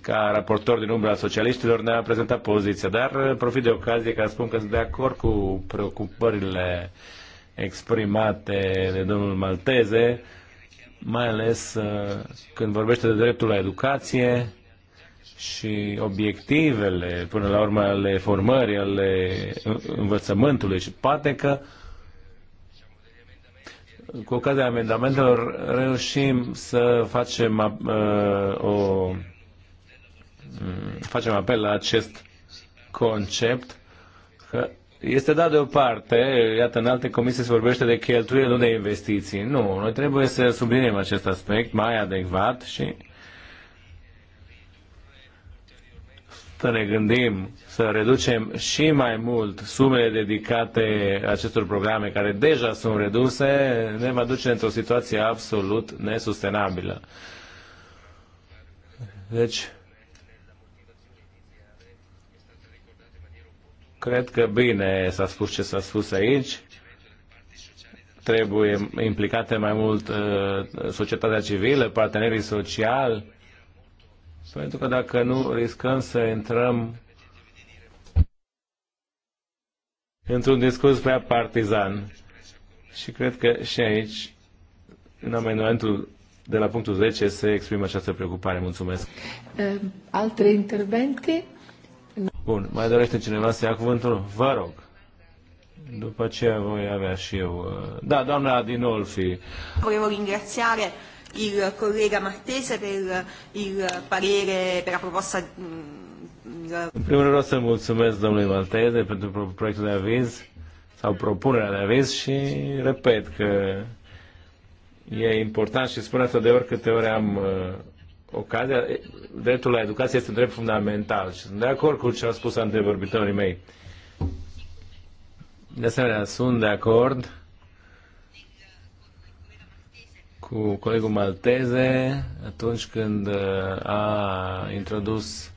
ca raportor din umbra socialiștilor, ne-a prezentat poziția, dar uh, profit de ocazie ca să spun că sunt de acord cu preocupările exprimate de domnul Malteze, mai ales uh, când vorbește de dreptul la educație și obiectivele, până la urmă, ale formării, ale învățământului și poate că cu ocazia amendamentelor reușim să facem uh, o facem apel la acest concept că este dat deoparte, iată, în alte comisii se vorbește de cheltuie, nu de investiții. Nu, noi trebuie să subliniem acest aspect mai adecvat și să ne gândim să reducem și mai mult sumele dedicate acestor programe care deja sunt reduse, ne va duce într-o situație absolut nesustenabilă. Deci, Cred că bine s-a spus ce s-a spus aici. Trebuie implicate mai mult uh, societatea civilă, partenerii sociali, pentru că dacă nu riscăm să intrăm într-un discurs prea partizan. Și cred că și aici, în amendamentul de la punctul 10, se exprimă această preocupare. Mulțumesc. Ehm, alte intervenții. Bun, mai dorește cineva să ia cuvântul? Vă rog. După ce voi avea și eu. Uh, da, doamna Adinolfi. Vreau ringrațiare il collega Martese per uh, il parere, per la proposta mm, în primul rând să mulțumesc domnului Malteze pentru proiectul de aviz sau propunerea de aviz și repet că e important și spun asta de oricâte ori am uh, ocazia, dreptul la educație este un drept fundamental și sunt de acord cu ce au spus antevorbitorii mei. De asemenea, sunt de acord cu colegul malteze atunci când uh, a introdus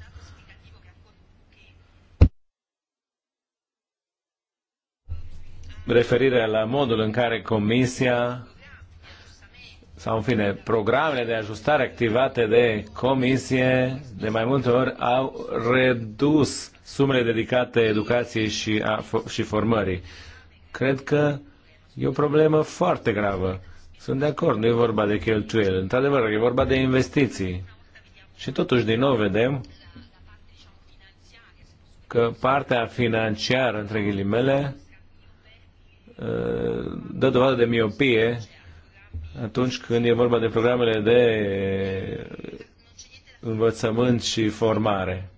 referirea la modul în care Comisia sau în fine, programele de ajustare activate de comisie de mai multe ori au redus sumele dedicate educației și, a, și formării. Cred că e o problemă foarte gravă. Sunt de acord, nu e vorba de cheltuieli. Într-adevăr, e vorba de investiții. Și totuși, din nou, vedem că partea financiară, între ghilimele, ă, dă dovadă de miopie atunci când e vorba de programele de învățământ și formare.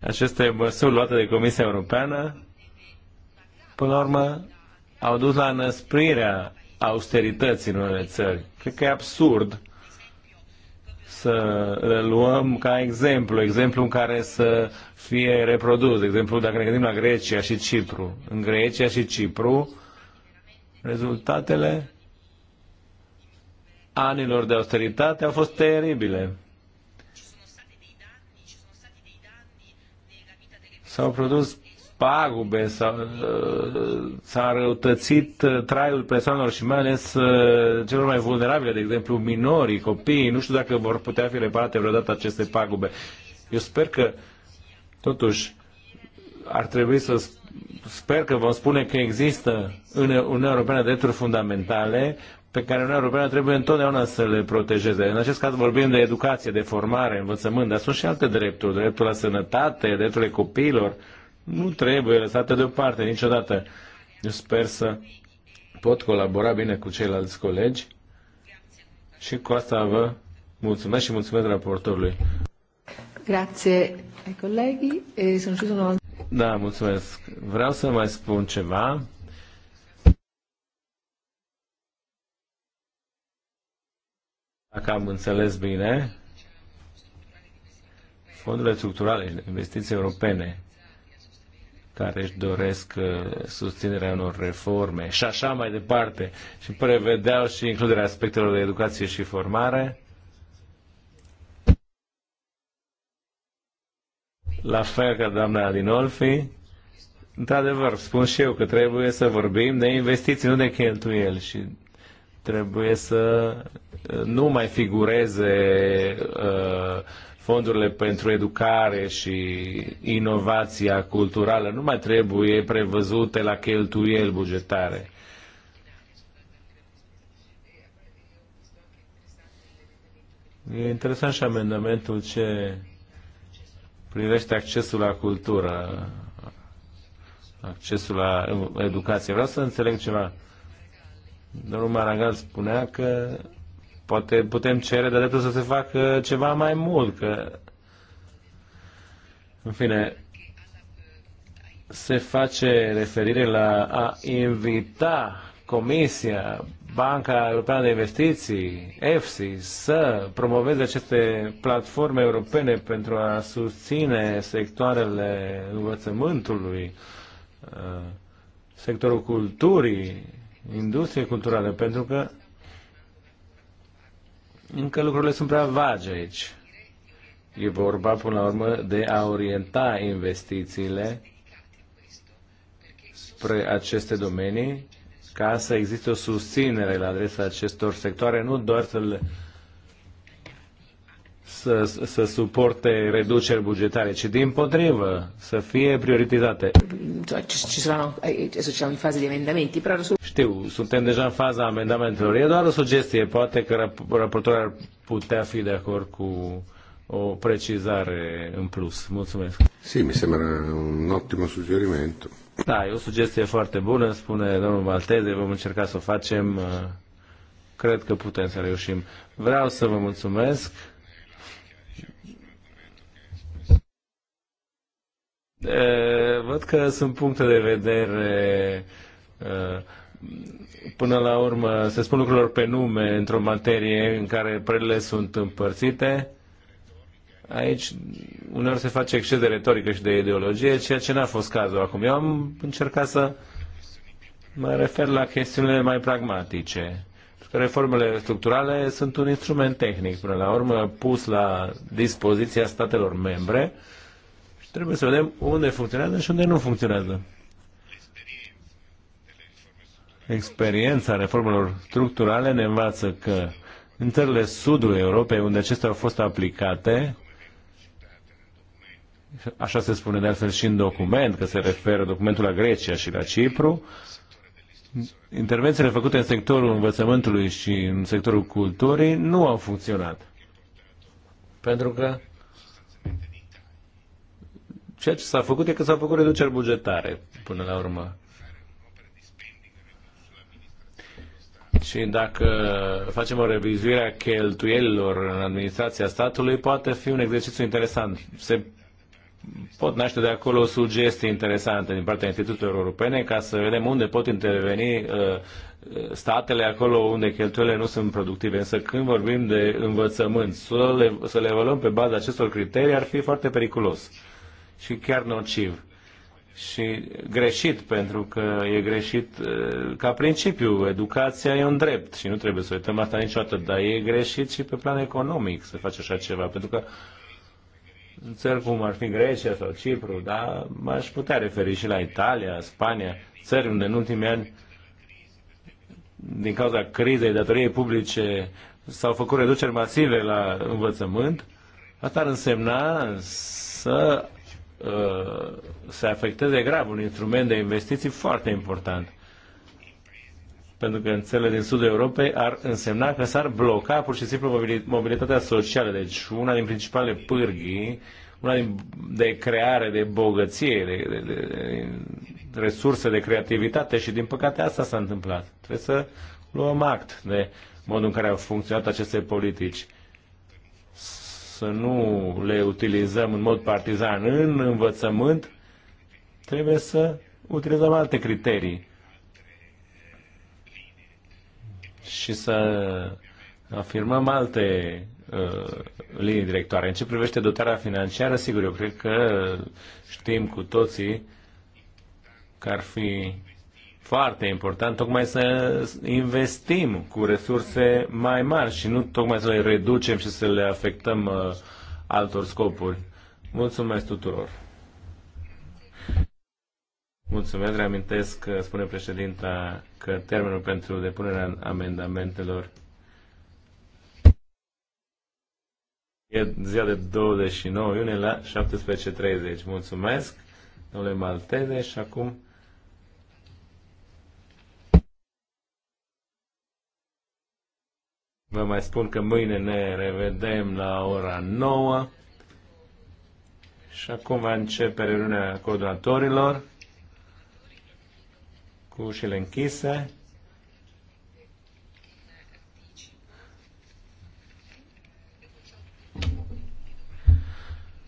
Aceste măsuri luate de Comisia Europeană, până la urmă, au dus la năsprirea austerității în unele țări. Cred că e absurd să luăm ca exemplu, exemplu în care să fie reprodus. De exemplu, dacă ne gândim la Grecia și Cipru. În Grecia și Cipru, rezultatele anilor de austeritate au fost teribile. S-au produs pagube sau s-a răutățit uh, traiul persoanelor și mai ales uh, celor mai vulnerabile, de exemplu minorii, copiii, nu știu dacă vor putea fi reparate vreodată aceste pagube. Eu sper că totuși ar trebui să sper că vom spune că există în Uniunea Europeană drepturi fundamentale pe care Uniunea Europeană trebuie întotdeauna să le protejeze. În acest caz vorbim de educație, de formare, învățământ, dar sunt și alte drepturi, dreptul la sănătate, drepturile copiilor, nu trebuie lăsată deoparte niciodată. Eu sper să pot colabora bine cu ceilalți colegi și cu asta vă mulțumesc și mulțumesc raportorului. Grazie ai E, Da, mulțumesc. Vreau să mai spun ceva. Dacă am înțeles bine, fondurile structurale de investiții europene care își doresc uh, susținerea unor reforme și așa mai departe. Și prevedeau și includerea aspectelor de educație și formare. La fel ca doamna Adinolfi, într-adevăr, spun și eu că trebuie să vorbim de investiții, nu de cheltuieli și trebuie să uh, nu mai figureze uh, fondurile pentru educare și inovația culturală nu mai trebuie prevăzute la cheltuieli bugetare. E interesant și amendamentul ce privește accesul la cultură, accesul la educație. Vreau să înțeleg ceva. Domnul Maragal spunea că Poate putem cere de dreptul să se facă ceva mai mult, că... În fine, se face referire la a invita Comisia, Banca Europeană de Investiții, EFSI, să promoveze aceste platforme europene pentru a susține sectoarele învățământului, sectorul culturii, industrie culturală, pentru că încă lucrurile sunt prea vagi aici. E vorba, până la urmă, de a orienta investițiile spre aceste domenii ca să existe o susținere la adresa acestor sectoare, nu doar să le să, să suporte reduceri bugetare, ci din potrivă să fie prioritizate. Ci, ci sono, eh, eh, siamo in fase Știu, suntem deja în faza amendamentelor. E doar o sugestie, poate că raportorul ar putea fi de acord cu o precizare în plus. Mulțumesc. Sì, mi sembra un ottimo suggerimento. Da, e o sugestie foarte bună, spune domnul Malteze, vom încerca să o facem. Eh, cred că putem să reușim. Vreau să vă mulțumesc Văd că sunt puncte de vedere până la urmă se spun lucrurilor pe nume într-o materie în care prelele sunt împărțite. Aici uneori se face exces de retorică și de ideologie, ceea ce n-a fost cazul acum. Eu am încercat să mă refer la chestiunile mai pragmatice. Că reformele structurale sunt un instrument tehnic, până la urmă, pus la dispoziția statelor membre, uh, Trebuie să vedem unde funcționează și unde nu funcționează. Experiența reformelor structurale ne învață că în țările sudul Europei, unde acestea au fost aplicate, așa se spune de altfel și în document, că se referă documentul la Grecia și la Cipru, intervențiile făcute în sectorul învățământului și în sectorul culturii nu au funcționat. Pentru că Ceea ce s-a făcut e că s-au făcut reduceri bugetare până la urmă. Și dacă facem o revizuire a cheltuielilor în administrația statului, poate fi un exercițiu interesant. Se pot naște de acolo sugestii interesante din partea instituțiilor europene ca să vedem unde pot interveni uh, statele acolo unde cheltuielile nu sunt productive. Însă când vorbim de învățământ, să le, să le evaluăm pe baza acestor criterii ar fi foarte periculos și chiar nociv. Și greșit, pentru că e greșit uh, ca principiu. Educația e un drept și nu trebuie să uităm asta niciodată, dar e greșit și pe plan economic să faci așa ceva, pentru că în țări cum ar fi Grecia sau Cipru, dar m-aș putea referi și la Italia, Spania, țări unde în ultimii ani, din cauza crizei datoriei publice, s-au făcut reduceri masive la învățământ, asta ar însemna să Uh, se afecteze grav un instrument de investiții foarte important. Pentru că în țările din sudul Europei ar însemna că s-ar bloca pur și simplu mobilitatea socială. Deci una din principalele pârghii, una din, de creare, de bogăție, de, de, de, de resurse, de creativitate și din păcate asta s-a întâmplat. Trebuie să luăm act de modul în care au funcționat aceste politici să nu le utilizăm în mod partizan în învățământ, trebuie să utilizăm alte criterii și să afirmăm alte uh, linii directoare. În ce privește dotarea financiară, sigur, eu cred că știm cu toții că ar fi foarte important tocmai să investim cu resurse mai mari și nu tocmai să le reducem și să le afectăm uh, altor scopuri. Mulțumesc tuturor! Mulțumesc, reamintesc, uh, spune președinta, că termenul pentru depunerea amendamentelor e ziua de 29 iunie la 17.30. Mulțumesc, domnule Maltene, și acum Vă mai spun că mâine ne revedem la ora 9 și acum va începe reuniunea coordonatorilor cu ușile închise.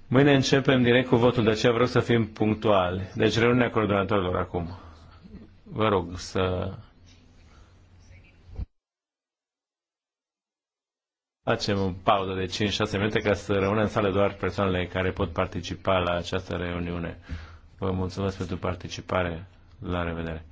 Mâine începem direct cu votul, de aceea vreau să fim punctuali. Deci reuniunea coordonatorilor acum. Vă rog să Facem o pauză de 5-6 minute ca să rămână în sală doar persoanele care pot participa la această reuniune. Vă mulțumesc pentru participare. La revedere!